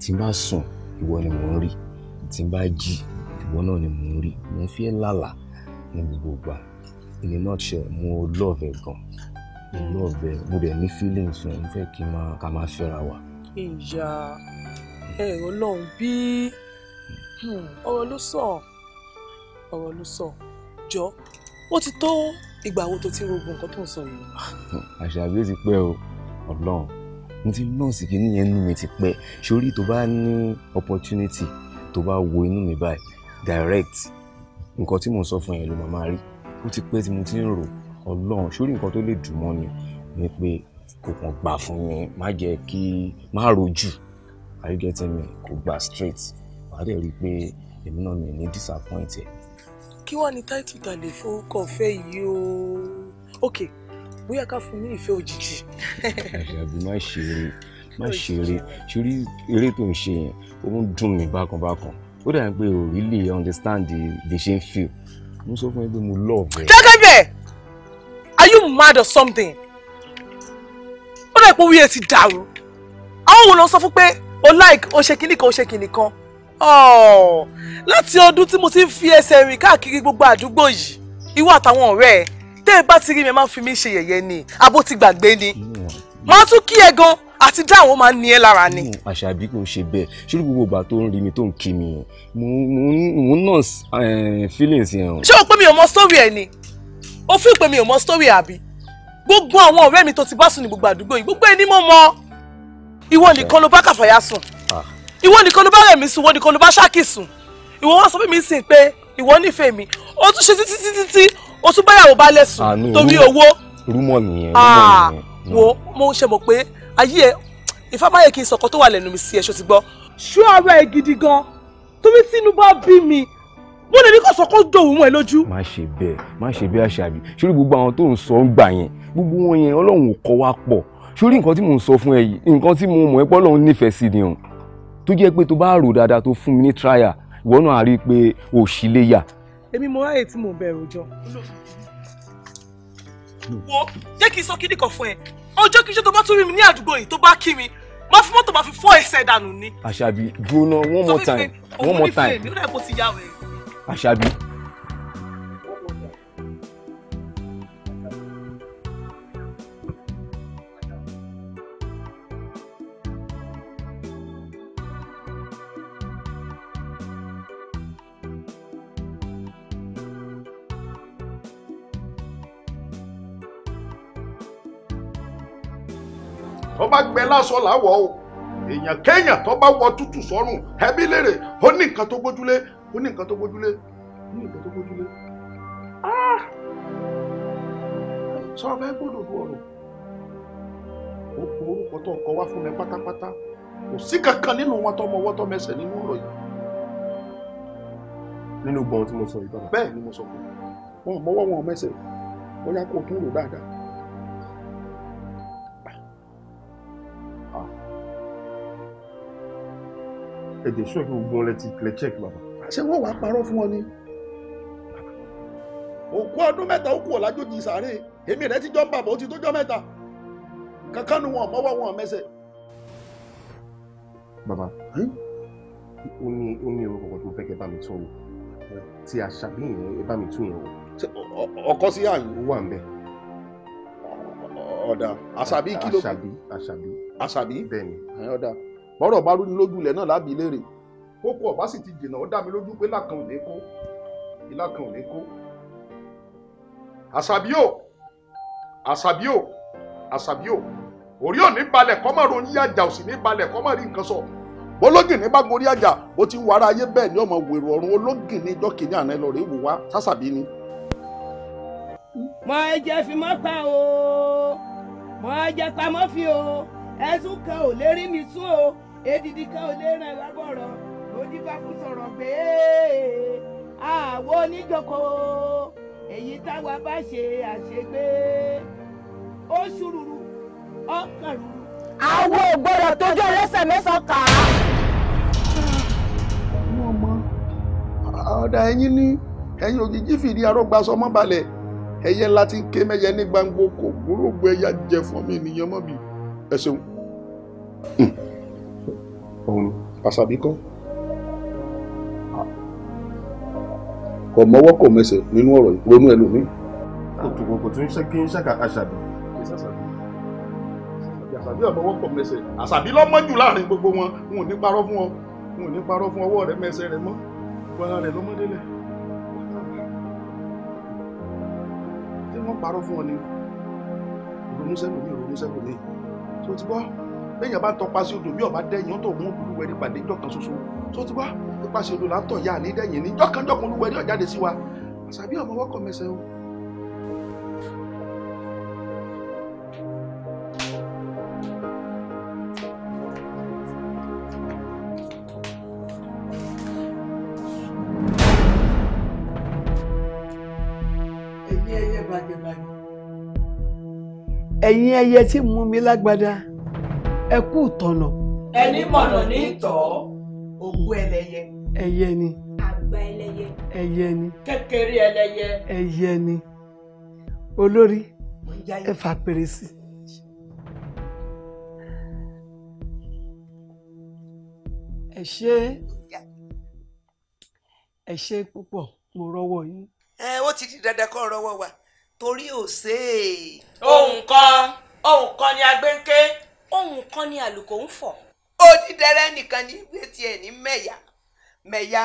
Speaker 6: tí n bá sùn ìwọ ni mò ń rí tí n bá jí ìwọ náà ni mò ń rí mò ń fi ẹ́ lálà ní gbogbo ìgbà in a nutshell mo love ẹ gan mo love ẹ mo dẹ̀ ní feelings ẹ mo fẹ́ kí n máa ká máa fẹ́ra wa.
Speaker 1: ìyá ẹ̀rọ lọ́hùn bíi ọ̀rọ̀ ló sọ ọ̀rọ̀ ló sọ jọ ó ti tó ìgbà wo tó ti rògbò nǹkan tó ń sọ yìí.
Speaker 6: àṣàbí ó ti pẹ́ o ọlọ́run mo ti nọ́ọ̀sì kìíní yẹn nínú mi ti pẹ́ sórí tó bá ní opportunity tó bá wo inú mi báyìí direct nǹkan tí mò ń sọ fún yẹn ló máa máa rí ó ti pẹ́ tí mo ti ń rò ọlọ́run sórí nǹkan tó lè dùn mọ́ ni ni pé kò kàn gbà fún mi má jẹ́ kí má rojú are you getting me kò gbà straight wàá rí i pé èmi náà mi ní disappoint ẹ̀.
Speaker 1: kí wàá ní táìtù tà lè fowókọ̀ fẹ́ yìí o ok bóyá ká fún ní ìfẹ́ òjijì.
Speaker 6: àṣàbí má ṣe eré má ṣe eré ṣorí eré tó ń ṣe yẹn ó ń dùn mí bákan bákan ó dàbí pé o really understand the the same feel mo sọ fún ẹ pé mo love ẹ.
Speaker 1: jẹ́gẹ́ bẹ́ẹ̀ are you mad or something? ó dàbí pé wíyẹ ti dàrú àwọn òun lọ sọ fún pé o like o ṣe kinní kan o ṣe kinní kan Oh, láti ọdún tí mo ti ń fi ẹsẹ̀ rìn káàkiri gbogbo àdúgbò yìí ìwọ àtàwọn ọ̀rẹ́ ẹ tẹ́ ẹ bá ti rí mi ẹ máa fi mí ṣe yẹ̀yẹ́ ni àbó ti gbàgbé ni máa tún kí ẹ gan àti dá àwọn máa ń ní ẹ lára ni.
Speaker 6: àṣàbí kò ṣe bẹ́ẹ̀ ṣé gbogbo ìgbà tó ń rí mi tó ń kí mi mo ń nà eh, feelings yẹn o.
Speaker 1: ṣé o pé mi ò mọ story ẹ ni o fi pé mi ò mọ story àbí gbogbo àwọn ọ̀rẹ́ mi tó ti bá sùn ní gbogbo àdúgbò yìí gbogbo ẹni mo mọ ìwọ nìkan ló bá kàfàyà sùn ìwọ nìkan ló bá rẹ̀ mí sùn ìwọ nìkan ló bá ṣáàkì sùn ìwọ wọn sọ fún mi sìn pé ìwọ nífẹ̀ẹ́ mi ó tún ṣe títí títí tí ó tún báyàwó bá lẹ̀sùn torí owó. rúmọ nìyẹn rúmọ nìyẹn. Ah, wo mo ṣe mọ̀ pé ayé ẹ ìfámáyé kì í sọ̀kan tó wà lẹ́nu mi sí ẹ̀ṣọ́ ti gbọ́. ṣú ara ẹ gidi gan torí sínú bá bí mi wọn lè ní kó sọ kó dòwú wọn lójú.
Speaker 6: má ṣe bẹ́ẹ̀ má ṣe bẹ́ẹ̀ àṣàbí ṣórí gbogbo àwọn tó ń sọ ń gbà yẹn gbogbo wọn yẹn Ọlọ́run ò kọ wá pọ̀ ṣórí nǹkan tí mò ń sọ fún ẹ yìí nǹkan tí mo mọ̀ ẹ́ pé Ọlọ́run nífẹ̀ẹ́ sí ni o tó jẹ́ pé tó bá rò dáadáa tó fún mi ní trial ìwọ náà á rí i pé òṣì lè yà.
Speaker 1: èmi mo ráyè tí mo bẹ̀rù jọ. wo jẹ́ kí n sọ kíndìkan fún ẹ ọjọ́ kíjọ́ tó bá tún rí mi ní àdúgbò yìí tó bá kí mi máa fi mọ́tò máa fi fọ́ ẹsẹ̀ dànù ni.
Speaker 6: àṣàbí gbóná one more time one more time. àṣàbí
Speaker 1: tó bá gbẹ lásán láwọ̀ o èèyàn kéèyàn tó bá wọ tútù sọ́rùn ẹbí léèrè ó ní nǹkan tó gbójúlé ó ní nǹkan tó gbójúlé ó ní nǹkan tó gbójúlé. sọ ah! fẹ́ gbọ́dọ̀ bu ọ̀rọ̀ ó kọ orúkọ tó kọ wá fún mi pátápátá kò sí kankan nínú wọn tọmọ ọwọ́ tọmọ ẹsẹ̀ nínú ọ̀rọ̀ yìí. nínú gbọ́n tí mo sọ yìí bàbá. bẹ́ẹ̀ ni mo sọ fún un wọn mọ́wọ́ wọn mẹ́sẹ̀ bóyá kó tún rò dáadáa. èdè ṣọ́ọ̀kì gbogbo ọlẹ́ ti clear check bàbá. ṣé wọ́n wàá parọ́ fún ọ ni. òkú ọdún mẹ́ta ó kú ọ̀ lájòjì sàárè èmi rẹ ti jọ ń bàbọ̀ ó ti tó jọ mẹ́ta kankan nu wọn mọ́wọ́ wọn mẹ́sẹ̀.
Speaker 6: bàbá hm? ó ní ó ní ìró kọ̀ọ̀kan tó fẹ́ kẹ́ bá mi tún o tí
Speaker 1: àṣàbí yẹn ẹ bá mi tún yẹn o. ọkọ sí àyè. ó wà ń bẹ. ọ̀dà àṣàbí kí ló. àṣàbí àṣàbí. àṣàbí bẹ́ẹ̀ ni. ọ̀dà bọ́rọ̀ bá rú ni lójú ilẹ̀ náà lábì léèrè kókó ọ̀bá sì ti jìnnà ó dá mi lójú pé lákan ò ní kó ilá kan ò ní kó. àṣàbíò àṣàbíò àṣàbíò orí ò ní balẹ̀ kọ́ mọ̀ ròyìn àjà ò sì ní balẹ̀ kọ́ mọ̀ rí nǹkan sọ bọ́lọ́gìnní bá gorí àjà bó ti ń wàrà ayé bẹ́ẹ̀ ni ọmọ wèrò ọ̀run ológìnní jọ́kìnní àná ẹlọ́rẹ́ wò wá sásàbí ni.
Speaker 2: mọ ẹjẹ fi mọ pa o mọ ẹjẹ pamọ́ fi o ẹ̀sùn kan ò lérí mi sún o edidika kan ò lè ràn lágbọ̀rọ̀ onífàkù sọ̀rọ̀ pé àwọn oníjókòó èyí táwa bá ṣe àṣegbé ó ṣùrùrù ọkàn rú. àwọn ò gbọ́dọ̀ tójú ẹlẹ́sẹ̀ mẹ́sàn-án kà á.
Speaker 1: mo mọ ọ̀dà ẹ̀yin ní ẹyẹ ńlá ti ń ké mẹ́yẹ gbangbo òun ni Àṣàbí kọ́ kò mọ́wọ́ kò mẹsẹ̀ nínú ọ̀rọ̀ yìí ronú ẹlòmíì. kòtùkò kò tún kí n ṣàkà Àṣàbí. Àṣàbí ọ̀mọ́wọ́ kò mẹsẹ̀ Àṣàbí lọ́mọ jù láàrin gbogbo wọn n ò ní parọ́ fún ọ n ò ní parọ́ fún ọwọ́ rẹ mẹsẹ̀ rẹ mọ́ gbọ́dọ̀ rẹ lọ́mọdé lẹ̀. ṣé wọ́n parọ́ fún ọ ni ronú sẹ́kùn mi ronú sẹ́kùn mi tó ti bọ́ lẹ́yìn bá tọpa sí odò bí ọba dẹ́yìn ó tó mú olúwẹ̀rí pàdé jọ̀kan ṣoṣo tó ti wá nípasẹ̀ odò láńtọ̀ yá ní dẹ́yìn ní jọ̀kanjọ̀kan olúwẹ̀rí ọ̀jáde sí wa àṣàbí ọmọ wọ́kọ̀ mẹsẹ̀ o. ẹ̀yin ẹyẹ tí mú mi lágbádá ẹ kú ìtọ̀nà.
Speaker 2: ẹni mọ̀nà ní ìtọ́ òkú ẹlẹ́yẹ. ẹyẹ ni. àgbà ẹlẹ́yẹ.
Speaker 1: ẹyẹ ni. kékeré ẹlẹ́yẹ. ẹyẹ ni. olórí ẹ fà péré sí i. ẹ ṣé ẹ ṣé púpọ̀ mo rọ́wọ́ yín. ẹ ó ti di dandan kó rọ́wọ́ wa torí ò ṣe é. ohun kan ohun kan ni agbẹ́ńké ohun kan ni àlùkò ń fọ̀. odídẹrẹ́ nìkan ní gbé tiẹ̀ ní mẹ̀yà mẹ̀yà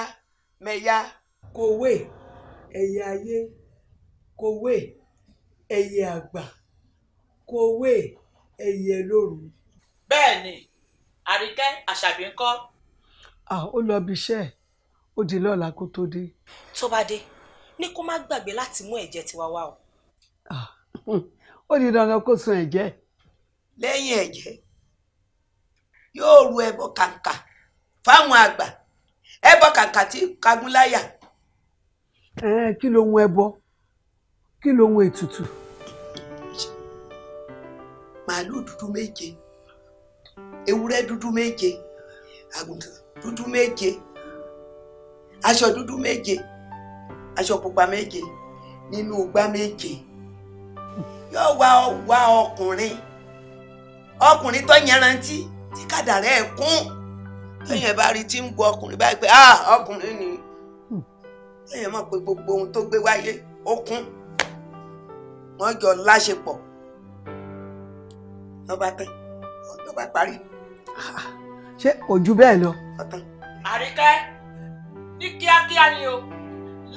Speaker 1: mẹ̀yà. kò wé ẹ̀yà ayé kò wé ẹ̀yẹ àgbà kò wé ẹ̀yẹ lóru. bẹ́ẹ̀ ni àríkẹ́ àṣàbí ń kọ́. ó lọ bí iṣẹ́ ẹ̀ ó di lọ́la kó tó dé.
Speaker 4: tó bá dé ní kó má gbàgbé láti mú ẹ̀jẹ̀ tiwa wá o.
Speaker 1: ó di dandan kó sun ẹ̀jẹ̀. E
Speaker 4: lẹ́yìn ẹ̀jẹ̀ yóò ru ẹbọ
Speaker 2: kàǹkà fáwọn àgbà ẹbọ kàǹkà tí kagún láyà.
Speaker 1: kí ló ń ẹbọ kí ló ń ètùtù. màálùú dúdú méje ewúrẹ́ dúdú méje àgùntàn dúdú méje aṣọ dúdú méje aṣọ pupa méje nínú igbá méje yóò wá wá ọkùnrin. ọkùnrin tó yanrantí tí kàdàrẹ́ ẹ̀ kún lẹ́yìn bá rí tí ń bu ọkùnrin báyìí pé ah ọkùnrin ni lẹ́yìn hmm. mọ̀ pé gbogbo ohun tó gbé wáyé ó kún wọ́n jọ láṣepọ̀ lọ́ba tán lọ́ba parí. Ah, ṣé ojú bẹ́ẹ̀ lọ.
Speaker 2: àríkẹ́ ní kíákíá ni o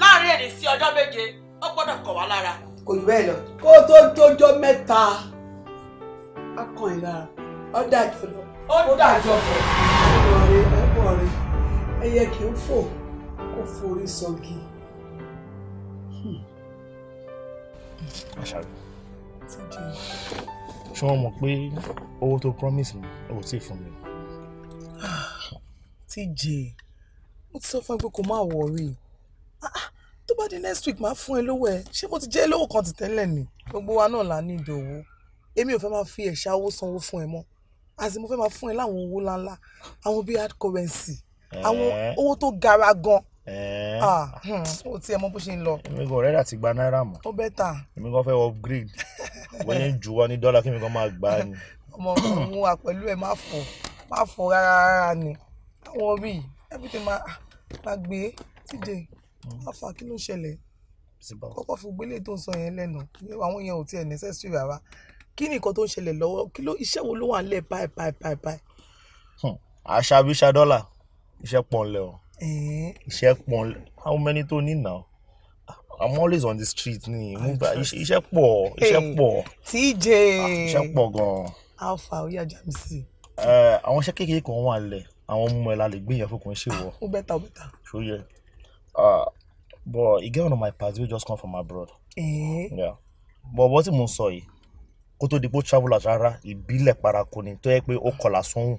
Speaker 2: láàrin
Speaker 1: èdè sí ọjọ́ méje ó gbọ́dọ̀ kọ̀ wá lára. kò jù bẹ́ẹ̀ lọ. kó tó tójọ́ mẹ́ta á kàn yín lára ó dàjọ lọ. ó dàjọ lọ. ọmọ rẹ ọmọ rẹ ẹyẹ kì í fò kó forí sọgi. Hmm. àṣàrò ṣé wọn mọ pé owó tó promise mi ò tí ì fún mi. TJ mo ti sọ fún ẹ pé kó má wọrí ah, ah, tó bá di next week máa fún ẹ lówó ẹ ṣé mo ti jẹ́ lówó kan ti tẹ́lẹ̀ ni gbogbo wa náà la ní ìdòwò èmi ò fẹ́ máa fi ẹ̀ṣà owó sanwó fún ẹ mọ́ àti mo fẹ́ máa fún ẹ láwọn owó ńláńlá àwọn bíi hard currency àwọn owó tó gara gan ó ah, hmm, tiẹ̀ mọ bó ṣe ń lọ. èmi kò rẹ́rà ti gba náírà mọ́. ó bẹ́ tà. èmi kò fẹ́ upgrade wọ́n yẹn jù wá ní dọ́là kí èmi kò máa gbà á ni. ọmọ mi wà pẹ̀lú ẹ̀ má fọ̀ má fọ̀ rárá rárá ni àwọn rí everything máa ah, gbé tíjẹ́ àfà hmm. kí ló ń ṣẹlẹ̀ kọ́kọ́ fi gbélé tó ń sọ yẹn lẹ́nu àwọn yẹn ò tiẹ̀ necessary rárá kí ni nǹkan tó ń ṣẹlẹ̀ lọ́wọ́ kí ló iṣẹ́ wo ló wà nílẹ̀ báyìí báyìí báyìí báyìí. Hmm. àṣàbí ṣadọ́là iṣẹ́ pọ̀ ńlẹ̀ o iṣẹ́ pọ̀ ńlẹ̀ how many tó ní now i'm always on the street ni iṣẹ́ pọ̀ iṣẹ́ pọ̀ TJ ah, iṣẹ́ pọ̀ gan-an. alpha oyè ajá mi sí. Eh, àwọn iṣẹ́ kékeré kan wà lẹ̀ àwọn ọmọ ẹ̀ la lè gbé yẹn fún kàn ṣe ah, wọ. ó bẹ́ta ó bẹ́ta. ṣó yẹ ah, but e get one of my pals wey just come from abroad. Eh? Yeah. but bọ́tí mo sọ yìí kó tó di pé ó travel as rárá ìbílẹ̀ paraku ni tó yẹ pé ó kọ̀ lásán wù.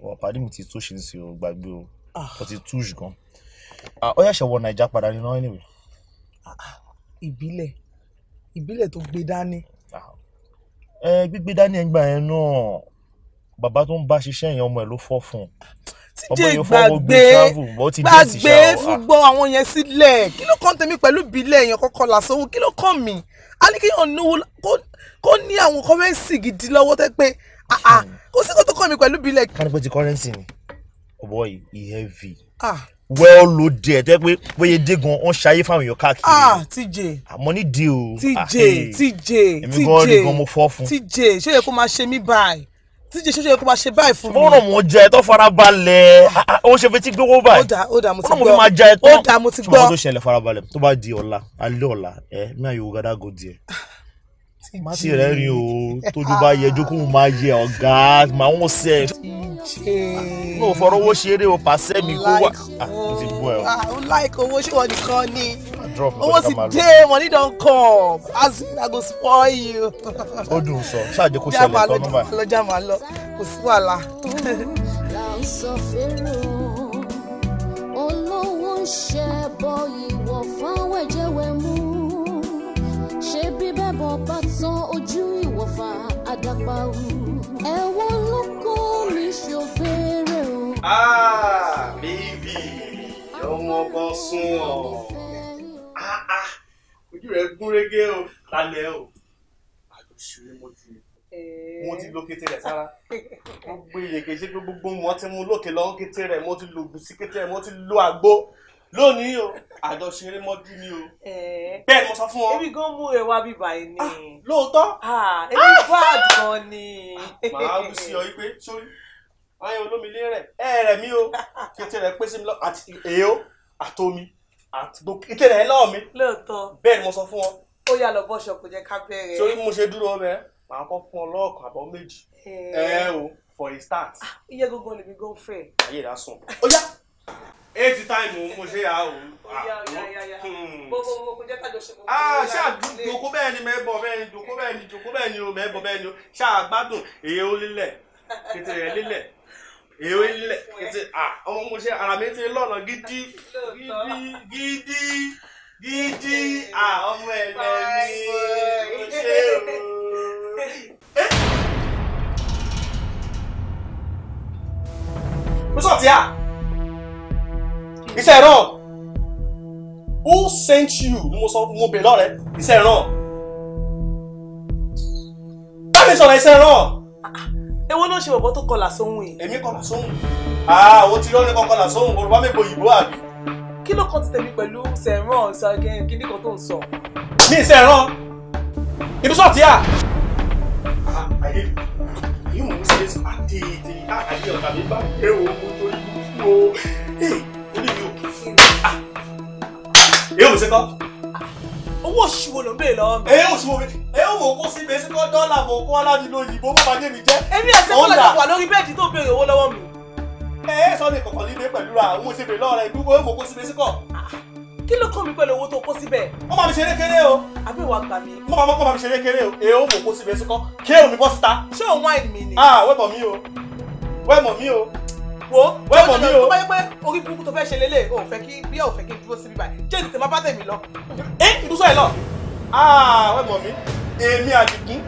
Speaker 1: àwọn pàdé mi ti túṣì sí o gbàgbé o ó ah. ti túṣì gan. ó yàṣẹ̀ wọ nàìjà padà nínú anyway. Ah, ah, ìbílẹ̀ ìbílẹ̀ tó gbé dání. gbígbé dání ẹgbà yẹn náà bàbá tó ń bá ṣiṣẹ́ yẹn ọmọ ẹ̀ ló fọ́ fún
Speaker 3: un tíjẹ gbàgbé gbàgbé fún
Speaker 1: gbọ́ àwọn yẹn sílẹ̀ kí ló kàn tèmi pẹ̀lú ìbílẹ̀ yẹn kọ́kọ́ làsánwó kí ló kàn mí a ní kéèyàn náwó kó ní àwọn kọ́rẹ́ǹsì gidi lọ́wọ́ tẹ́ pé ah, ah, hmm. kó sí kó tó kọ́ mi pẹ̀lú bílẹ̀. ká ní pé ti kọ́rẹ́ǹsì ni ọ̀bọ̀ oh yìí heavy ah. well loaded ẹ tẹ́ pé bóyá dé gan ọ̀n ṣayé fáwọn èèyàn káàkiri. ah TJ àmọ́ ní di o. TJ TJ TJ èmi gan rí gan mo fọ́ fún. TJ ṣé yẹ kó máa ṣe mí báyìí tíjẹ ṣoṣo yẹ kó máa ṣe báyìí fún mi. ó ràn mọ́ jẹ tó fara balẹ̀ ó ṣe fetí gbogbo báyìí. ó dà ó dà mo ti gbọ́ ó ràn mọ́ jẹ tó ó dà mo ti gbọ́. ṣùgbọ́n tó ṣẹlẹ̀ fara balẹ̀ tó bá di ọ̀la alẹ́ ọ̀la ẹ̀ mí àyè tí rẹ rin o tójú bá yẹ jókòó máa yẹ ọ̀gá máa ń sẹ mo fọ̀rọ̀ owó ṣeré o pàṣẹ mi kó wà ah, mo ti bú ẹ o. Ah, o like owó ṣé wọn nìkan ni owó ti dé money don come as in i go spoil you. ó dùn sọ ṣáàjẹ kó ṣẹlẹ̀ tọ́ nọ́mbà.
Speaker 3: lọ jà máa lọ kò sí wàhálà. olówó ń ṣe bọ ìwọ fáwọn ẹ̀jẹ̀ mú ṣé bí bẹ́bọ bá tán ojú ìwọ̀fà àdàpàrù ẹ̀wọ̀n ló kó mi ṣòfèrè o. ah bíbí
Speaker 1: ọmọ kan sún ọ ah, ah, ojú rẹ gún régé o lálẹ́ o àjọṣeré mọ́jú eh. mo ti lo kété rẹ sára mo gbé yege gbogbo mo mu lókè lọ kété rẹ mo lo ògùn sí kété rẹ mo lo àgbo lónìí o àjọṣeré mọ́jú ni o bẹ́ẹ̀ mo sọ fún ọ. ebi gan mú ewa bíbá yìí ni. Ah, lóòótọ́. ebi ah! bad gan ni. màá wù sí ọ yí pé sórí ayé olómilé rẹ ẹ rẹ mi o kété rẹ pèsè mi lọ àti èyó àtomi àti gbòkè kété rẹ lọ́ọ̀ mi. lóòótọ́. bẹ́ẹ̀ ni mo sọ fún ọ.
Speaker 2: ó yà lọ bọ́ṣọ kò jẹ́ ká bẹ̀rẹ̀. sórí mo ṣe
Speaker 1: dúró bẹ́ẹ̀ màá kọ́ fún ọ lọ́ọ̀kan àbọ̀ méjì. ẹ ẹ o for a start. Ah, iye gbogbo lèmi gan fẹ́. ayé ìdásùn. ó yá eighty time mo ṣe yà o. Hmm. Ah, ṣáàdùnkò bẹ́ẹ̀ ni mẹ́bọ̀ bẹ́ẹ̀ ni dùnkò bẹ́ẹ̀ ni dùnkò bẹ́ẹ̀ ni o mẹ́bọ̀ bẹ́ẹ̀ ni o ṣáàgbádùn èyí ó lílẹ̀ kété rẹ̀ lílẹ̀ èyí ó lílẹ̀ kété ọmọ mo ṣe ara mi ti lọ́nà gidi gidi gidi ọmọ ẹ̀ lẹ́ni mo ṣe o. Eh! mo sọ̀ tí a iṣẹ́ ìran who sent you ni mo sọ mo bè lọ́rẹ̀ iṣẹ́ ìran báyìí sọ̀rọ̀ iṣẹ́ ìran. èwo ló ṣe bọ̀bọ̀ tó kọlà sóhun yìí. èmi kọlà sóhun àwọn tí wọ́n ní kọ́ kọlà sóhun Yorùbá mẹ́kọ̀ọ́ ìbò àbí. kí ló kàn ti tẹ̀mí pẹ̀lú sẹ̀rán ṣàgẹ́yìn kíní kan tó ń sọ. mi ìṣẹ́ ìran ibùsọ̀ tí a. àyè mi yóò mú sí ẹsẹ̀ àti ètè àkàdé ọ̀tàlẹ́bà ẹ̀rọ ogun torí kú o èyí ò sí kọ́. owó òṣìwò ló ń bèèrè lọ́wọ́ mi. èyí òṣìwò mi èyí wò kó síbi èsì kọ́ dọ́là mọ̀ kó aládìní òyìnbó bàbá jẹ́ mi jẹ́. èmi àti kọ́lá ti wà lórí bẹ́ẹ̀dì tó béèrè owó lọ́wọ́ mi. ẹ ẹ sọ ní kọ̀kọ́ nílé pẹ̀lú ra àwọn òṣèlú lọ́rẹ̀ ìlú wo kó síbi èsì kọ́. kí ló kọ́ mi pẹ̀lú owó tó kó síbẹ̀. wọ́n máa mi ṣeré kéré o. àbí wàá gbà mí. wọ́n máa mọ́ mi ṣeré kéré o èyí wò kó síbi èsì kọ́ kí èmi bọ́ síta. ṣé òun wáìnì mi ni. ah wẹ́bọ̀ mi o wẹ́bọ̀ mi o wo wẹ́ mọ̀ mí o. tó bá yẹ pé orí burúkú tó fẹ́ ṣe lélẹ̀ o fẹ́ kí bí o fẹ́ kí n dúró síbí báyìí jẹ́ ìdìtẹ̀ bá tèmi lọ. ẹ ìdúsọ ẹ lọ. Ah, wẹ́ mọ̀ èmi àdìgún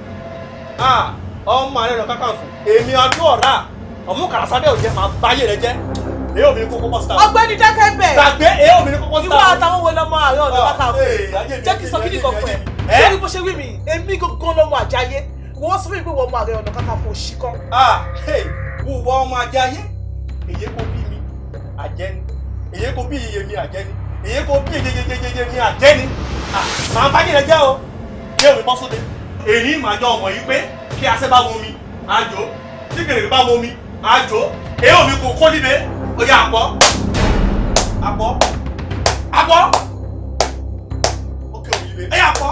Speaker 1: ah, ọmọ àrẹ lọ kákà fún èmi adó ọ̀rá ọmú kàràsádẹ́ òjẹ́ máa báyé rẹ jẹ́ èyí òmìnir kókó pọ̀ síta. dákẹ́ bẹ̀. gbàgbé èyí òmìnir kókó síta. ìwọ àtàwọn wo lọmọ àrẹ ọ̀dọ́ bá ta fún jẹ́ kí sọ kí nìkan fún ẹ lórí eh? bó ṣe wí mi èmi gangan lọmọ àjáyé wọ́n sọ fún mi pé wọ́n mọ àrẹ ọ̀dọ́ kákà fún òṣìkọ́. ah wọ́n ọmọ àjáyé èyí kò bí mi àjẹni èyí kò bí iye mi àjẹni èyí kò bí yeyeyeye mi àjẹni màá bá yẹn jẹ́ o bí omi bọ́ sóde èyí màá jọ ọmọ yìí pé kí asẹ́ bá wọn mi àjò tí kèrè bá wọn mi àjò èyí omi kò kó níbẹ̀ ó yà àpọ̀ àpọ̀ àpọ̀ ókè òyìnbó ẹ̀yà àpọ̀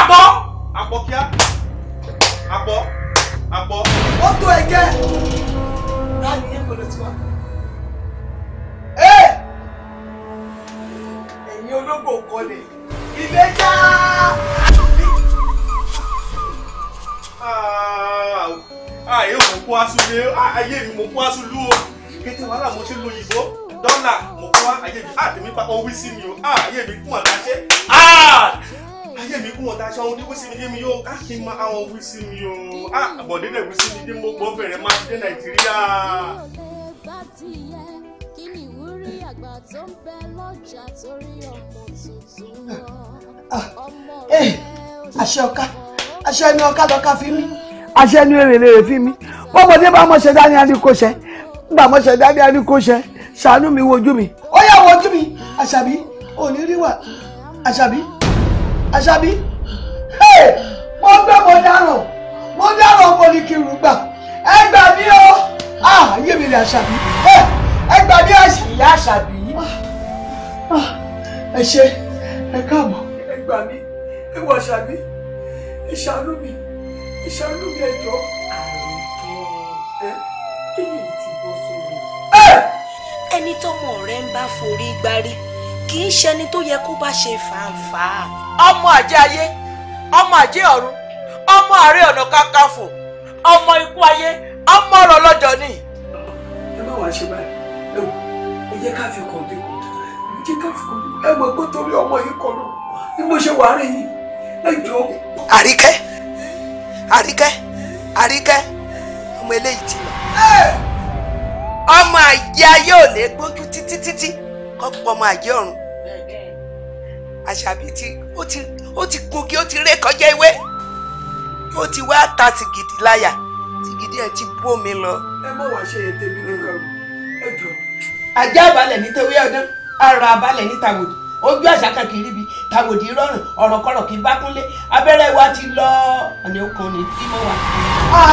Speaker 1: àpọ̀ àpọ̀ kíá àpọ̀ àpọ̀. ó tó ẹgẹ láì ní èkó lè ti wá. ẹ̀yin ológbò kọlẹ̀ ilé já. ààyè ah, mo kó asúlé ayé mi mo kó asúlú o kété wàhálà mo ti lo òyìnbó dọ́là mo kó ayé mi àtẹ̀mípa ah, owó sí mi o ah, ayé mi kún àtàṣe ayé mi kún wọn daṣọ àwọn oníwísí mi dé mi yóò á kí n máa àwọn wísí mi o á àbọ̀dé náà wísí mi dé mo gbọ́ bẹ̀rẹ̀ máa dé nàìjíríà. Ah, eh, àṣẹ ọ̀ka àṣẹ ẹni ọ̀ka lọ́ka fi mí àṣẹ ẹni èrèlèrè fi mí bọ́mọdé bá mọ̀ ṣe dání adíkóṣẹ́ gbà mọ̀ ṣe dání adíkóṣẹ́ ṣàánú mi wojú mi ó yà wojú mi àṣàbí ò ní rí wà àṣàbí àṣàbí mo gbé mo dáràn mo dáràn mo ní kí n rúgbà ẹ gbà mí o ah, ayé mi ni àṣàbí ẹ gbà mí ìyá àṣàbí. Ah, ẹ ṣe ẹ káàmọ̀. ẹ gbà mí ẹ wọ àṣàbí ẹ mi ẹ mi
Speaker 4: ẹ ẹni tọmọ rẹ ń bá forí gbárí kì í ṣẹni tó yẹ kó bá ṣe fàǹfà. ọmọ àjẹ́ ayé
Speaker 2: ọmọ àjẹ́ ọ̀run ọmọ àárẹ̀ ọ̀nà kakanfò ọmọ ikú ayé
Speaker 1: ọmọ ọ̀rọ̀ lọ́jọ́ ni. ẹ má wàá ṣe báyìí ẹ jẹ́ ká fi kàn dé ẹ jẹ́ ká fi kàn dé ẹ mọ̀ pé torí ọmọ yìí kọ̀ náà bí mo ṣe wà rẹ̀ yìí ẹ jọ. àríkẹ́ àríkẹ́ àríkẹ́ ọmọ eléyìí ti lọ ọmọ àjẹ́ ayé ò lè gbójú títí títí kọ́ pọ̀ ọmọ àjẹ́ ọ̀run àṣàbí ti ó ti ó ti gungi ó ti ré kọjá ewé ó ti wá ta sìgìdì láyà sìgìdì ẹ̀ ti bú omi lọ. ẹ mọ̀ wá ṣe ètè mi nìkan ẹ jọ.
Speaker 3: ajá balẹ̀ ní tewé
Speaker 1: ọdún ara balẹ̀ ní tàwòdì ojú àṣà kan kì í ríbi tàwòdì rọrùn ọ̀rọ̀ kọ̀rọ̀ kì í bá kúnlé
Speaker 2: abẹ́rẹ́ wa ti lọ ọ̀nà okùn ni kí mọ̀ wá.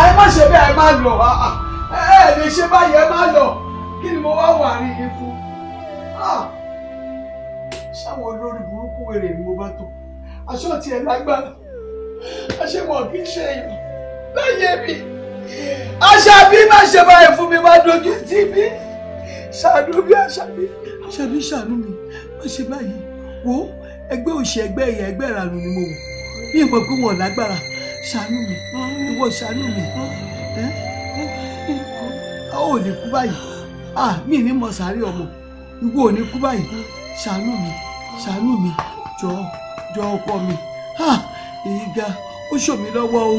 Speaker 1: ẹ má ṣe bẹ́ẹ̀ ẹ má lọ ẹ lè ṣe báyìí ẹ má lọ kí ni mo wá wà rí i fún sáwọn olórí burúkú wèrè ni mo bá tó aṣọ tiẹ̀ lágbára aṣẹ́wọ̀n kì í ṣe èèyàn láyé mi aṣàbí má ṣe báyìí fún mi má dojú tì mí ṣàánú mi aṣàbí aṣàbí ṣàánú mi má ṣe báyìí wo ẹgbẹ́ òṣì ẹgbẹ́ ẹ̀yà ẹgbẹ́ ìrànú ni mo wò bí ìmọ̀ pé wọ́n lágbára ṣàánú mi ìwọ ṣàánú mi a ò lè kú báyìí mi ní mọ̀ sáré ọmọ ìwọ ò ní kú báyìí ṣàánú mi ṣàánú mi jọ jọ ọkọ mi ha èyí ga ó ṣòmí lọ́wọ́ o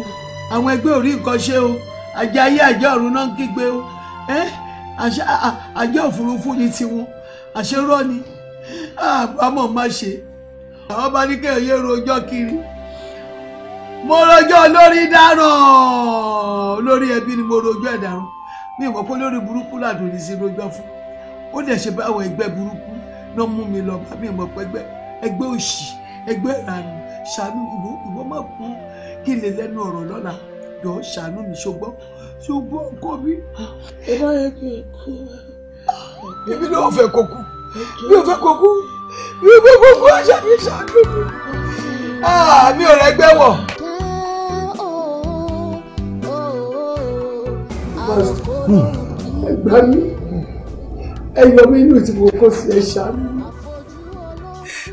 Speaker 1: àwọn ẹgbẹ́ orí nǹkan ṣe o àjẹ ayé àjẹ ọ̀run náà ń kígbe o ẹ àjẹ òfurufú ni tiwọn àṣerọ́ ni àbámọ̀ má ṣe àwọn bá ní kéèyàn yé rojọ́ kiri mo rojọ́ lórí dáràn lórí ẹbí ni mo rojọ́ ẹ̀ dáràn mi ìmọ̀ pé lórí burúkú làdùn ní sí rojọ́ fún ó dẹ̀ ṣe báwọn ẹgbẹ́ burúkú náà mú mi lọ bá mi mọ̀ pẹ́gbẹ́ ẹgbẹ́ òṣì ẹgbẹ́ ìranù ṣàánú ìwọ ìwọ má kú kí n lè lẹ́nu ọ̀rọ̀ lọ́la jọ ṣàánú mi ṣùgbọ́n ṣùgbọ́n kò mí. ẹ bá yẹ kí n kú. èmi fẹ́ kó kú mi ò fẹ́ kó kú mi ò fẹ́ kó kú ọjà mi ṣàánú mi. Ah, mi ò rẹ́gbẹ́ wọ̀. Hmm. ẹgbẹ́ mi ẹ mi mí inú tí mo kó sí ẹ ṣàánú.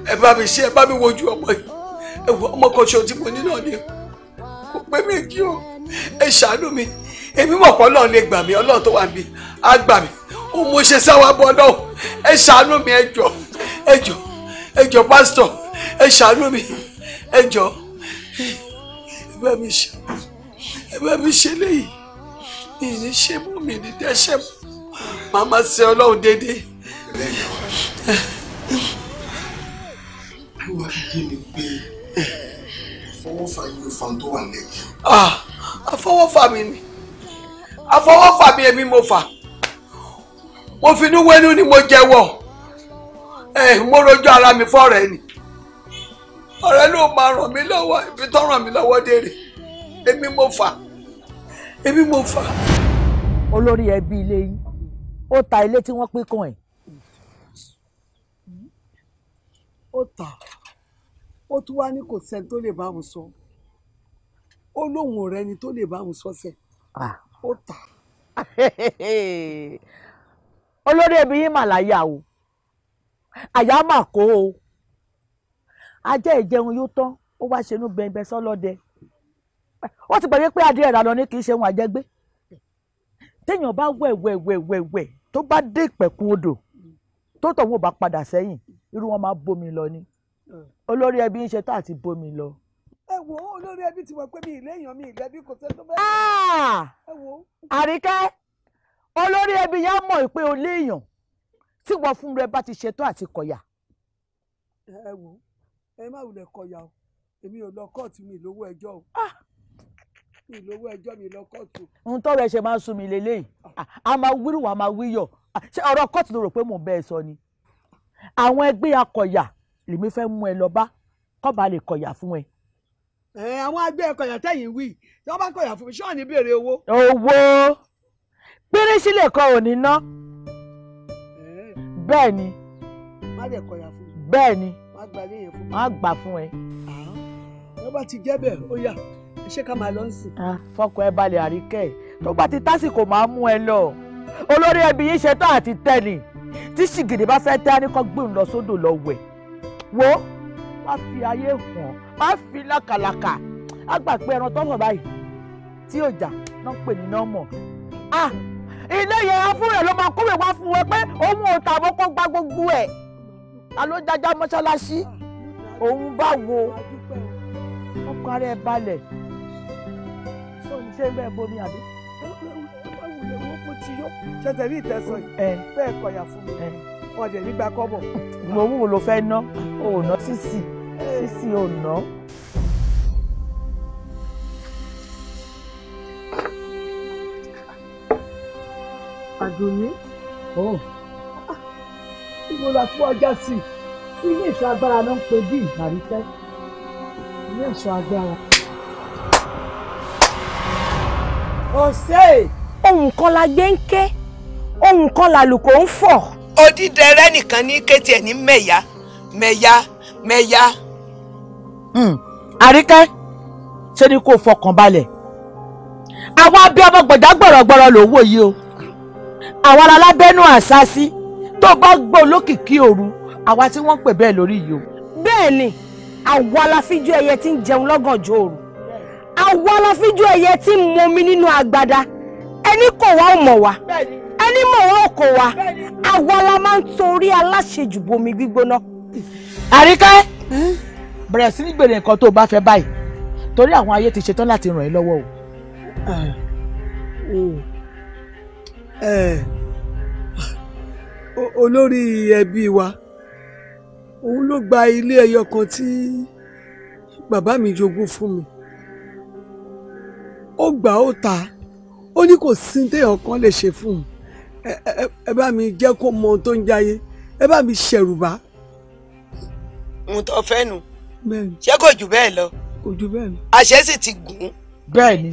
Speaker 1: ẹ bá mi ṣe ẹ bá mi wojú ọmọ yìí ẹ wo ọmọ kan ṣe ohun tí mo ní náà ni kò pé méjì o ẹ ṣàánú mi èmi mọ̀ pé ọlọ́run lè gbà mí ọlọ́run tó wà mí á gbà mí ó mo ṣe sáwà bọ́ náà ẹ ṣàánú mi ẹ jọ ẹ jọ ẹ jọ pásítọ̀ ẹ ṣàánú mi ẹ jọ ẹ bá mi ṣe ẹ bá mi ṣe léyìí mi ní ṣe mọ́ mi ní dẹ́ṣẹ̀ mọ́. mama máa ṣe ọlọ́run déédéé. mi ah, mi ni àfọwọ́fà mi mo fà mo finú ni mo jẹwọ mo ara mi fọ́ọ̀rẹ́ ni ọ̀rẹ́ ló ma ràn mí lọ́wọ́ ibi tó ràn mí mo fà emi mo fà.
Speaker 4: olórí ẹbí ilé yìí ó ta ilé tí wọ́n pín kan ẹ̀. ó ta ó tún wá ní kò sẹ́ni tó lè bá òun
Speaker 1: sọ ó lóun ò rẹni tó lè bá òun sọ sẹ́ ó ta.
Speaker 4: olórí ẹbí yín mà láyà o àyà mà kó o ajá ìjẹun yóò tán ó wá ṣe inú
Speaker 1: bẹ̀ẹ̀bẹ̀ sọ́lọ́dẹ ó ti gbàgbé pé adìẹ ìrànlọ́ ni kì í ṣe ohun àjẹgbé téèyàn bá wẹ̀ wẹ̀ wẹ̀ wẹ̀ tó bá dé ìpẹ̀kun odò tó tọ̀wọ́ bá padà sẹ́yìn irú wọn máa bómi lọ ni olórí ẹbí ń ṣe tá àti bómi lọ. ẹ wo olórí ẹbí ti wọ pé mi ìlé èèyàn mi ìlẹ́bí kò tẹ́ tó bẹ́ẹ̀. Ah! àríkẹ́ olórí ẹbí yẹn mọ̀ pé o léèyàn tí wọ́n fún rẹ bá ti ṣetán àti kọ̀yà. ẹ wo ẹ má wulẹ̀ kọ̀yà o èmi ò lọ kóòtù mi lówó ẹjọ́ o. Ah! ìlówó ẹjọ́ mi lọ kóòtù. ń tọrọ ẹ ṣe máa ń sún mi lélẹ́yìn ah. a máa wírù wà máa wíyọ̀ ah, ṣé ọ̀rọ̀ kóòtù ló rò pé mò ń bẹ́ ẹ sọ ni àwọn ẹgbẹ́ akọ̀yà lèmi fẹ́ mú ẹ lọ bá kọ́ba lè kọ̀yà fún ẹ. ẹ àwọn ẹgbẹ́ akọ̀yà tẹ̀yìn wí tí wọ́n bá kọ̀yà fún mi ṣọ́ọ̀ ní béèrè owó. owó pírísì lè kọ òní ná bẹ́ẹ̀ ni bẹ́ẹ̀ ni wọ́n á gbà fún ẹ. ló ah. ti jẹ́ bẹ́ẹ̀ ó yá ṣé ká máa lọ sìn. Ah, fọkàn ẹ balẹ̀ àríkẹ́ tó bá ti tásìkò máa mú ẹ lọ olórí ẹbí yín ṣetán àti tẹ́ni tí ṣìgìdì bá fẹ́ tẹ́ ẹnìkan gbé òun lọ sódò lọ wẹ̀ wo má fi ayé hàn má fi lákàlàkà á gbà pé ẹran tọ́sọ̀ báyìí tí òjà náà pè ní nọ́mọ̀
Speaker 2: ah, ilé yẹn afúnrẹ ló máa kúrè wá fún wọn pé òun ò tàbó kó gba gbogbo ẹ̀
Speaker 1: ta ló jájá mọ́ṣáláṣí òun bá wo ọkọ ara ẹ̀ balẹ̀ ṣé ń bẹ́ẹ̀ bomi àbí. wulẹ̀ ìtẹ̀sán yìí bẹ́ẹ̀ kọ̀yà fún mi wọn jẹ̀ nígbà kọ́bọ̀. mo wù ú ló fẹ́ ná òòná sísì sísì òòná. àdùnní. Ah, ibo la fún ọjà sí? Ilé ìṣọ́ agbára ló ń pe bí ìgbà Ilé ìṣọ́ agbára. ohun kan la gbe nke ké ohun kan làlùkò ń fọ̀. odídẹrẹ́ nìkan ní kété ẹ̀ ní meya mẹ̀yà mẹ̀yà. Hmm. àríkẹ́ ṣe ni kò fọkàn balẹ̀ àwọn abiyamọ gbọ̀dá gbọ̀rọ̀gbọ̀rọ̀ ló wò yi o
Speaker 2: àwọn alábẹ́nú
Speaker 1: asasi to bá gbọ́ olókìkí òru
Speaker 4: àwa tí wọ́n pè bẹ́ẹ̀ lórí yi o. bẹ́ẹ̀ ni àwa la tí ń jẹun lọ́gànjọ́ àwa la fi jó ẹyẹ tí ń momi nínú agbada ẹni
Speaker 2: kò wá ò mọ̀ wá
Speaker 4: ẹni mọ̀ wá ò kò wá àwa la máa ń torí aláṣejù bomi gbígbóná. àríkẹ́ hm? bẹ̀rẹ̀ sí ní gbèrè nǹkan tó o bá fẹ́ báyìí
Speaker 1: torí àwọn ayé ti ṣetán láti ràn ẹ́ lọ́wọ́ o. Eh, oh. eh, eh. olórí ẹbí wa òun ló gba ilé ẹyọ kan tí bàbá mi jogún fún mi ó gbà ó ta ó ní kò sí téèyàn kan lè ṣe fún un ẹ bá mi jẹ́ kó mọ ohun tó ń jáyé ẹ bá mi ṣẹ̀rùbá. mo tọ́ fẹ́ nu ṣé kò jù bẹ́ẹ̀ lọ kò jù bẹ́ẹ̀ lọ àṣẹ sì ti gùn. bẹ́ẹ̀ ni.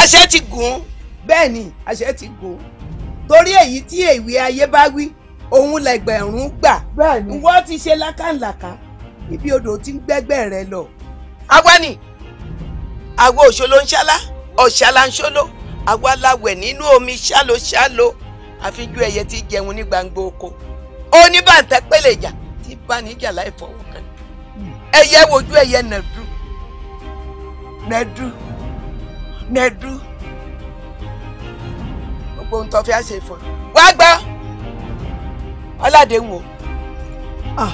Speaker 1: àṣẹ ti gùn. bẹ́ẹ̀ ni àṣẹ ti gùn torí èyí tí èwe ayé bá wí òun lẹgbẹ̀rún gbà wọ́n ti ṣe lákàlàkà ibi odò ti ń gbẹ́gbẹ́ rẹ lọ. àwa ni àwa ń ṣálá ọ̀ṣàlàṣọ́lọ́ àwa la wẹ̀ nínú omi ṣálóṣáló àfijú ẹyẹ tí jẹun ní gbangba oko oníbàǹtẹ́ ti tí bánijà láì fọwọ́ kan ẹyẹ wojú ẹyẹ nàdú nàdú nàdú gbogbo ohun tó fi àṣẹ fún un wá gbọ́ ọ̀làdé wò. Ah.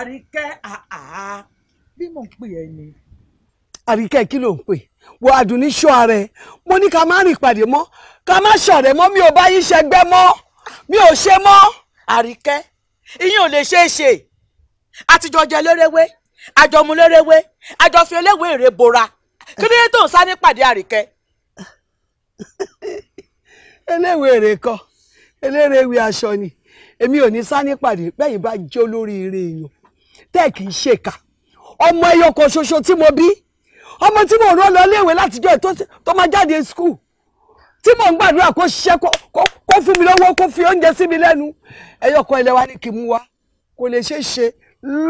Speaker 1: àríkẹ́ àá bí mò ń pè ẹ́ ni. àríkẹ́ kí ló ń pè wọ àdùnní ṣọ́ ara ẹ mo ní ká má rìn ìpàdé mọ́ ká má ṣọ̀rẹ́ mọ́ mi ò bá yín ṣẹgbẹ́ mọ́ mi ò ṣe mọ́. àríkẹ́ ìyín ò lè ṣeé ṣe àtijọ́ jẹ lérewé àjọmu lérewé àjọfin eléwé èrè bora kí ló dé tó ń sá ní pàdé àríkẹ́. eléwé èrè kọ eléwé aṣọ ni èmi ò ní sá ní pàdé bẹ́ẹ̀ yìí bá jó lórí ire èèyàn Tech kì í ṣèkà ọmọ ẹyọ kan ṣoṣo tí mo bí ọmọ tí mo rán lọ léèwé látijọ́ tó máa jáde skul tí ń gbàdúrà kó ṣiṣẹ́ kó fún mi lọ́wọ́ kó fi oúnjẹ sí mi lẹ́nu ẹyọ kan ilẹ̀ wa mú wa kò lè ṣe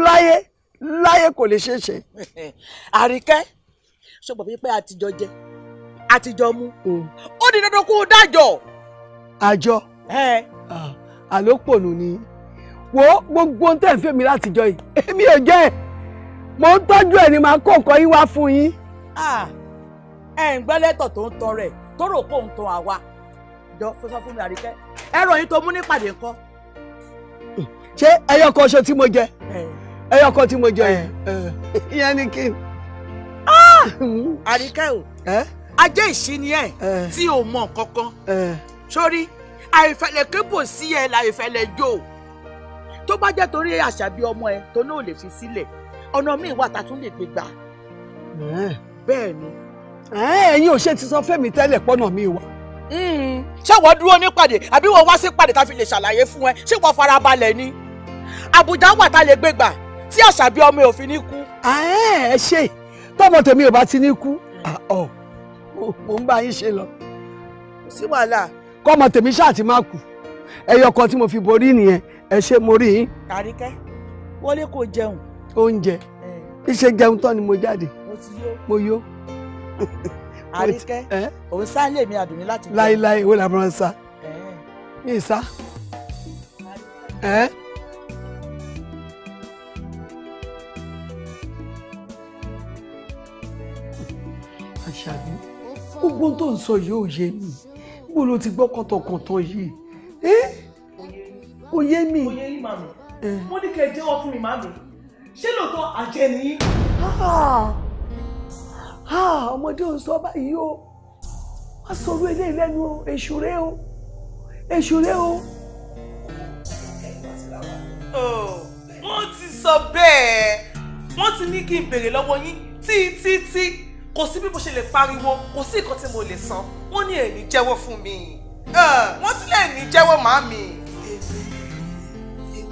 Speaker 1: láyé jẹ àtijọ́ mu hmm. ó di dandan kó o dájọ́. wo gbogbo ohun tẹ̀ ń fẹ́ mi látijọ́ yìí èmi ò jẹ́ ẹ̀ mò ń tọ́jú ẹ̀ ni màá kó nǹkan yín wá fún yín. ẹ ń gbọ́ lẹ́tọ̀ tó ń tan rẹ̀ tó rò kó ń tan àwa jọ fún sọ fún mi àríkẹ́ ẹ̀rọ yín tó mú nípàdé ńkọ́. ṣé ẹyọ kan ṣe tí mo jẹ ẹyọ kan tí mo jẹ yìí ìyẹn ni kí n. àríkẹ́ o ajé ìṣíní ẹ̀ tí o mọ̀ kankan sórí àìfẹ̀lẹ̀ kébò sí ẹ̀ láìfẹ̀lẹ̀ jó o tó bá jẹ́ torí àṣàbí ọmọ ẹ tó náà lè fi sílẹ̀ ọ̀nà míì wà tá a tún lè gbé gbà. bẹ́ẹ̀ ni. ẹ̀yin ò ṣe ti sọ fẹ́mi tẹ́lẹ̀ pọ́nà mi wà. Hmm. ṣé wọ́n dúró ní pàdé àbí wọ́n wá sí pàdé tá a fi lè ṣàlàyé fún ẹ ṣé wọ́n fara balẹ̀ ni. àbùjá wà tá a lè gbé gbà tí àṣàbí ọmọ ẹ ò fi ní kú. ẹ ṣe tọmọ tèmi ò bá ti ní kú mo ń bá yín ṣe lọ. sí wàhálà. kọ́mọ tèmi ṣáà ti máa kú ẹyọ kan tí mo fi borí nìyẹn ẹ ṣe mo rí i. àríkẹ́ wọlé kò jẹun. oúnjẹ iṣẹ jẹun tán ni mo jáde mo yó. àríkẹ́ òun sá lè mi àdùnní láti. láéláé wo làbọ̀n sá mi sá. àṣàbí gbogbo tó ń sọ yìí ò yé mi bó ló ti gbọ́ kọ́tọ̀kọ́tọ̀ yìí kò yé mi. kò yé yín màmí mo eh. ní kẹ́ ẹ jẹ́wọ́ fún mi màmí ṣé lóòótọ́ àjẹ́ nìyí. ọmọdé ò sọ báyìí o wọ́n sọ̀rọ̀ eléyìí lẹ́nu èṣù rẹ o èṣù rẹ o. wọ́n ti sọ bẹ́ẹ̀ wọ́n ti ní kí n béèrè lọ́wọ́ yín títí kò sí bí mo ṣe lè pariwo kò sí nǹkan tí mo lè san wọ́n ní ẹ̀ ní jẹ́wọ́ fún mi wọ́n ti lẹ́ẹ̀ jẹ́wọ́ màmí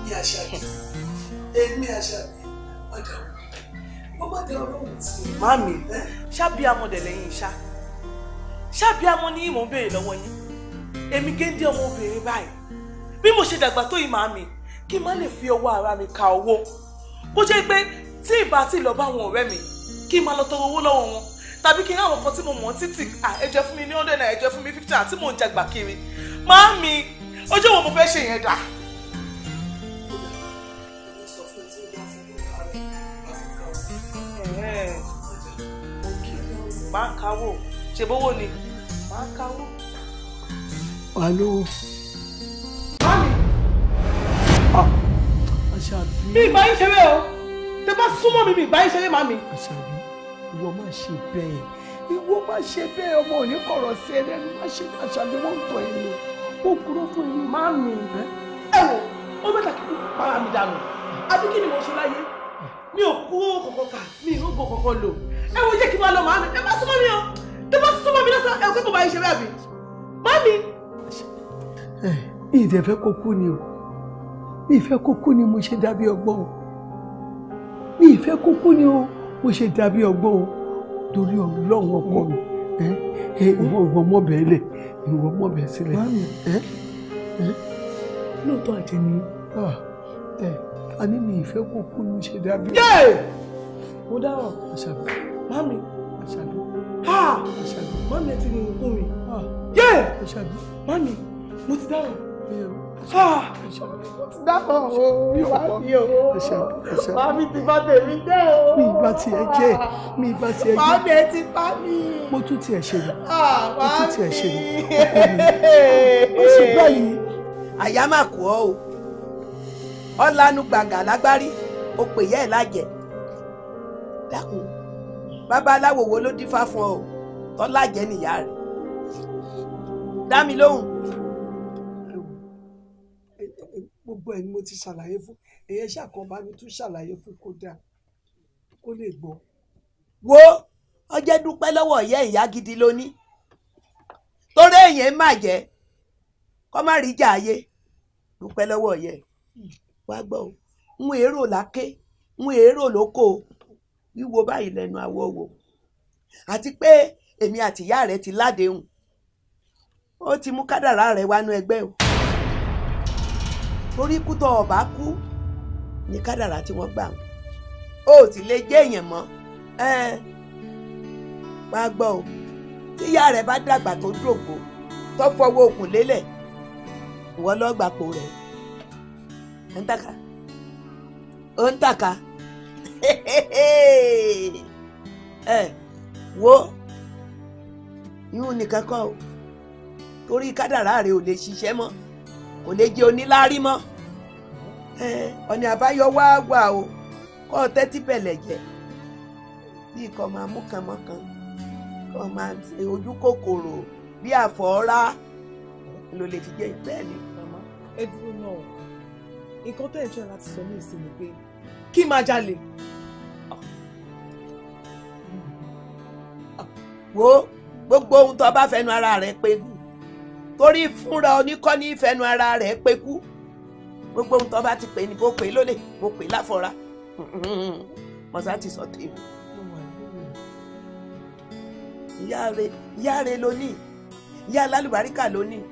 Speaker 1: èmi àṣàbí èmi àṣàbí ọ̀dà wò ó bọ́dà ọlọ́run ti. màmí ṣábí amọ̀dẹ̀ lẹ́yìn iṣá ṣábí amọ̀ ní ìmọ̀ béèrè lọ́wọ́ yín èmi géńdé ọmọ báyìí bí mo ṣe dàgbà tó yìí màmí kí n má lè fi ọwọ́ ara mi ka owó bó jẹ́ pé tí ìbá ti lọ bá àwọn ọ̀rẹ́ mi kí n máa lọ tọrọ owó lọ́wọ́ wọn tàbí kí n ráwọn kan tí mo mọ̀ títì ẹ jẹ́ fún mi ní ọ̀dẹ̀ náà ẹ jẹ́ fún mi fífítà tí mò ń jagbà kiri màmí ọjọ́ wo mo fẹ́ ṣe yẹn dáa. máa ń kawó ṣe bówó ni máa ń kawó. wà á lówó. báàmì. àṣàbí. Ah, mi ìbá yín ṣeré o tẹ bá súnmọ́ mi mi ìbá yín ṣeré màmí. àṣàbí ìwọ má ṣe bẹ́ẹ̀ ìwọ má ṣe bẹ́ẹ̀ ọmọ ò ní kọ̀rọ̀ sí ẹ lẹ́nu má ṣe àṣàbí wọ́n ń tọ́ ẹ lọ ó kúrò fún ẹni màmí. ẹ wò ó bẹ́ẹ̀ kí n para mi dànù àbí kí ni mo ṣe láyé ah. mi ò kú owó kọ̀ọ̀kan kà mi ò gbọ́ kọ̀ọ̀kan lò ẹ wo jẹ́ kí n máa lọ màámi ẹ má súnmọ́ mi o tó bá súnmọ́ mi lọ́sàn-án ẹ kó kó bá yín ṣe bẹ́ẹ̀ bí màámi. ìdè fẹ́ kó kú ni o mi ìfẹ́ kó kú ni mo ṣe dàbí ọgbọ́n o mi ìfẹ́ kó kú ni o mo ṣe dàbí ọgbọ́n o torí ọlọ́run ọkọ mi ìwọ ìwọ mọ́bẹ̀ẹ́ lẹ̀ ìwọ mọ́bẹ̀ẹ́ sílẹ̀. màámi lóòótọ́ àjẹ́ ni a ní mi ìfẹ́ kó kú ni mo ṣe dàbí. mo dáhùn mami àṣàlù ha àṣàlù mami ẹ ti rìn kún mi yé àṣàlù mami mo ti dáhùn ha àṣàlù mo ti dáhùn o mami o mami ti bá tèmi jẹ́ o mi ìgbà tí ẹ jẹ́ mi ìgbà tí ẹ jẹ́ mami ẹ ti bá mi mo tún tiẹ̀ ṣe ni mo tún tiẹ̀ ṣe ni ọkọ mi mo sì báyìí. àyà máa kú ọ o ọ lanu gbàngà lágbárí o pè yẹ ẹ lájẹ dákun babaláwo wo ló dífá fún ọ tọ́lá jẹ́ nìyá rẹ̀ dá mi lóhùn. gbogbo ẹ̀ ni mo ti ṣàlàyé fún èyẹ ṣàkóbá mi tún ṣàlàyé fún kó dáa kó lè gbọ́. wo ọjẹ́ dúpẹ́ lọ́wọ́ ìyá ìyá gidi lónìí torí èèyàn má jẹ́ kọ́ má rí jàáyé dúpẹ́ lọ́wọ́ ìyẹ́ wá gbọ́ o ń èrò láké ń èrò lóko o wíwo báyìí lẹ́nu àwọ̀ wò àti pé èmi àtìyá rẹ ti ládéhùn ó ti mú kádàrá rẹ wánú ẹgbẹ́ o torí kú tó ọba kú ní kádàrá tí wọ́n gbà wọn ó ti lè jẹ́ èèyàn mọ́ wàá gbọ́ o tíyá rẹ bá dàgbà tó dògbò tó fọwọ́ òkun lélẹ̀ ìwọ lọ́ọ́ gbàpò rẹ̀ ń tàka ó ń tàka ẹ wo ìhun nìkan kọ́ o torí kádàrá rẹ ò lè ṣiṣẹ́ mọ́ kò lè jẹ́ oníláárí mọ́ ọ̀nà àbáyọ wá wà o kọ́ ọ tẹ́tí bẹ̀lẹ̀ jẹ bí kò máa mú kànmọ́kàn kò máa ṣe ojú kòkòrò bí àfọ́ọ́rá ló lè fi jẹ́ bẹ́ẹ̀ ni. màmá ẹ dúró náà nǹkan tó ẹ̀ jọra ti sọ ní ìsinmi pé kí máa jalè wo gbogbo ohun tó bá fẹnu ara rẹ pégù torí fúnra oníkọ́ ní fẹnu ara rẹ pégù gbogbo ohun tó bá ti pè ní bó pè lólè bó pè láfọra mọ̀sá ti sọ tèmi yáre yáre lónìí yá lálùbáríkà lónìí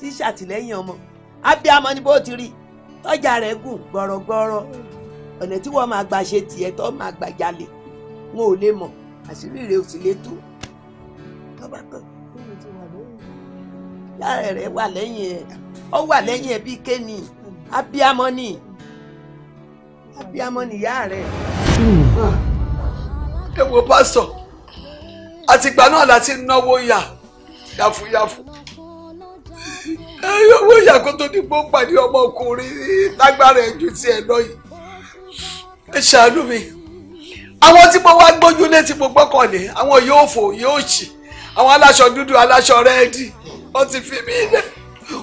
Speaker 1: tí ṣàtìlẹ́yìn ọmọ abiyamọ ni bó ti rí tọ́jà rẹ̀ gùn gbọ̀rọ̀gbọ̀rọ̀ ọ̀nà tí wọ́n máa gbà ṣe tiẹ̀ tó máa gbà jalè wọn ò lè mọ̀ àṣírí rẹ̀ ò sì lè tú bá tán yàrá rẹ wà lẹ́yìn ẹ ọ wà lẹ́yìn ẹ bíi kéènì abiyamọ ni abiyamọ ni yàrá rẹ. ẹ wo pásítọ̀ àtìgbà náà láti náwó yà yàfùyàfù owó yà kó tó ní gbó pàdé ọmọkùnrin lágbára ẹ ju tiẹ̀ lọ yìí ẹ ṣàánú mi àwọn tí mo wá gbójúlé tí mo gbọ́kànlé àwọn yóò fò yóò ṣì àwọn aláṣọ dúdú aláṣọ rẹ́ẹ̀dì wọ́n ti fi mí lẹ̀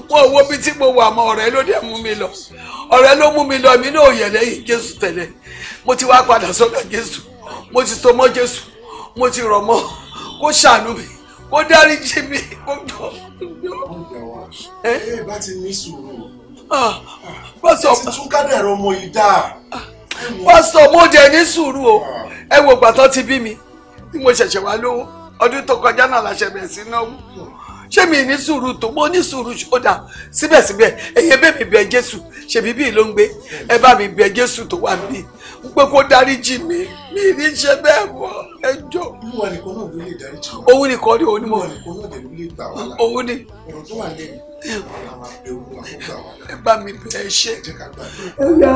Speaker 1: wọ́n wo bí tí mo wà mọ́ ọ̀rẹ́ ló dé mú mi lọ ọ̀rẹ́ ló mú mi lọ èmi náà yẹ̀ lẹ́yìn Jésù tẹ́lẹ̀ mo ti wá padà sọ́dọ̀ Jésù mo ti so mọ́ Jésù mo ti rọ̀ mọ́ kó ṣàánú mi kó dáríjì mi kó dọ̀. ẹ ẹ bá ti ní sùúrù pásítọ̀ ah, ah. ti tún kádàrá ọmọ yìí dáa. Ah, pásítọ̀ mo jẹ ní sùúrù o ẹ wo gbàtọ́ ti bí mi tí mo ṣẹ̀ṣẹ̀ wá lówó ọdún tó kọjá náà láṣẹ bẹ̀rẹ̀ sí náwó ṣé mi ní sùúrù tó mo ní sùúrù ó dà síbẹ̀síbẹ̀ ẹ̀yẹ bẹ́ẹ̀ mi bẹ jésù ṣèbí bíi ló ń gbé ẹ bá mi bẹ jésù tó wà níbí n pé kó dáríjì mi mi ní ṣe bẹ́ẹ̀ mọ́ ẹ jọ. olúwa nìkan náà ló lè dáríjì mi. òun nìkan ni onímọ̀. olúwa nìkan náà ló lè gbà wá òun ni. ọ̀rọ̀ tó wà lẹ́nu ẹ bá mi bẹ ẹ ṣe. ẹ yá.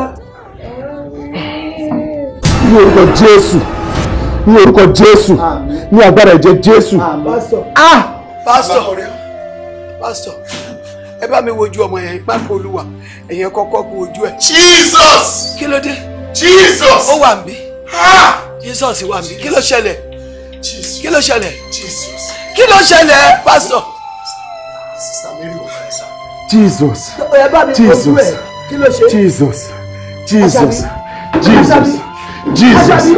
Speaker 1: yóò lọ jésù ní orúkọ jésù ní agbára ẹ̀jẹ̀ jésù. Ah! pásítọ̀ pásítọ̀ ẹ bá mi wojú ọmọ yẹn pápá olúwa ẹ̀yẹn kọ́kọ́ kú ojú ẹ̀. jesus kí ló dé. jesus ó wà níbí. Ah! jesus wà níbí kí ló ṣẹlẹ̀ kí ló ṣẹlẹ̀ kí ló ṣẹlẹ̀ pásítọ̀. jesus jesus jesus jesus jesus.